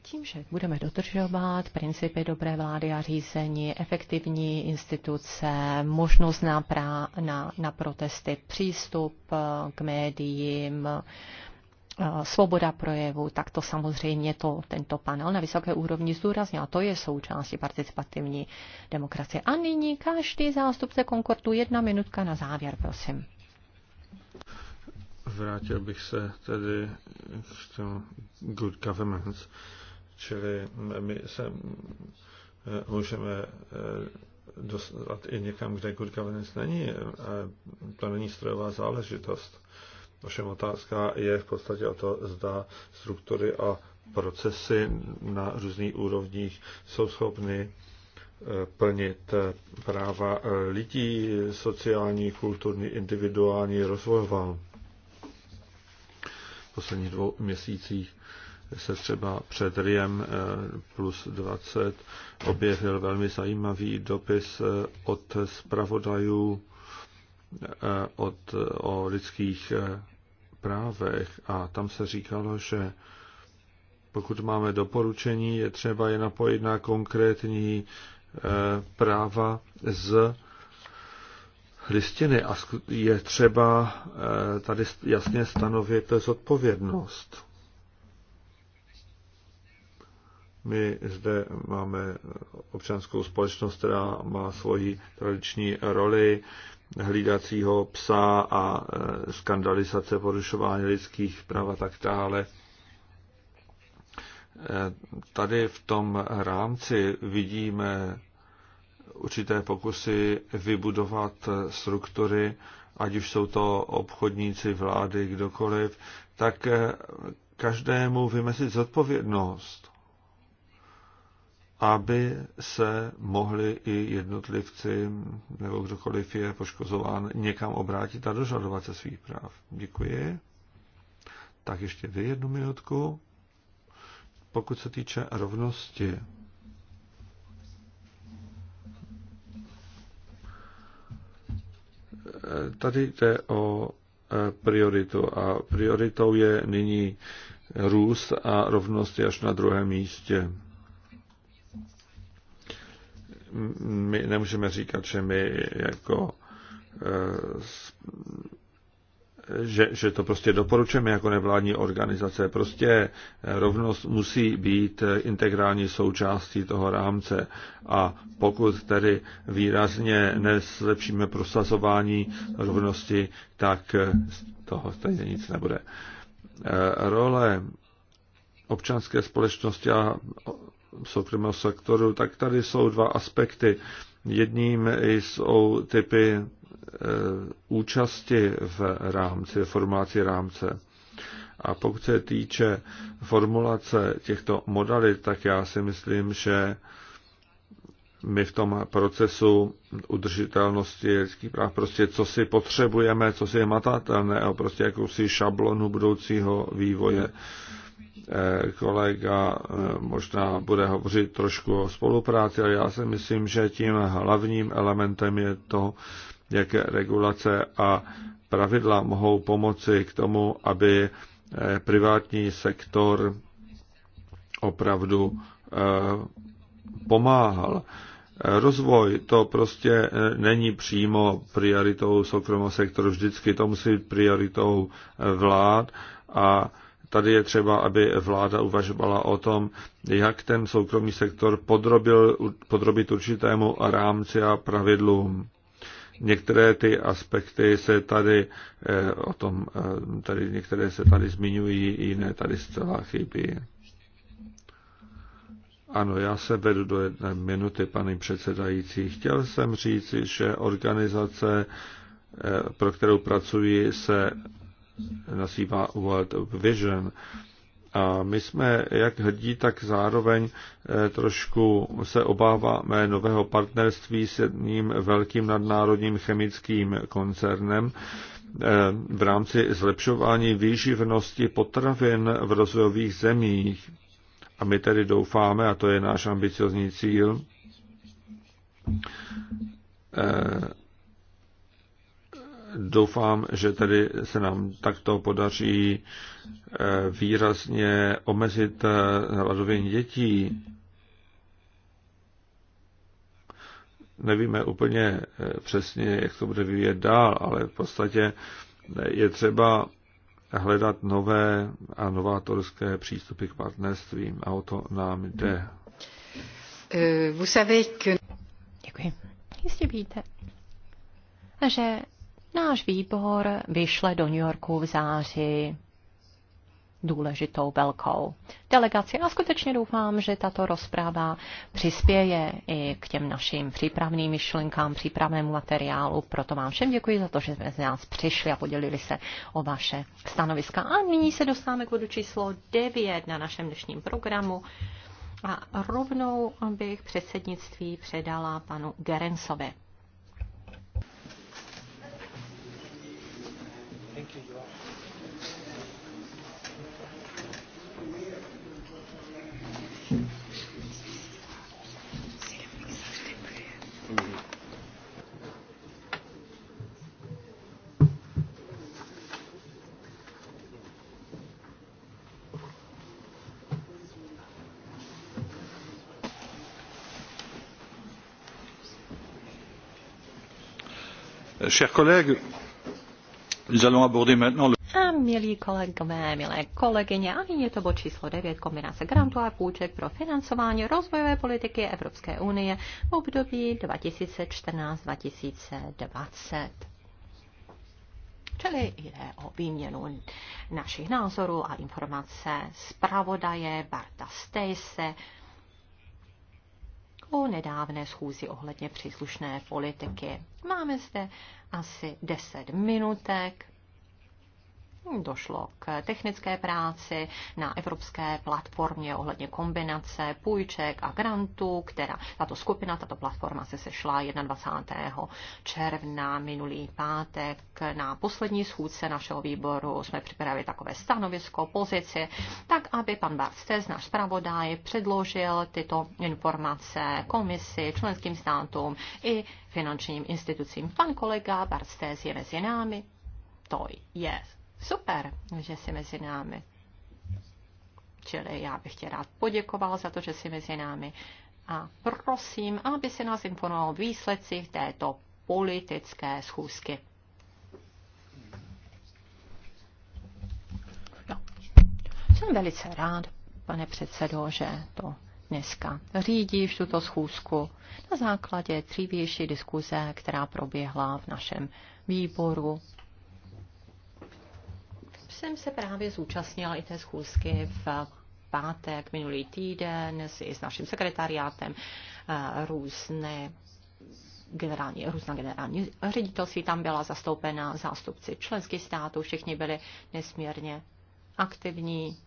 Tím, že budeme dodržovat principy dobré vlády a řízení, efektivní instituce, možnost na, pra, na, na protesty, přístup eh, k médiím, eh, svoboda projevu, tak to samozřejmě to, tento panel na vysoké úrovni zdůraznil. To je součástí participativní demokracie. A nyní každý zástupce Concordu jedna minutka na závěr, prosím. Vrátil bych se tedy k tomu good governance, čili my se eh, můžeme eh, dostat i někam, kde good governance není. Eh, to není strojová záležitost. Ovšem otázka je v podstatě o to, zda struktury a procesy na různých úrovních jsou schopny plnit práva lidí, sociální, kulturní, individuální, rozvojová posledních dvou měsících se třeba před Riem eh, plus 20 objevil velmi zajímavý dopis eh, od zpravodajů eh, od, o lidských právech a tam se říkalo, že pokud máme doporučení, je třeba je napojit na konkrétní práva z listiny a je třeba eh, tady jasně stanovit zodpovědnost. My zde máme občanskou společnost, která má svoji tradiční roli hlídacího psa a eh, skandalizace porušování lidských práv a tak dále. Eh, tady v tom rámci vidíme určité pokusy vybudovat struktury, ať už jsou to obchodníci, vlády, kdokoliv, tak eh, každému vymezit zodpovědnost, aby se mohli i jednotlivci nebo kdokoliv je poškozován někam obrátit a dožadovat se svých práv. Děkuji. Tak ještě vy jednu minutku. Pokud se týče rovnosti, tady jde o e, prioritu a prioritou je nyní růst a rovnost je až na druhém místě. My nemůžeme říkat, že my jako e, že, že to prostě doporučujeme jako nevládní organizace. Prostě rovnost musí být integrální součástí toho rámce a pokud tedy výrazně nezlepšíme prosazování rovnosti, tak z toho stejně nic nebude. Role občanské společnosti a soukromého sektoru, tak tady jsou dva aspekty. Jedním jsou typy Eh, účasti v rámci, formulaci rámce. A pokud se týče formulace těchto modalit, tak já si myslím, že my v tom procesu udržitelnosti lidských práv, prostě co si potřebujeme, co si je matatelné, prostě jakousi šablonu budoucího vývoje. Eh, kolega eh, možná bude hovořit trošku o spolupráci, ale já si myslím, že tím hlavním elementem je to, jak regulace a pravidla mohou pomoci k tomu, aby eh, privátní sektor opravdu eh, pomáhal. Rozvoj to prostě eh, není přímo prioritou soukromého sektoru, vždycky to musí být prioritou vlád a tady je třeba, aby vláda uvažovala o tom, jak ten soukromý sektor podrobil, podrobit určitému rámci a pravidlům. Některé ty aspekty se tady eh, o tom, eh, tady některé se tady zmiňují, jiné tady zcela chybí. Ano, já se vedu do jedné minuty, paní předsedající. Chtěl jsem říci, že organizace, eh, pro kterou pracuji, se nazývá World Vision a my jsme jak hrdí, tak zároveň eh, trošku se obáváme nového partnerství s jedním velkým nadnárodním chemickým koncernem eh, v rámci zlepšování výživnosti potravin v rozvojových zemích. A my tedy doufáme, a to je náš ambiciozní cíl, eh, Doufám, že tedy se nám takto podaří eh, výrazně omezit hladovění eh, dětí. Nevíme úplně eh, přesně, jak to bude vyvíjet dál, ale v podstatě je třeba hledat nové a novátorské přístupy k partnerstvím a o to nám jde. Vous savez que... Děkuji. Jistě víte, že Náš výbor vyšle do New Yorku v září důležitou velkou delegaci. A skutečně doufám, že tato rozprava přispěje i k těm našim přípravným myšlenkám, přípravnému materiálu. Proto vám všem děkuji za to, že jsme z nás přišli a podělili se o vaše stanoviska. A nyní se dostáváme k bodu číslo 9 na našem dnešním programu. A rovnou bych předsednictví předala panu Gerensovi. chers collègues, nous allons aborder maintenant le... A milí kolegové, milé kolegyně, a nyní je to bod číslo 9, kombinace grantů a půjček pro financování rozvojové politiky Evropské unie v období 2014-2020. Čili jde o výměnu našich názorů a informace zpravodaje Barta Stejse, o nedávné schůzi ohledně příslušné politiky. Máme zde asi 10 minutek došlo k technické práci na evropské platformě ohledně kombinace půjček a grantů, která tato skupina, tato platforma se sešla 21. června minulý pátek. Na poslední schůdce našeho výboru jsme připravili takové stanovisko, pozici, tak aby pan Barstez, náš zpravodaj, předložil tyto informace komisi, členským státům i finančním institucím. Pan kolega Barstez je mezi námi. To je Super, že jsi mezi námi. Čili já bych tě rád poděkoval za to, že jsi mezi námi. A prosím, aby si nás informoval výsledci výsledcích této politické schůzky. No. Jsem velice rád, pane předsedo, že to dneska řídíš tuto schůzku na základě dřívější diskuze, která proběhla v našem výboru jsem se právě zúčastnila i té schůzky v pátek minulý týden s, s naším sekretariátem eh, různé generální, různá generální ředitelství tam byla zastoupena, zástupci členských států, všichni byli nesmírně aktivní,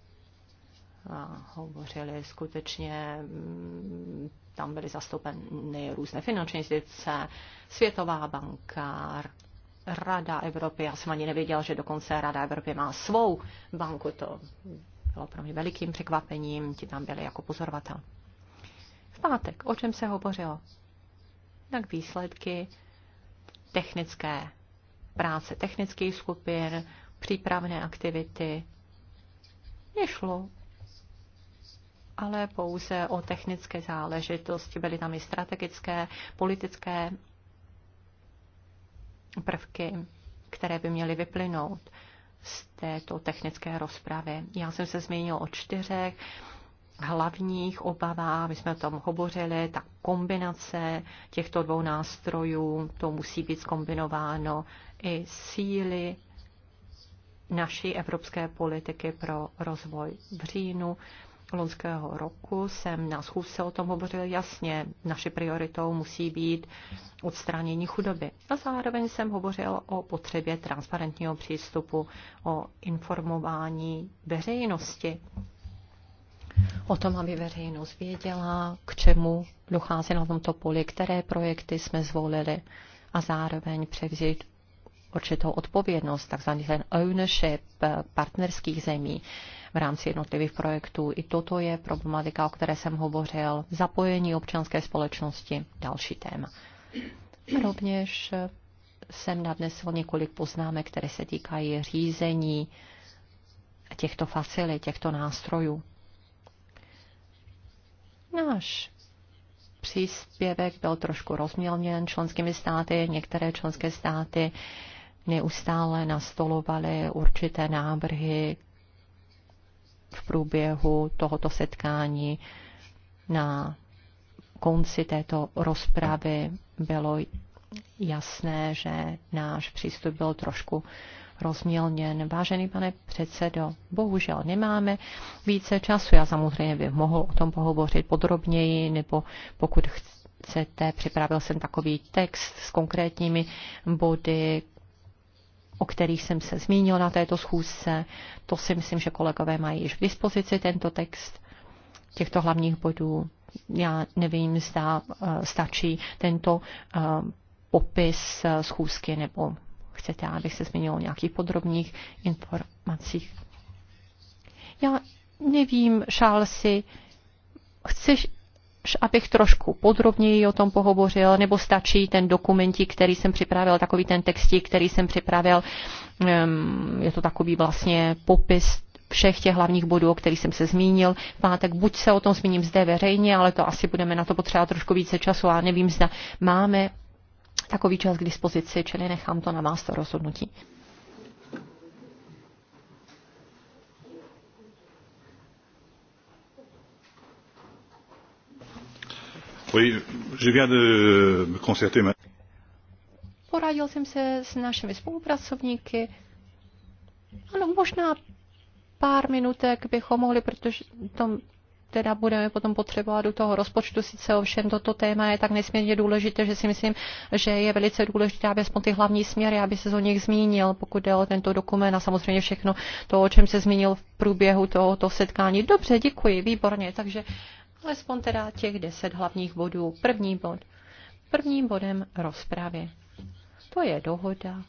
a hovořili skutečně, mm, tam byly zastoupeny různé finanční instituce, Světová banka, Rada Evropy. Já jsem ani nevěděla, že dokonce Rada Evropy má svou banku. To bylo pro mě velikým překvapením. Ti tam byli jako pozorovatel. V pátek, o čem se hovořilo? Tak výsledky technické práce technických skupin, přípravné aktivity. Nešlo ale pouze o technické záležitosti. Byly tam i strategické, politické prvky, které by měly vyplynout z této technické rozpravy. Já jsem se zmínil o čtyřech hlavních obavách, my jsme o tom hovořili, ta kombinace těchto dvou nástrojů, to musí být zkombinováno i síly naší evropské politiky pro rozvoj v říjnu loňského roku jsem na schůzce o tom hovořil jasně. naše prioritou musí být odstranění chudoby. A zároveň jsem hovořil o potřebě transparentního přístupu, o informování veřejnosti, o tom, aby veřejnost věděla, k čemu dochází na tomto poli, které projekty jsme zvolili a zároveň převzít určitou odpovědnost, takzvaný ten ownership eh, partnerských zemí v rámci jednotlivých projektů. I toto je problematika, o které jsem hovořil, zapojení občanské společnosti, další téma. Rovněž eh, jsem nadnesl několik poznámek, které se týkají řízení těchto facilit, těchto nástrojů. Náš příspěvek byl trošku rozmělněn členskými státy, některé členské státy neustále nastolovali určité návrhy v průběhu tohoto setkání. Na konci této rozpravy bylo jasné, že náš přístup byl trošku rozmělněn. Vážený pane předsedo, bohužel nemáme více času. Já samozřejmě bych mohl o tom pohovořit podrobněji, nebo pokud chcete, připravil jsem takový text s konkrétními body, o kterých jsem se zmínil na této schůzce. To si myslím, že kolegové mají již v dispozici tento text těchto hlavních bodů. Já nevím, zda eh, stačí tento eh, popis eh, schůzky nebo chcete, abych se zmínil o nějakých podrobných informacích. Já nevím, Charlesi, chceš abych trošku podrobněji o tom pohovořil, nebo stačí ten dokumentík, který jsem připravil, takový ten textík, který jsem připravil, je to takový vlastně popis všech těch hlavních bodů, o kterých jsem se zmínil. pátek buď se o tom zmíním zde veřejně, ale to asi budeme na to potřebovat trošku více času a nevím, zda máme takový čas k dispozici, čili nechám to na vás to rozhodnutí. Oui, je viens de me concerter Poradil jsem se s našimi spolupracovníky. Ano, možná pár minutek bychom mohli, protože to teda budeme potom potřebovat do toho rozpočtu. Sice ovšem toto téma je tak nesmírně důležité, že si myslím, že je velice důležité, aby aspoň ty hlavní směry, aby se o nich zmínil, pokud jde o tento dokument a samozřejmě všechno to, o čem se zmínil v průběhu tohoto setkání. Dobře, děkuji, výborně. Takže alespoň teda těch deset hlavních bodů. První bod. Prvním bodem rozpravy. To je dohoda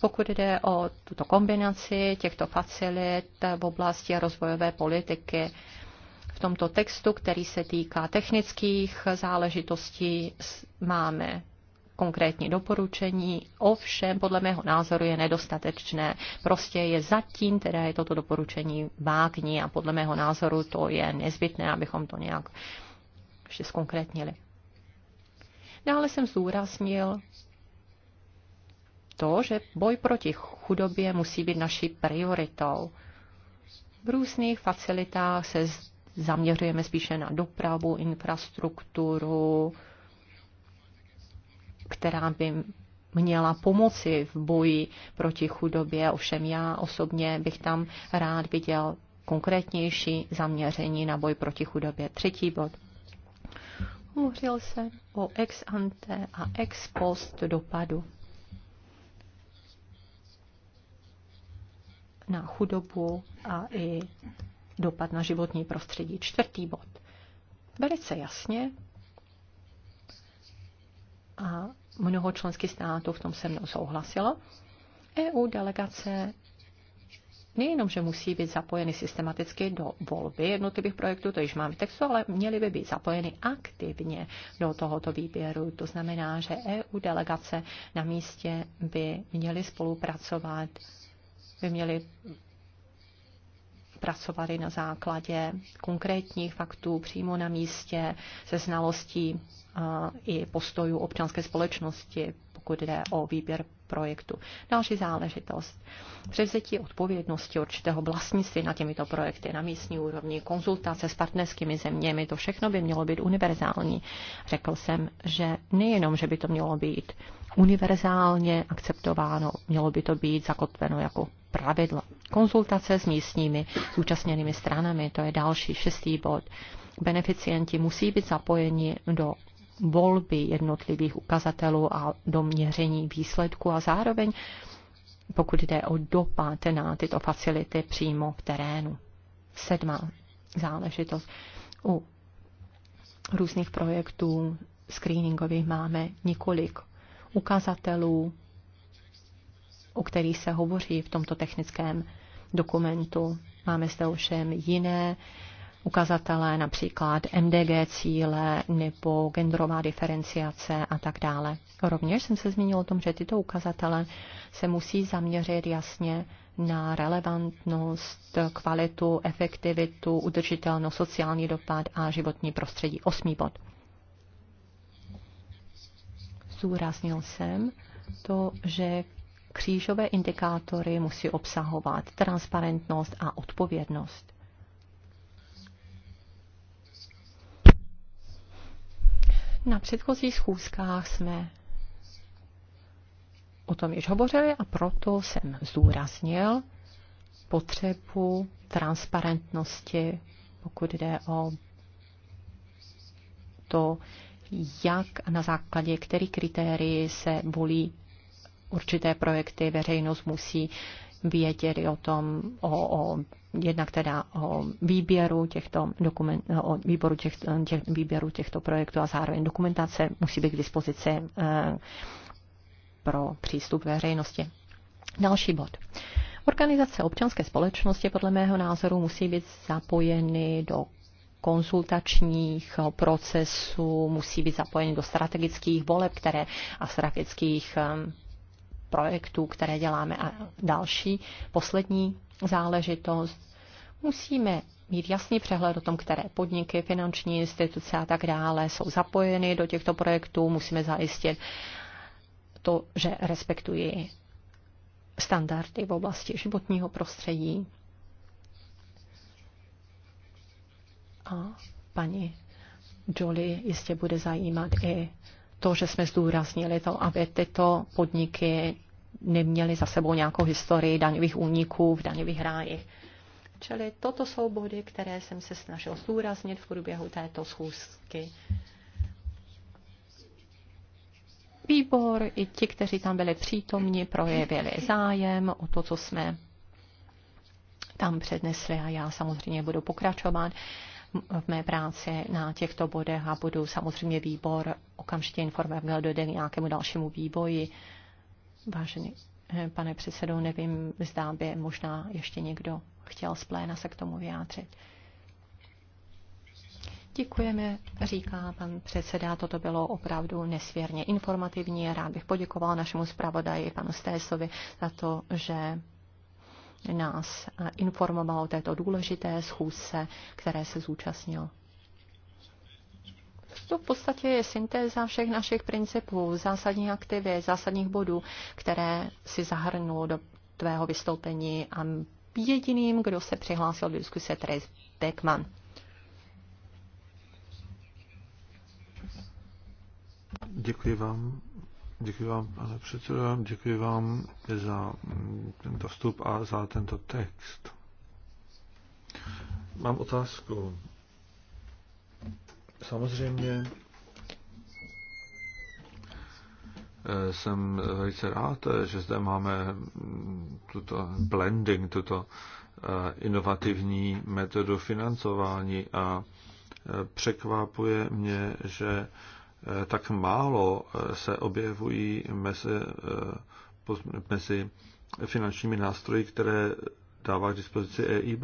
pokud jde o tuto kombinaci těchto facilit v oblasti rozvojové politiky. V tomto textu, který se týká technických záležitostí, máme konkrétní doporučení, ovšem podle mého názoru je nedostatečné. Prostě je zatím, teda je toto doporučení vágní a podle mého názoru to je nezbytné, abychom to nějak ještě zkonkrétnili. Dále jsem zdůraznil to, že boj proti chudobě musí být naší prioritou. V různých facilitách se zaměřujeme spíše na dopravu, infrastrukturu, která by měla pomoci v boji proti chudobě. Ovšem já osobně bych tam rád viděl konkrétnější zaměření na boj proti chudobě. Třetí bod. Hovořil se o ex ante a ex post dopadu na chudobu a i dopad na životní prostředí. Čtvrtý bod. Velice jasně a mnoho členských států v tom se mnou souhlasilo. EU delegace nejenom, že musí být zapojeny systematicky do volby jednotlivých projektů, to již máme v textu, ale měly by být zapojeny aktivně do tohoto výběru. To znamená, že EU delegace na místě by měly spolupracovat, by měly pracovali na základě konkrétních faktů přímo na místě se znalostí i postojů občanské společnosti pokud jde o výběr projektu. Další záležitost. Převzetí odpovědnosti určitého vlastnictví na těmito projekty na místní úrovni, konzultace s partnerskými zeměmi, to všechno by mělo být univerzální. Řekl jsem, že nejenom, že by to mělo být univerzálně akceptováno, mělo by to být zakotveno jako pravidlo. Konzultace s místními zúčastněnými stranami, to je další šestý bod. Beneficienti musí být zapojeni do volby jednotlivých ukazatelů a doměření výsledku a zároveň pokud jde o dopad na tyto facility přímo v terénu. Sedmá záležitost. U různých projektů screeningových máme několik ukazatelů, o kterých se hovoří v tomto technickém dokumentu. Máme zde ovšem jiné ukazatele, například MDG cíle nebo genderová diferenciace a tak dále. Rovněž jsem se zmínil o tom, že tyto ukazatele se musí zaměřit jasně na relevantnost, kvalitu, efektivitu, udržitelnost, sociální dopad a životní prostředí. Osmý bod. Zúraznil jsem to, že křížové indikátory musí obsahovat transparentnost a odpovědnost. Na předchozích schůzkách jsme o tom již hovořili a proto jsem zdůraznil potřebu transparentnosti, pokud jde o to, jak a na základě kterých kritérií se volí určité projekty, veřejnost musí věděli o tom, o, o jednak teda o výběru těchto dokument, o výboru těch, těch, výběru těchto projektů a zároveň dokumentace musí být k dispozici eh, pro přístup veřejnosti. Další bod. Organizace občanské společnosti podle mého názoru musí být zapojeny do konzultačních procesů, musí být zapojeny do strategických voleb které, a strategických eh, projektů, které děláme. A další, poslední záležitost, musíme mít jasný přehled o tom, které podniky, finanční instituce a tak dále jsou zapojeny do těchto projektů. Musíme zajistit to, že respektují standardy v oblasti životního prostředí. A paní Jolie jistě bude zajímat i to, že jsme zdůraznili to, aby tyto podniky neměly za sebou nějakou historii daňových úniků v daňových rájích. Čili toto jsou body, které jsem se snažil zdůraznit v průběhu této schůzky. Výbor i ti, kteří tam byli přítomni, projevili zájem o to, co jsme tam přednesli a já samozřejmě budu pokračovat v mé práci na těchto bodech a budu samozřejmě výbor okamžitě informovat, měl dojde k nějakému dalšímu výboji. Vážený eh, pane předsedo, nevím, zdá by možná ještě někdo chtěl z pléna se k tomu vyjádřit. Děkujeme, říká pan předseda. Toto bylo opravdu nesvěrně informativní. Rád bych poděkoval našemu zpravodaji, panu Stésovi, za to, že nás informoval o této důležité schůzce, které se zúčastnil. To v podstatě je syntéza všech našich principů, zásadních aktivit, zásadních bodů, které si zahrnul do tvého vystoupení a jediným, kdo se přihlásil do diskuse, Therese Beckman. Děkuji vám, Děkuji vám, pane předsedo, děkuji vám za tento vstup a za tento text. Mám otázku. Samozřejmě eh, jsem velice rád, že zde máme tuto blending, tuto eh, inovativní metodu financování a eh, překvapuje mě, že Eh, tak málo eh, se objevují mezi, eh, mezi finančními nástroji, které dává k dispozici EIB.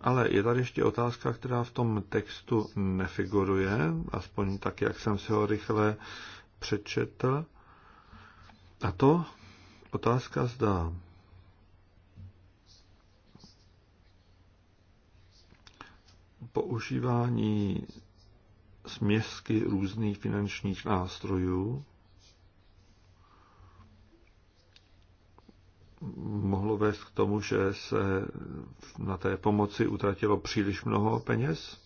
Ale je tady ještě otázka, která v tom textu nefiguruje, aspoň tak, jak jsem si ho rychle přečetl. A to otázka zdá. Používání směsky různých finančních nástrojů mohlo vést k tomu, že se na té pomoci utratilo příliš mnoho peněz.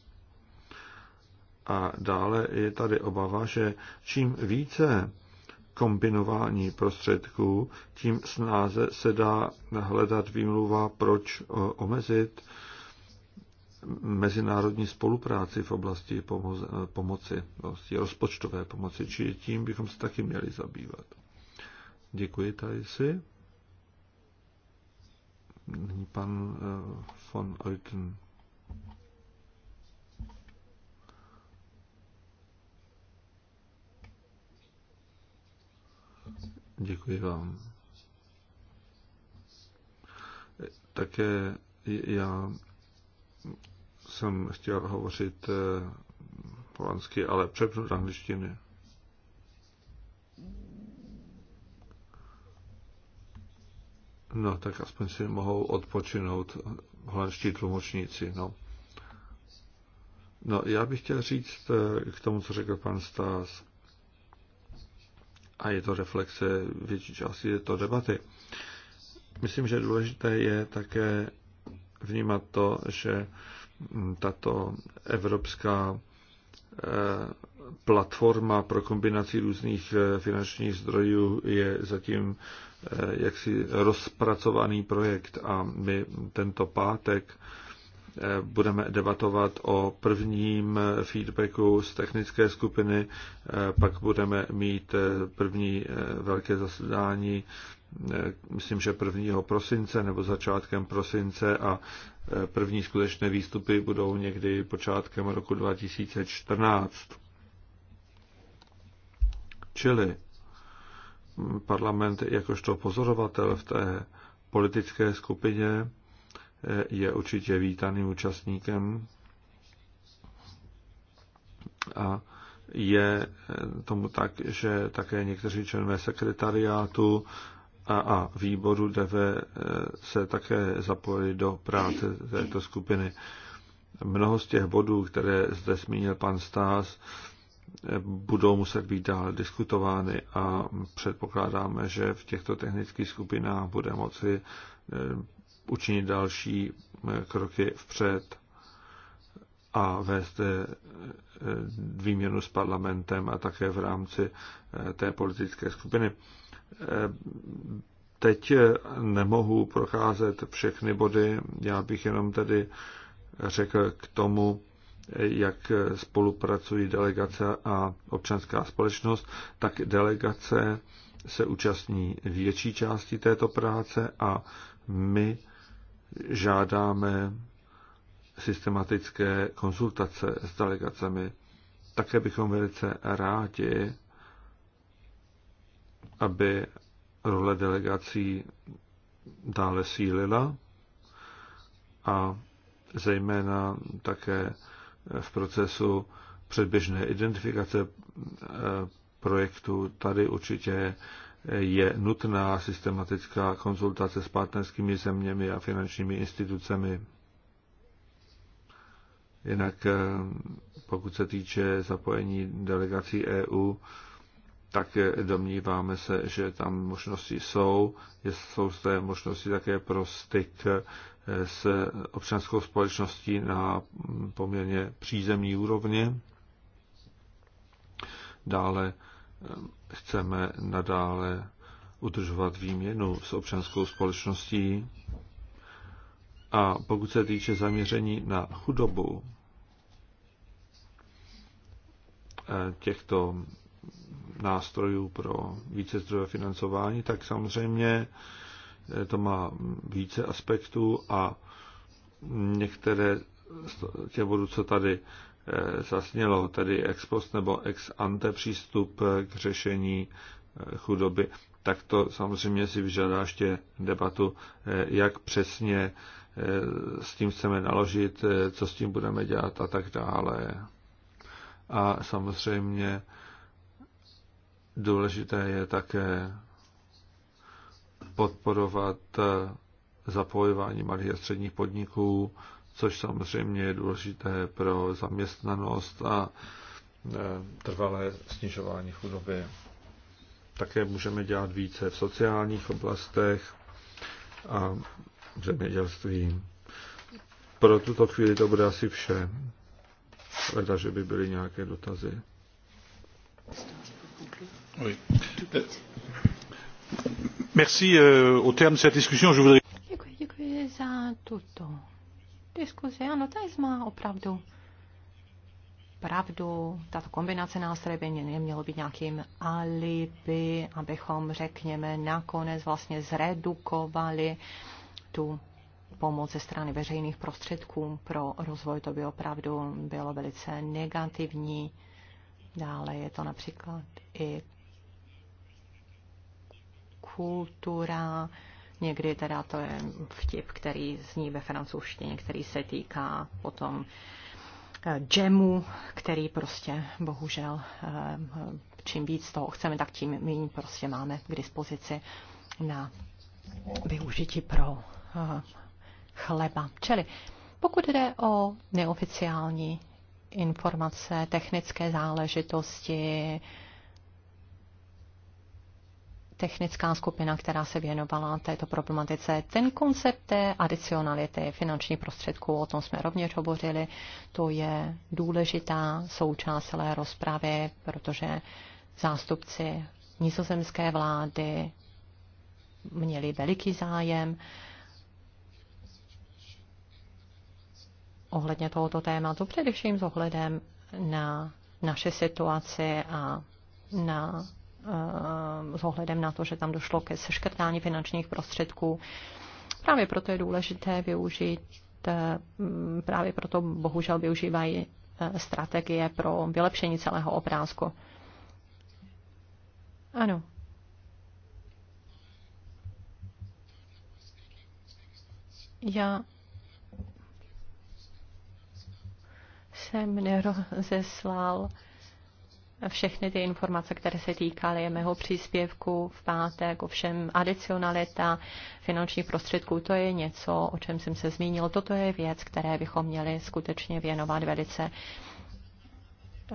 A dále je tady obava, že čím více kombinování prostředků, tím snáze se dá hledat výmluva, proč omezit mezinárodní spolupráci v oblasti pomoci, vlastně rozpočtové pomoci, či tím bychom se taky měli zabývat. Děkuji, Tajsi. Nyní pan eh, von Oiten. Děkuji vám. Také já jsem chtěl hovořit eh, polansky, ale přepnu do angličtiny. No, tak aspoň si mohou odpočinout holandští tlumočníci, no. No, já bych chtěl říct eh, k tomu, co řekl pan Stas, a je to reflexe větší části je to debaty. Myslím, že důležité je také vnímat to, že tato evropská eh, platforma pro kombinaci různých eh, finančních zdrojů je zatím eh, jaksi rozpracovaný projekt a my tento pátek budeme debatovat o prvním feedbacku z technické skupiny, pak budeme mít první velké zasedání myslím, že 1. prosince nebo začátkem prosince a e, první skutečné výstupy budou někdy počátkem roku 2014. Čili parlament jakožto pozorovatel v té politické skupině e, je určitě vítaným účastníkem a je e, tomu tak, že také někteří členové sekretariátu a, a výboru DV eh, se také zapojili do práce této skupiny. Mnoho z těch bodů, které zde zmínil pan Stás, eh, budou muset být dále diskutovány a předpokládáme, že v těchto technických skupinách bude moci eh, učinit další kroky vpřed a vést výměnu s parlamentem a také v rámci té politické skupiny. Teď nemohu procházet všechny body, já bych jenom tedy řekl k tomu, jak spolupracují delegace a občanská společnost, tak delegace se účastní větší části této práce a my žádáme systematické konsultace s delegacemi. Také bychom velice rádi aby role delegací dále sílila a zejména také v procesu předběžné identifikace eh, projektu. Tady určitě je nutná systematická konzultace s partnerskými zeměmi a finančními institucemi. Jinak eh, pokud se týče zapojení delegací EU, tak domníváme se, že tam možnosti jsou. Jsou zde možnosti také pro styk eh, s občanskou společností na poměrně přízemní úrovni. Dále eh, chceme nadále udržovat výměnu s občanskou společností. A pokud se týče zaměření na chudobu eh, těchto nástrojů pro více zdrojové financování, tak samozřejmě eh, to má více aspektů a některé z těch bodů, co tady eh, zasnělo, tedy ex post nebo ex ante přístup eh, k řešení chudoby, tak to samozřejmě si vyžadá ještě debatu, jak přesně s tím chceme naložit, co s tím budeme dělat a tak dále. A samozřejmě Důležité je také podporovat eh, zapojování malých a středních podniků, což samozřejmě je důležité pro zaměstnanost a eh, trvalé snižování chudoby. Také můžeme dělat více v sociálních oblastech a v zemědělství. Pro tuto chvíli to bude asi vše. Hleda, že by byly nějaké dotazy. Euh, au terme de cette discussion, je voudrais... Děkuji, děkuji za tuto diskuzi. Ano, tady má opravdu pravdu. Tato kombinace nástrojů by nemělo být nějakým alibi, abychom, řekněme, nakonec vlastně zredukovali tu pomoc ze strany veřejných prostředků pro rozvoj, to by opravdu bylo velice negativní. Dále je to například i kultura, někdy teda to je vtip, který zní ve francouzštině, který se týká potom eh, džemu, který prostě bohužel eh, čím víc toho chceme, tak tím méně prostě máme k dispozici na využití pro eh, chleba. Čili pokud jde o neoficiální informace, technické záležitosti, technická skupina, která se věnovala této problematice. Ten koncept té adicionality finanční prostředků, o tom jsme rovněž hovořili, to je důležitá součást celé rozpravy, protože zástupci nizozemské vlády měli veliký zájem ohledně tohoto tématu, především s ohledem na naše situaci a na Eh, s ohledem na to, že tam došlo ke seškrtání finančních prostředků. Právě proto je důležité využít, eh, právě proto bohužel využívají eh, strategie pro vylepšení celého obrázku. Ano. Já jsem nerozeslal všechny ty informace, které se týkaly mého příspěvku v pátek, ovšem adicionalita finančních prostředků, to je něco, o čem jsem se zmínil. Toto je věc, které bychom měli skutečně věnovat velice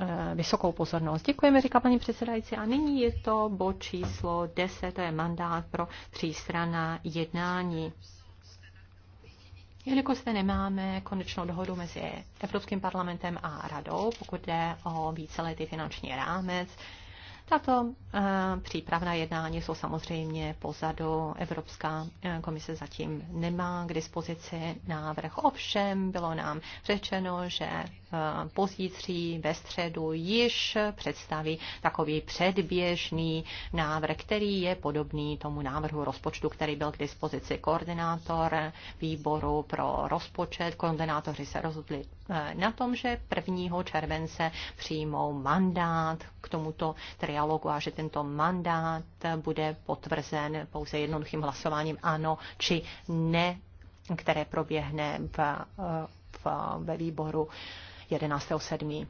eh, vysokou pozornost. Děkujeme, říká paní předsedající. A nyní je to bod číslo 10, to je mandát pro třístranná jednání. Jelikož zde nemáme konečnou dohodu mezi Evropským parlamentem a radou, pokud jde o víceletý finanční rámec, tato uh, přípravná jednání jsou samozřejmě pozadu. Evropská eh, komise zatím nemá k dispozici návrh. Ovšem bylo nám řečeno, že Eh, pozítří ve středu již představí takový předběžný návrh, který je podobný tomu návrhu rozpočtu, který byl k dispozici koordinátor výboru pro rozpočet. Koordinátoři se rozhodli eh, na tom, že 1. července přijmou mandát k tomuto trialogu a že tento mandát bude potvrzen pouze jednoduchým hlasováním ano či ne, které proběhne v, eh, v, ve výboru uh, 11.7.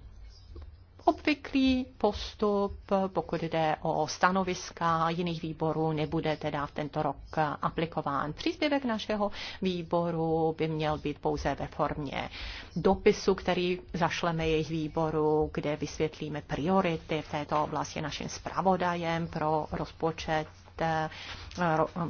Obvyklý postup, pokud jde o stanoviska jiných výborů, nebude teda v tento rok aplikován. Příspěvek našeho výboru by měl být pouze ve formě dopisu, který zašleme jejich výboru, kde vysvětlíme priority v této oblasti našim zpravodajem pro rozpočet Eh,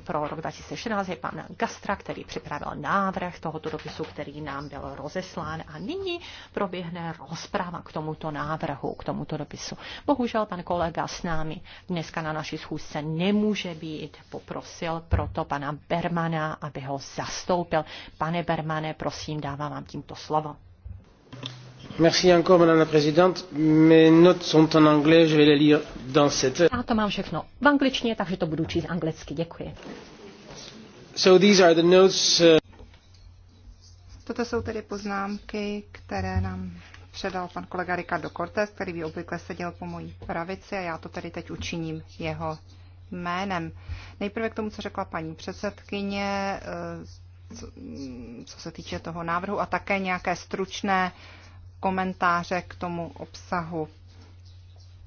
pro rok 2016 je pan Gastra, který připravil návrh tohoto dopisu, který nám byl rozeslán a nyní proběhne rozprava k tomuto návrhu, k tomuto dopisu. Bohužel pan kolega s námi dneska na naší schůzce nemůže být, poprosil proto pana Bermana, aby ho zastoupil. Pane Bermane, prosím, dávám vám tímto slovo. Merci encore, madame la présidente. Mes notes sont en anglais, je vais les lire dans cette... Já to mám všechno v angličtině, takže to budu číst anglicky. Děkuji. So these are the notes, uh... Toto jsou tedy poznámky, které nám předal pan kolega Ricardo Cortés, který by obvykle seděl po mojí pravici a já to tedy teď učiním jeho jménem. Nejprve k tomu, co řekla paní předsedkyně, eh, co se týče toho návrhu a také nějaké stručné komentáře k tomu obsahu.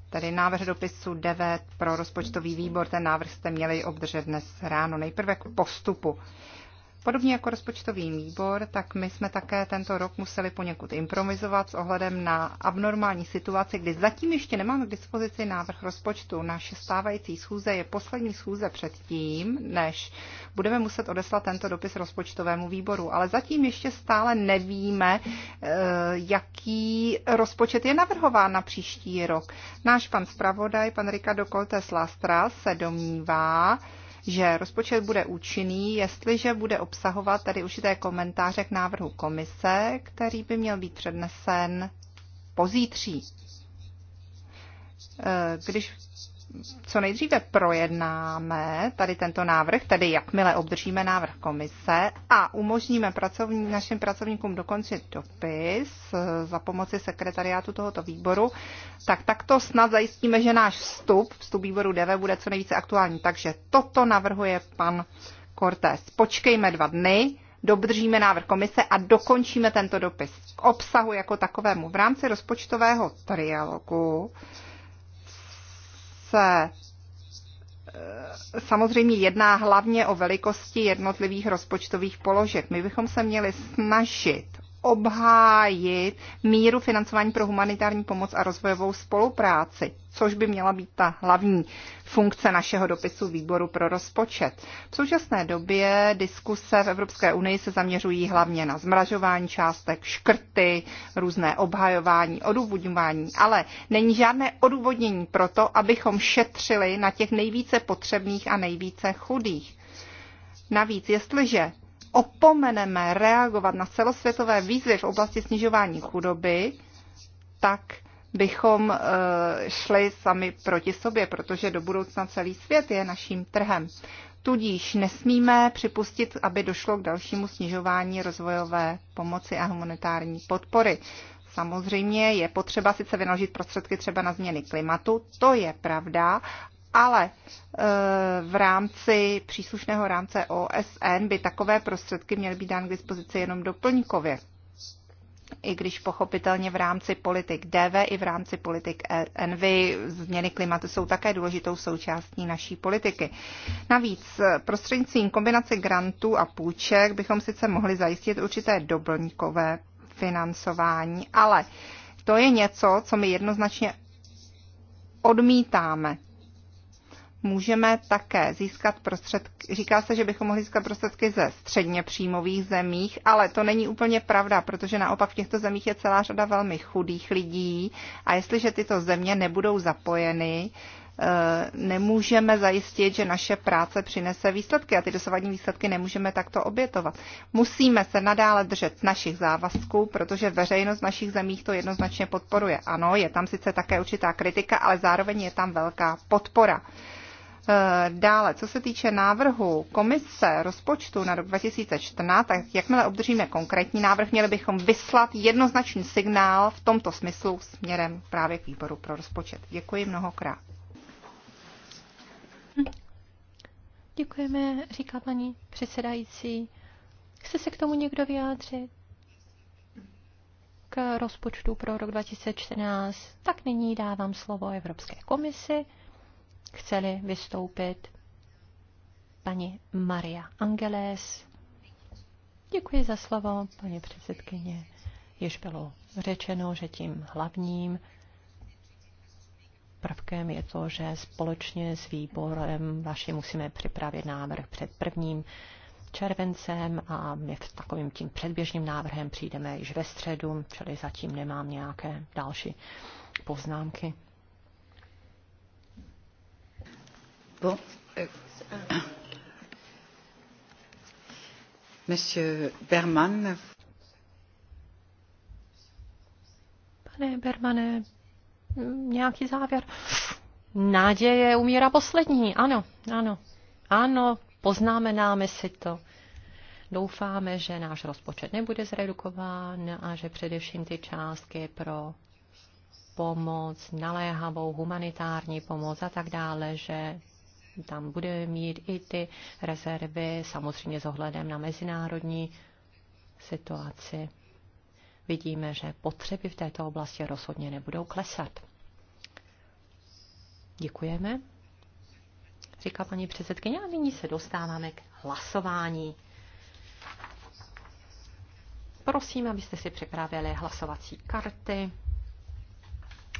Tedy návrh dopisu 9 pro rozpočtový výbor, ten návrh jste měli obdržet dnes ráno. Nejprve k postupu. Podobně jako rozpočtový výbor, tak my jsme také tento rok museli poněkud improvizovat s ohledem na abnormální situaci, kdy zatím ještě nemáme k dispozici návrh rozpočtu. Naše stávající schůze je poslední schůze před tím, než budeme muset odeslat tento dopis rozpočtovému výboru. Ale zatím ještě stále nevíme, eh, jaký rozpočet je navrhován na příští rok. Náš pan zpravodaj, pan Ricardo Coltes Lastra, se domnívá, že rozpočet bude účinný, jestliže bude obsahovat tady určité komentáře k návrhu komise, který by měl být přednesen pozítří. Eh, když co nejdříve projednáme tady tento návrh, tedy jakmile obdržíme návrh komise a umožníme pracovní, našim pracovníkům dokončit dopis eh, za pomoci sekretariátu tohoto výboru, tak takto snad zajistíme, že náš vstup, vstup výboru DV bude co nejvíce aktuální. Takže toto navrhuje pan Cortés. Počkejme dva dny, dobržíme návrh komise a dokončíme tento dopis. K obsahu jako takovému v rámci rozpočtového trialogu se eh, samozřejmě jedná hlavně o velikosti jednotlivých rozpočtových položek. My bychom se měli snažit obhájit míru financování pro humanitární pomoc a rozvojovou spolupráci, což by měla být ta hlavní funkce našeho dopisu výboru pro rozpočet. V současné době diskuse v Evropské unii se zaměřují hlavně na zmražování částek, škrty, různé obhajování, odůvodňování, ale není žádné odůvodnění pro to, abychom šetřili na těch nejvíce potřebných a nejvíce chudých. Navíc, jestliže opomeneme reagovat na celosvětové výzvy v oblasti snižování chudoby, tak bychom eh, šli sami proti sobě, protože do budoucna celý svět je naším trhem. Tudíž nesmíme připustit, aby došlo k dalšímu snižování rozvojové pomoci a humanitární podpory. Samozřejmě je potřeba sice vynaložit prostředky třeba na změny klimatu, to je pravda, ale eh, v rámci příslušného rámce OSN by takové prostředky měly být dány k dispozici jenom doplňkově. I když pochopitelně v rámci politik DV i v rámci politik Envy změny klimatu jsou také důležitou součástí naší politiky. Navíc eh, prostřednictvím kombinace grantů a půjček bychom sice mohli zajistit určité doplňkové financování, ale to je něco, co my jednoznačně odmítáme můžeme také získat prostředky, říká se, že bychom mohli získat prostředky ze středně příjmových zemích, ale to není úplně pravda, protože naopak v těchto zemích je celá řada velmi chudých lidí a jestliže tyto země nebudou zapojeny, eh, nemůžeme zajistit, že naše práce přinese výsledky a ty dosavadní výsledky nemůžeme takto obětovat. Musíme se nadále držet našich závazků, protože veřejnost v našich zemích to jednoznačně podporuje. Ano, je tam sice také určitá kritika, ale zároveň je tam velká podpora. Eh, dále, co se týče návrhu komise rozpočtu na rok 2014, tak jakmile obdržíme konkrétní návrh, měli bychom vyslat jednoznačný signál v tomto smyslu směrem právě k výboru pro rozpočet. Děkuji mnohokrát. Děkujeme, říká paní předsedající. Chce se k tomu někdo vyjádřit? K rozpočtu pro rok 2014. Tak nyní dávám slovo Evropské komisi chceli vystoupit paní Maria Angeles. Děkuji za slovo, paní předsedkyně. Již bylo řečeno, že tím hlavním prvkem je to, že společně s výborem vaši musíme připravit návrh před prvním červencem a my v takovým tím předběžným návrhem přijdeme již ve středu, čili zatím nemám nějaké další poznámky. Euh, Berman. Pane Bermane, nějaký závěr. Náděje umírá poslední, ano, ano. Ano, poznamenáme si to. Doufáme, že náš rozpočet nebude zredukován a že především ty částky pro pomoc, naléhavou humanitární pomoc a tak dále, že tam bude mít i ty rezervy, samozřejmě s ohledem na mezinárodní situaci. Vidíme, že potřeby v této oblasti rozhodně nebudou klesat. Děkujeme, říká paní předsedkyně, a nyní se dostáváme k hlasování. Prosím, abyste si připravili hlasovací karty.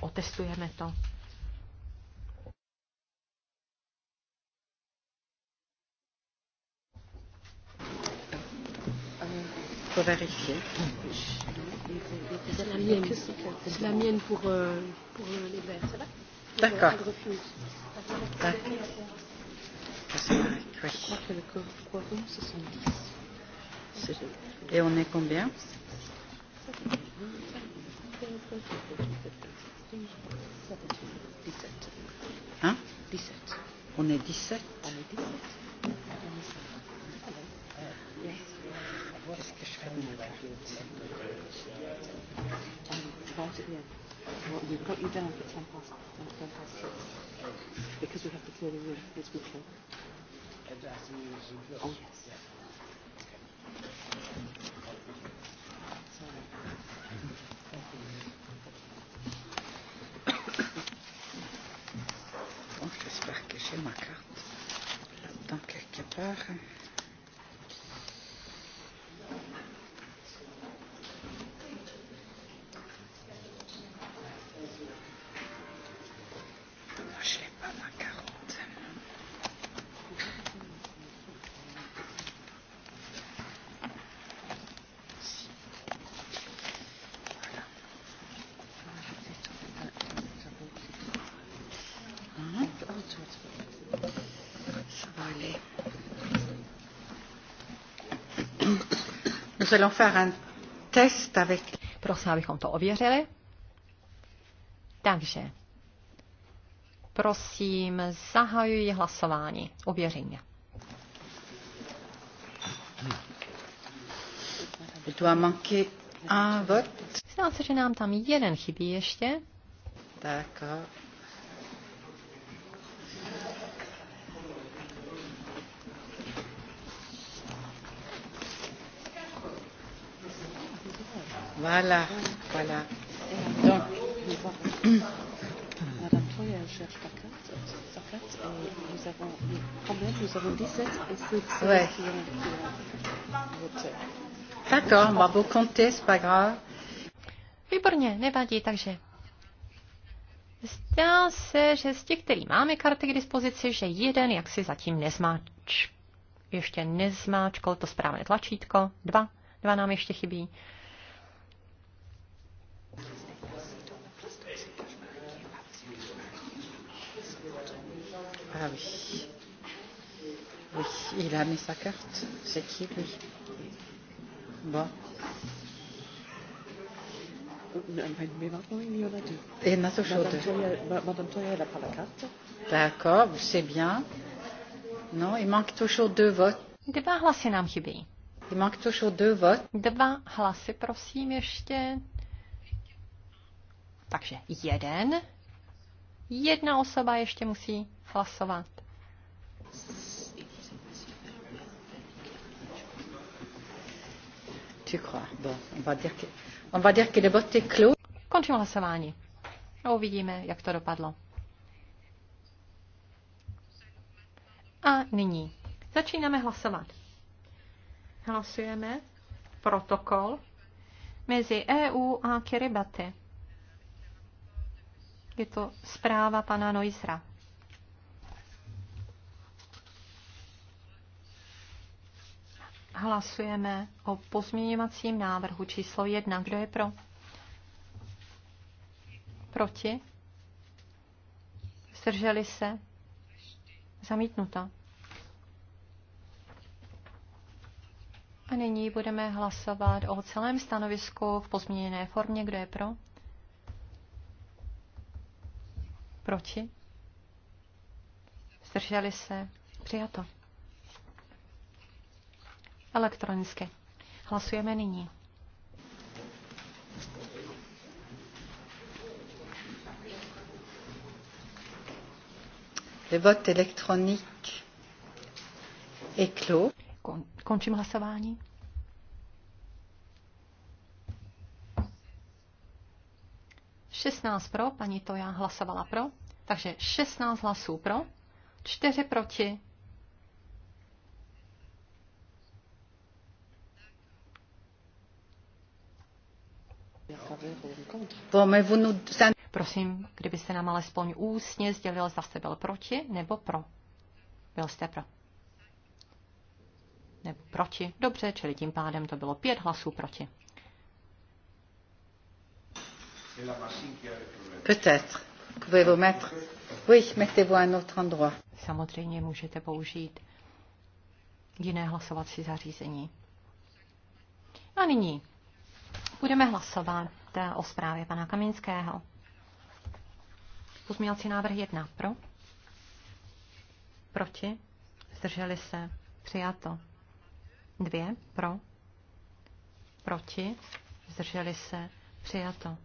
Otestujeme to. faut vérifier. C'est la mienne, c'est la mienne pour, euh, pour euh, les verts, ça va D'accord. D'accord. Je crois que le quorum, ce sont 10. Et on est combien Hein 17. On est 17 On est 17. ist geschrieben you because we have to clear the room as we can. Oh, yes. j'espère que j'ai ma carte dans quelque part. Nous allons faire un test avec... Prosím, abychom to ověřili. Takže, prosím, zahajuji hlasování. Ověření. Il Zdá se, že nám tam jeden chybí ještě. D'accord. Voilà, voilà. Donc. Madame cherche sa carte, sa carte et nous avons problème, nous avons 17 et ouais. qui ont voté. D'accord, on va vous compter, c'est pas grave. Výborně, nevadí, takže Zdá se, že z těch, který máme karty k dispozici, že jeden jak si zatím nezmáč. Ještě nezmáčkol to správné tlačítko. Dva. Dva nám ještě chybí. Ah oui. Oui, il a mis sa carte. C'est qui lui Bon. Mais maintenant, il y en a deux. Il y en a toujours Madame deux. Toya, Madame Toya, elle n'a pas la carte. D'accord, c'est bien. Non, il manque toujours deux votes. Dva hlasy nám chybí. Il manque toujours deux votes. Dva hlasy, prosím, ještě. Takže jeden Jedna osoba ještě musí hlasovat. Končím hlasování. A uvidíme, jak to dopadlo. A nyní začínáme hlasovat. Hlasujeme protokol mezi EU a Kiribati. Je to zpráva pana Noisra. Hlasujeme o pozměňovacím návrhu číslo 1. Kdo je pro? Proti? Zdrželi se? Zamítnuto. A nyní budeme hlasovat o celém stanovisku v pozměněné formě. Kdo je pro? Proti? Zdrželi se? Přijato. Elektronicky. Hlasujeme nyní. Le vote électronique est clos. končím hlasování. Šestnáct pro, paní Toja hlasovala pro. Takže 16 hlasů pro, 4 proti. Prosím, kdybyste nám alespoň ústně sdělil, zda jste byl proti nebo pro. Byl jste pro. Nebo proti. Dobře, čili tím pádem to bylo pět hlasů proti. Peut-être. Samozřejmě můžete použít jiné hlasovací zařízení. A nyní budeme hlasovat eh, o zprávě pana Kaminského. Pozměňovací návrh 1 pro, proti, zdrželi se, přijato. 2 pro, proti, zdrželi se, přijato.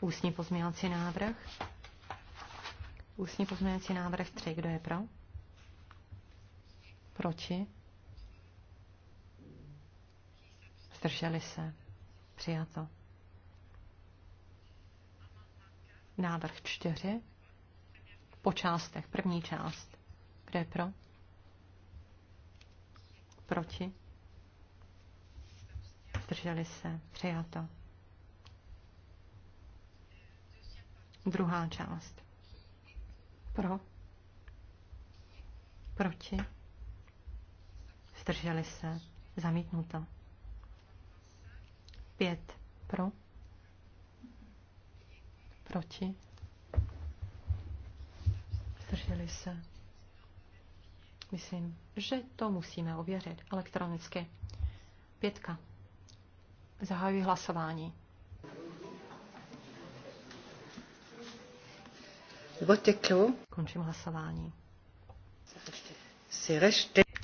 Ústní pozměňovací návrh. Ústní pozměňovací návrh 3. Kdo je pro? Proti? Zdrželi se. Přijato. Návrh 4. Po částech. První část. Kdo je pro? Proti? Zdrželi se. Přijato. Druhá část. Pro. Proti. Zdrželi se. Zamítnuto. Pět. Pro. Proti. Zdrželi se. Myslím, že to musíme ověřit elektronicky. Pětka. Zahajuji hlasování. Vote clos. Končím hlasování.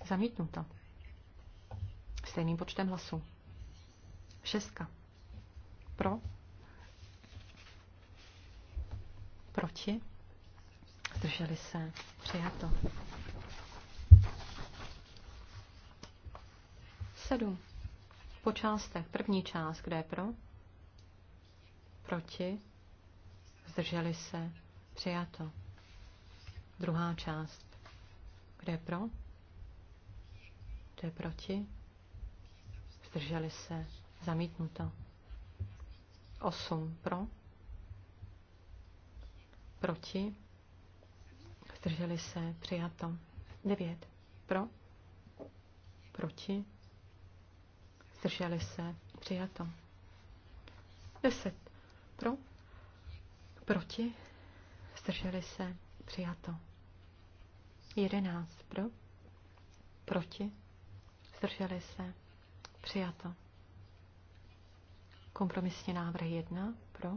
Zamítnuto. Stejným počtem hlasů. Šestka. Pro. Proti. Zdrželi se. Přijato. Sedm. Po částech. První část. Kde je pro? Proti. Zdrželi se. Přijato. Druhá část. Kdo je pro? Kdo je proti? Zdrželi se. Zamítnuto. Osm pro. Proti. Zdrželi se. Přijato. Devět. Pro. Proti. Zdrželi se. Přijato. Deset. Pro. Proti. Zdrželi se? Přijato. 11 pro? Proti? Zdrželi se? Přijato. Kompromisní návrh 1 pro?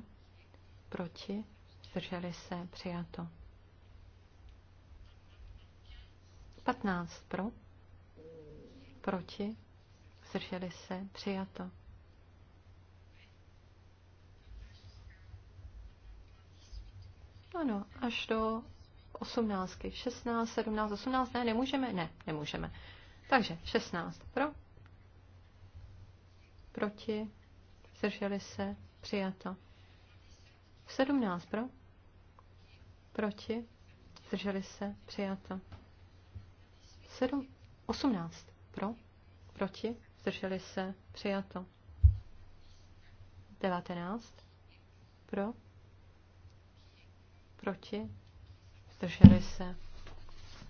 Proti? Zdrželi se? Přijato. 15 pro? Proti? Zdrželi se? Přijato. Ano, až do 18, 16, 17, 18, ne, nemůžeme, ne, nemůžeme. Takže 16 pro, proti, zdrželi se, přijato. 17 pro, proti, zdrželi se, přijato. 7, 18 pro, proti, zdrželi se, přijato. 19 pro, Proti? Zdrželi se?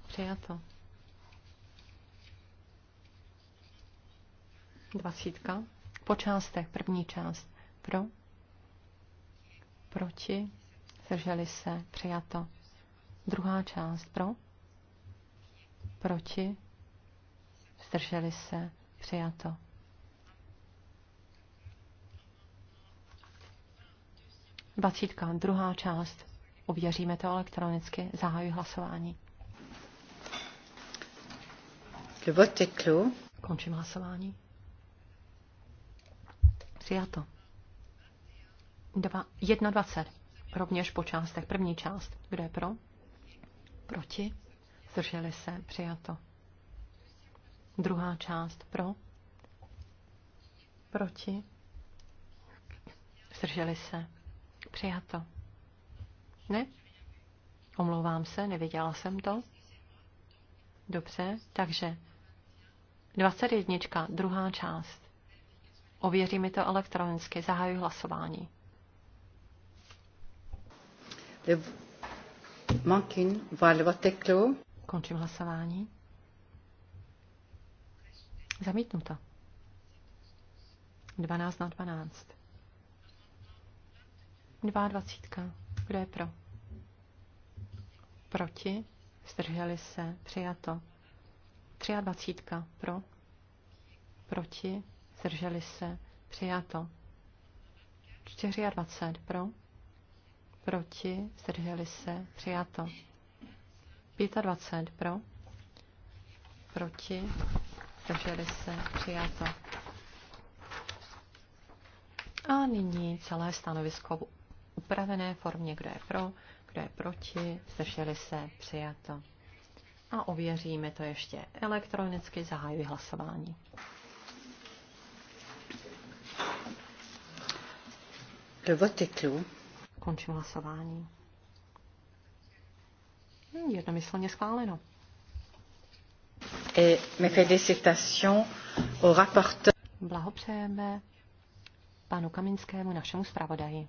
Přijato. Dvacítka. Po částech. První část. Pro? Proti? Zdrželi se? Přijato. Druhá část. Pro? Proti? Zdrželi se? Přijato. Dvacítka, druhá část. Ověříme to elektronicky. Zahajuji hlasování. Le Končím hlasování. Přijato. 21. Rovněž po částech. První část. Kdo je pro? Proti? Zdrželi se. Přijato. Druhá část. Pro? Proti? Zdrželi se. Přijato. Ne? Omlouvám se, nevěděla jsem to. Dobře, takže 21. druhá část. Ověříme to elektronicky. Zahajuji hlasování. Mankin, valva teklo. Končím hlasování. to. 12 na 12. 22. Kdo je pro? Proti? Zdrželi se? Přijato. 23. Pro? Proti? Zdrželi se? Přijato. 24. Pro? Proti? Zdrželi se? Přijato. 25. Pro? Proti? Zdrželi se? Přijato. A nyní celé stanovisko upravené formě, kdo je pro, kdo je proti, zdrželi se, přijato. A ověříme to ještě elektronicky, zahajuji hlasování. Robotitu. Končím hlasování. Hmm, jednomyslně schváleno. Et mes félicitations au rapporteur. Blahopřejeme panu Kaminskému, našemu zpravodaji.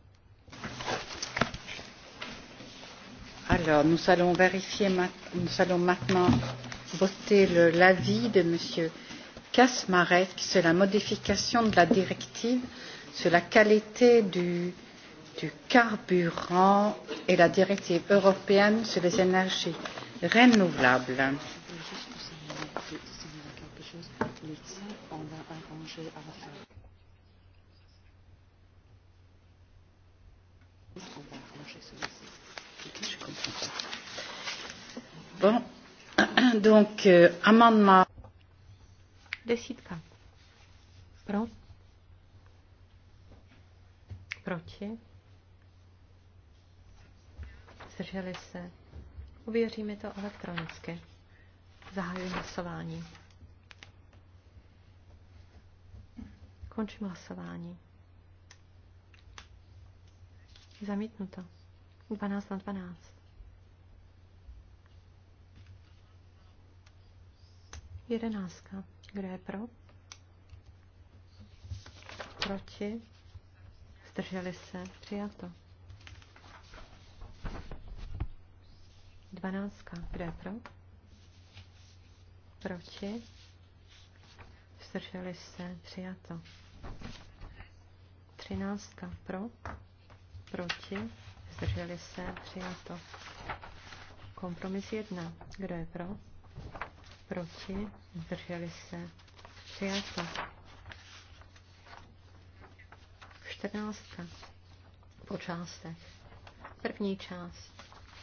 Alors, nous allons vérifier, nous allons maintenant voter l'avis de M. Kasmarek sur la modification de la directive sur la qualité du, du carburant et la directive européenne sur les énergies renouvelables. Bon. Donc, euh, amendement. Desítka. Pro. Proti. Zdrželi se. Uvěříme to elektronicky. Zahajuji hlasování. Končím hlasování. Zamítnuto. 12 na 12. Jedenáctka. Kdo je pro? Proti? Zdrželi se? Přijato. Dvanáctka. Kdo je pro? Proti? Zdrželi se? Přijato. Třináctka. Pro? Proti? Zdrželi se? Přijato. Kompromis jedna. Kdo je pro? proti, zdrželi se, přijato. 14. Po částech. První část.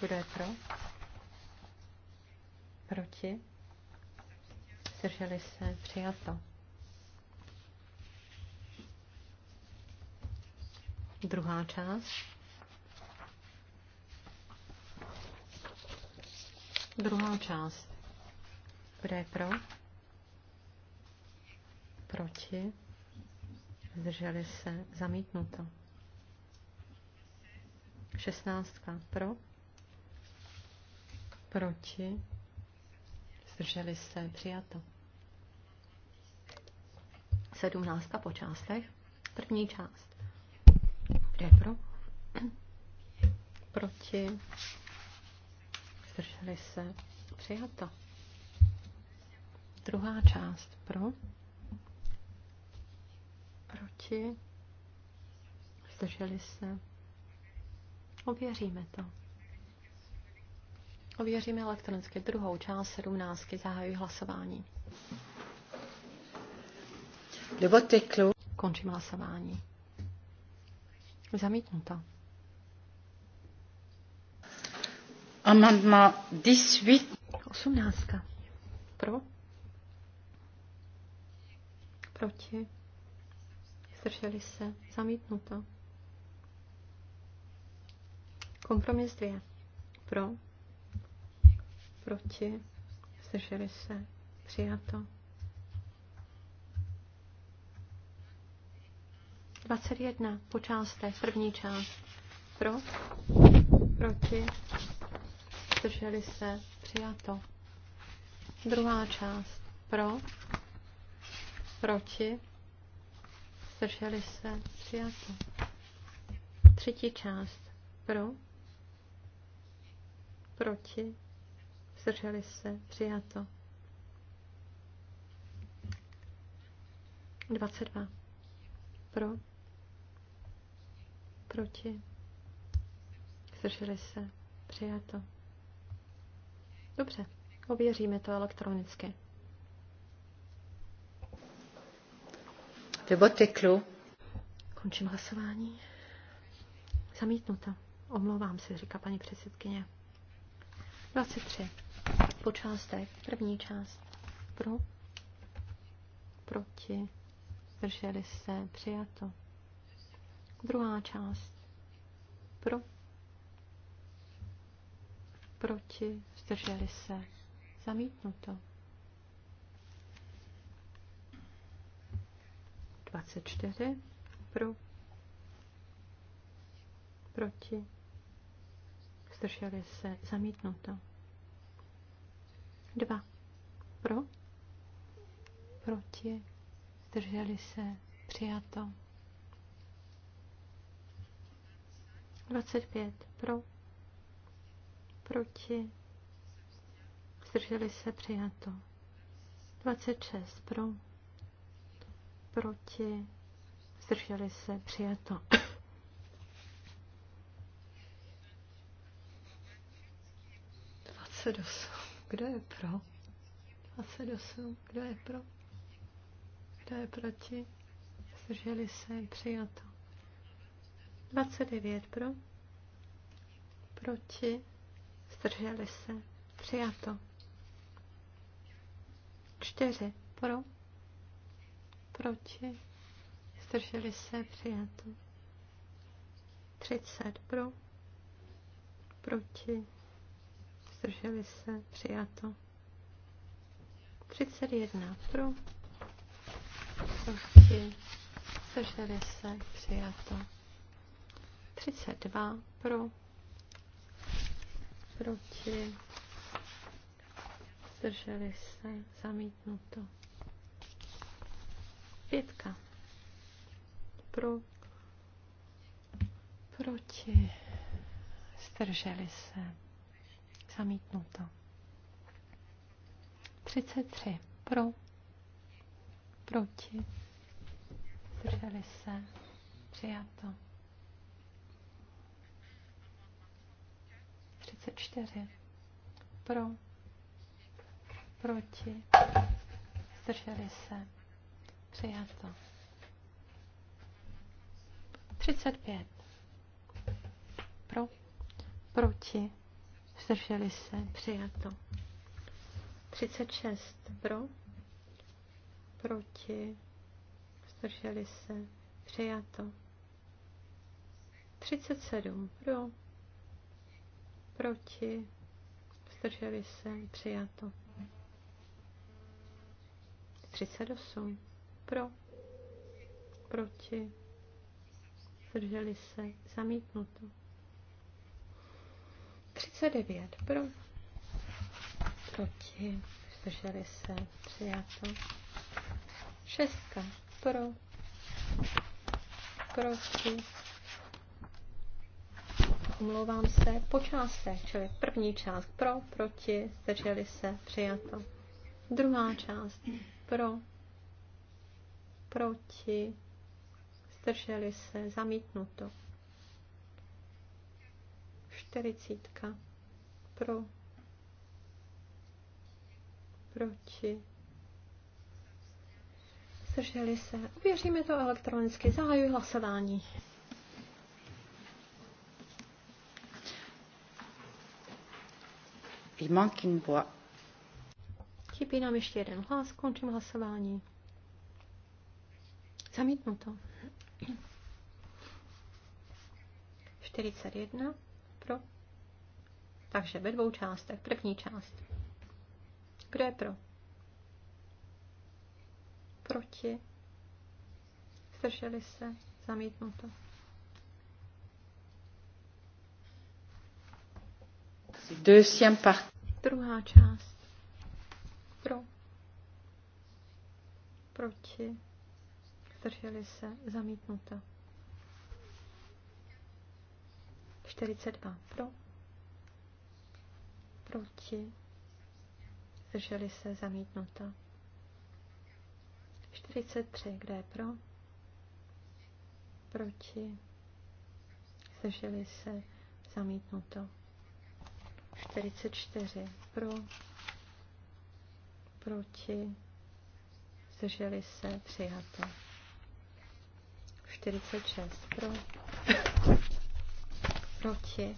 Kdo je pro? Proti? Zdrželi se, přijato. Druhá část. Druhá část. Kdo je pro? Proti? Zdrželi se? Zamítnuto. Šestnáctka. Pro? Proti? Zdrželi se? Přijato. Sedmnáctka po částech. První část. Kdo je pro? Proti? Zdrželi se? Přijato. Druhá část pro, proti, zdrželi se. Ověříme to. Ověříme elektronicky druhou část sedmnáctky, Zahajuji hlasování. Končím hlasování. Zamítnuto. Amendment 18. 18. Pro. Proti? Zdrželi se? Zamítnuto. Kompromis dvě. Pro? Proti? Zdrželi se? Přijato. 21. Po částech. První část. Pro? Proti? Zdrželi se? Přijato. Druhá část. Pro? Proti? Zdrželi se? Přijato. Třetí část. Pro? Proti? Zdrželi se? Přijato. 22. Pro? Proti? Zdrželi se? Přijato. Dobře, ověříme to elektronicky. Končím hlasování. Zamítnuto. Omlouvám se, říká paní předsedkyně. 23. Po částech. První část. Pro. Proti. Zdrželi se. Přijato. Druhá část. Pro. Proti. Zdrželi se. Zamítnuto. 24 pro, proti, zdrželi se, zamítnuto. 2 pro, proti, zdrželi se, přijato. 25 pro, proti, zdrželi se, přijato. 26 pro, proti, zdrželi se, přijato. Kdo je pro? 28. Kdo je pro? Kdo je proti? Zdrželi se, přijato. 29 pro, proti, zdrželi se, přijato. 4 pro, proti, zdrželi se, přijato. 30 pro, proti, zdrželi se, přijato. 31 pro, proti, zdrželi se, přijato. 32 pro, proti, zdrželi se, zamítnuto. Pětka. Pro. Proti. strželi se. Zamítnuto. 33. Pro. Proti. Zdrželi se. Přijato. 34. Pro. Proti. Zdrželi se Přijato. 35. Pro. Proti. Zdrželi se. Přijato. 36. Pro. Proti. Zdrželi se. Přijato. 37. Pro. Proti. Zdrželi se. Přijato. 38 pro. Proti. Zdrželi se. Zamítnuto. 39. Pro. Proti. Zdrželi se. Přijato. Šestka. Pro. Proti. Omlouvám se. Po částech, čili první část pro, proti, zdrželi se, přijato. Druhá část pro, proti, zdrželi se, zamítnuto. Čtyřicítka pro, proti, zdrželi se. Uvěříme to elektronicky, zahajuji hlasování. Chybí nám ještě jeden hlas, končím hlasování. Zamítnuto. 41 pro. Takže ve dvou částech. První část. Kdo je pro? Proti. Zdrželi se. Zamítnuto. Deuxième partie. Druhá část. Pro. Proti zdrželi se, zamítnuta. 42 pro, proti, zdrželi se, zamítnuta. 43, kde je pro, proti, zdrželi se, zamítnuto. 44 pro, proti, zdrželi se, přijato. 46 pro, proti,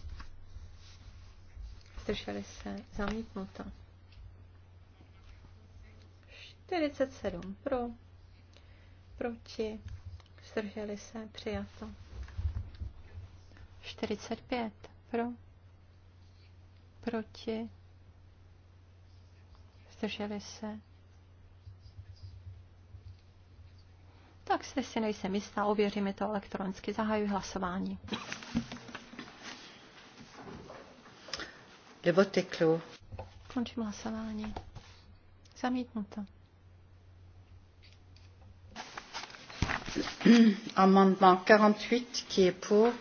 zdrželi se, zamítnuto. 47 pro, proti, zdrželi se, přijato. 45 pro, proti, zdrželi se, Tak jste si nejsem jistá, ověříme to elektronicky. Zahajuji hlasování. Le vote Končím hlasování. Zamítnuto. Amendement 48, qui est pour?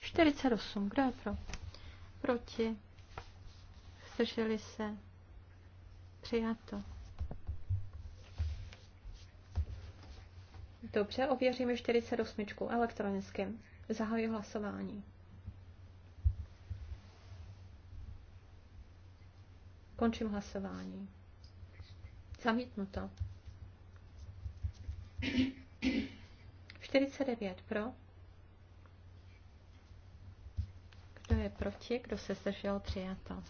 48, kdo je pro? Proti? Zdrželi se? Přijato. Dobře, ověříme 48 elektronicky. Zahajuji hlasování. Končím hlasování. Zamítnuto. 49 pro. Kdo je proti? Kdo se zdržel? Přijato.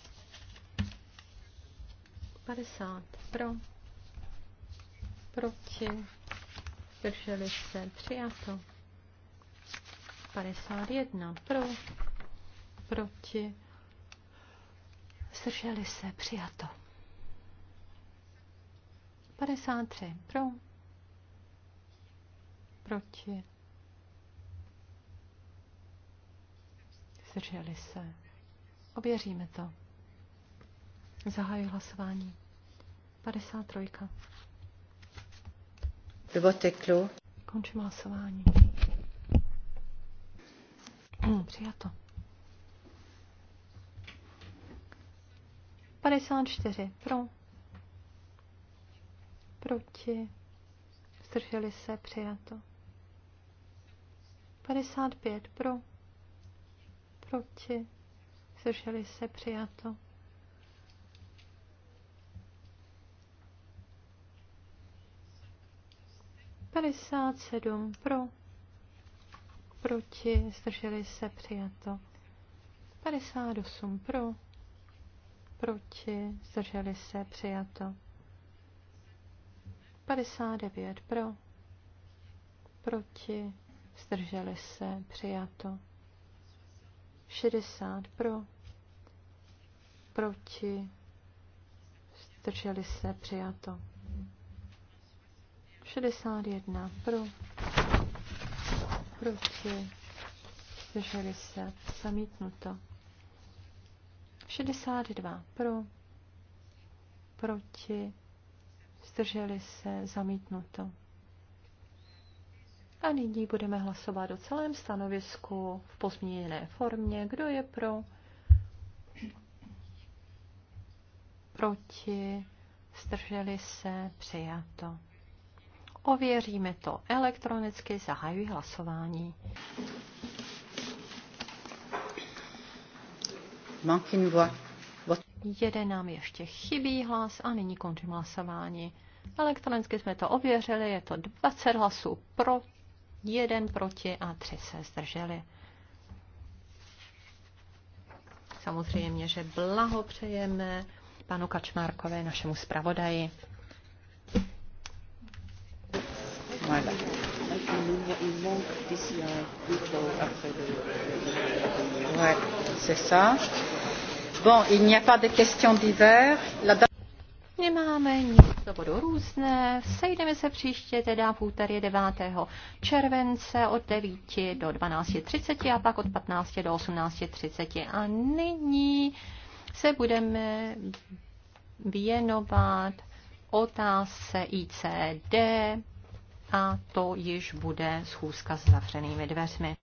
50 pro. Proti zdrželi se, přijato. 51 pro, proti, zdrželi se, přijato. 53 pro, proti, zdrželi se. Ověříme to. Zahajuji hlasování. 53 klo. Končím hlasování. Hmm, přijato. 54 pro. Proti. Zdrželi se. Přijato. 55 pro. Proti. Zdrželi se. Přijato. 57 pro, proti, zdrželi se, přijato. 58 pro, proti, zdrželi se, přijato. 59 pro, proti, zdrželi se, přijato. 60 pro, proti, zdrželi se, přijato. 61 pro, proti, zdrželi se, zamítnuto. 62 pro, proti, zdrželi se, zamítnuto. A nyní budeme hlasovat o celém stanovisku v pozměněné formě. Kdo je pro? Proti? Zdrželi se? Přijato. Ověříme to elektronicky, zahajuji hlasování. Jeden nám ještě chybí hlas a nyní končím hlasování. Elektronicky jsme to ověřili, je to 20 hlasů pro, jeden proti a tři se zdrželi. Samozřejmě, že blahopřejeme panu Kačmárkové, našemu zpravodaji. Voilà. Ouais, c'est ça. Bon, il n'y a pas de questions d'hiver. La nemáme nic to budou různé. Sejdeme se příště teda v úterý 9. července od 9 do 12.30 a pak od 15 do 18.30. A nyní se budeme věnovat otázce ICD a to již bude schůzka s zavřenými dveřmi.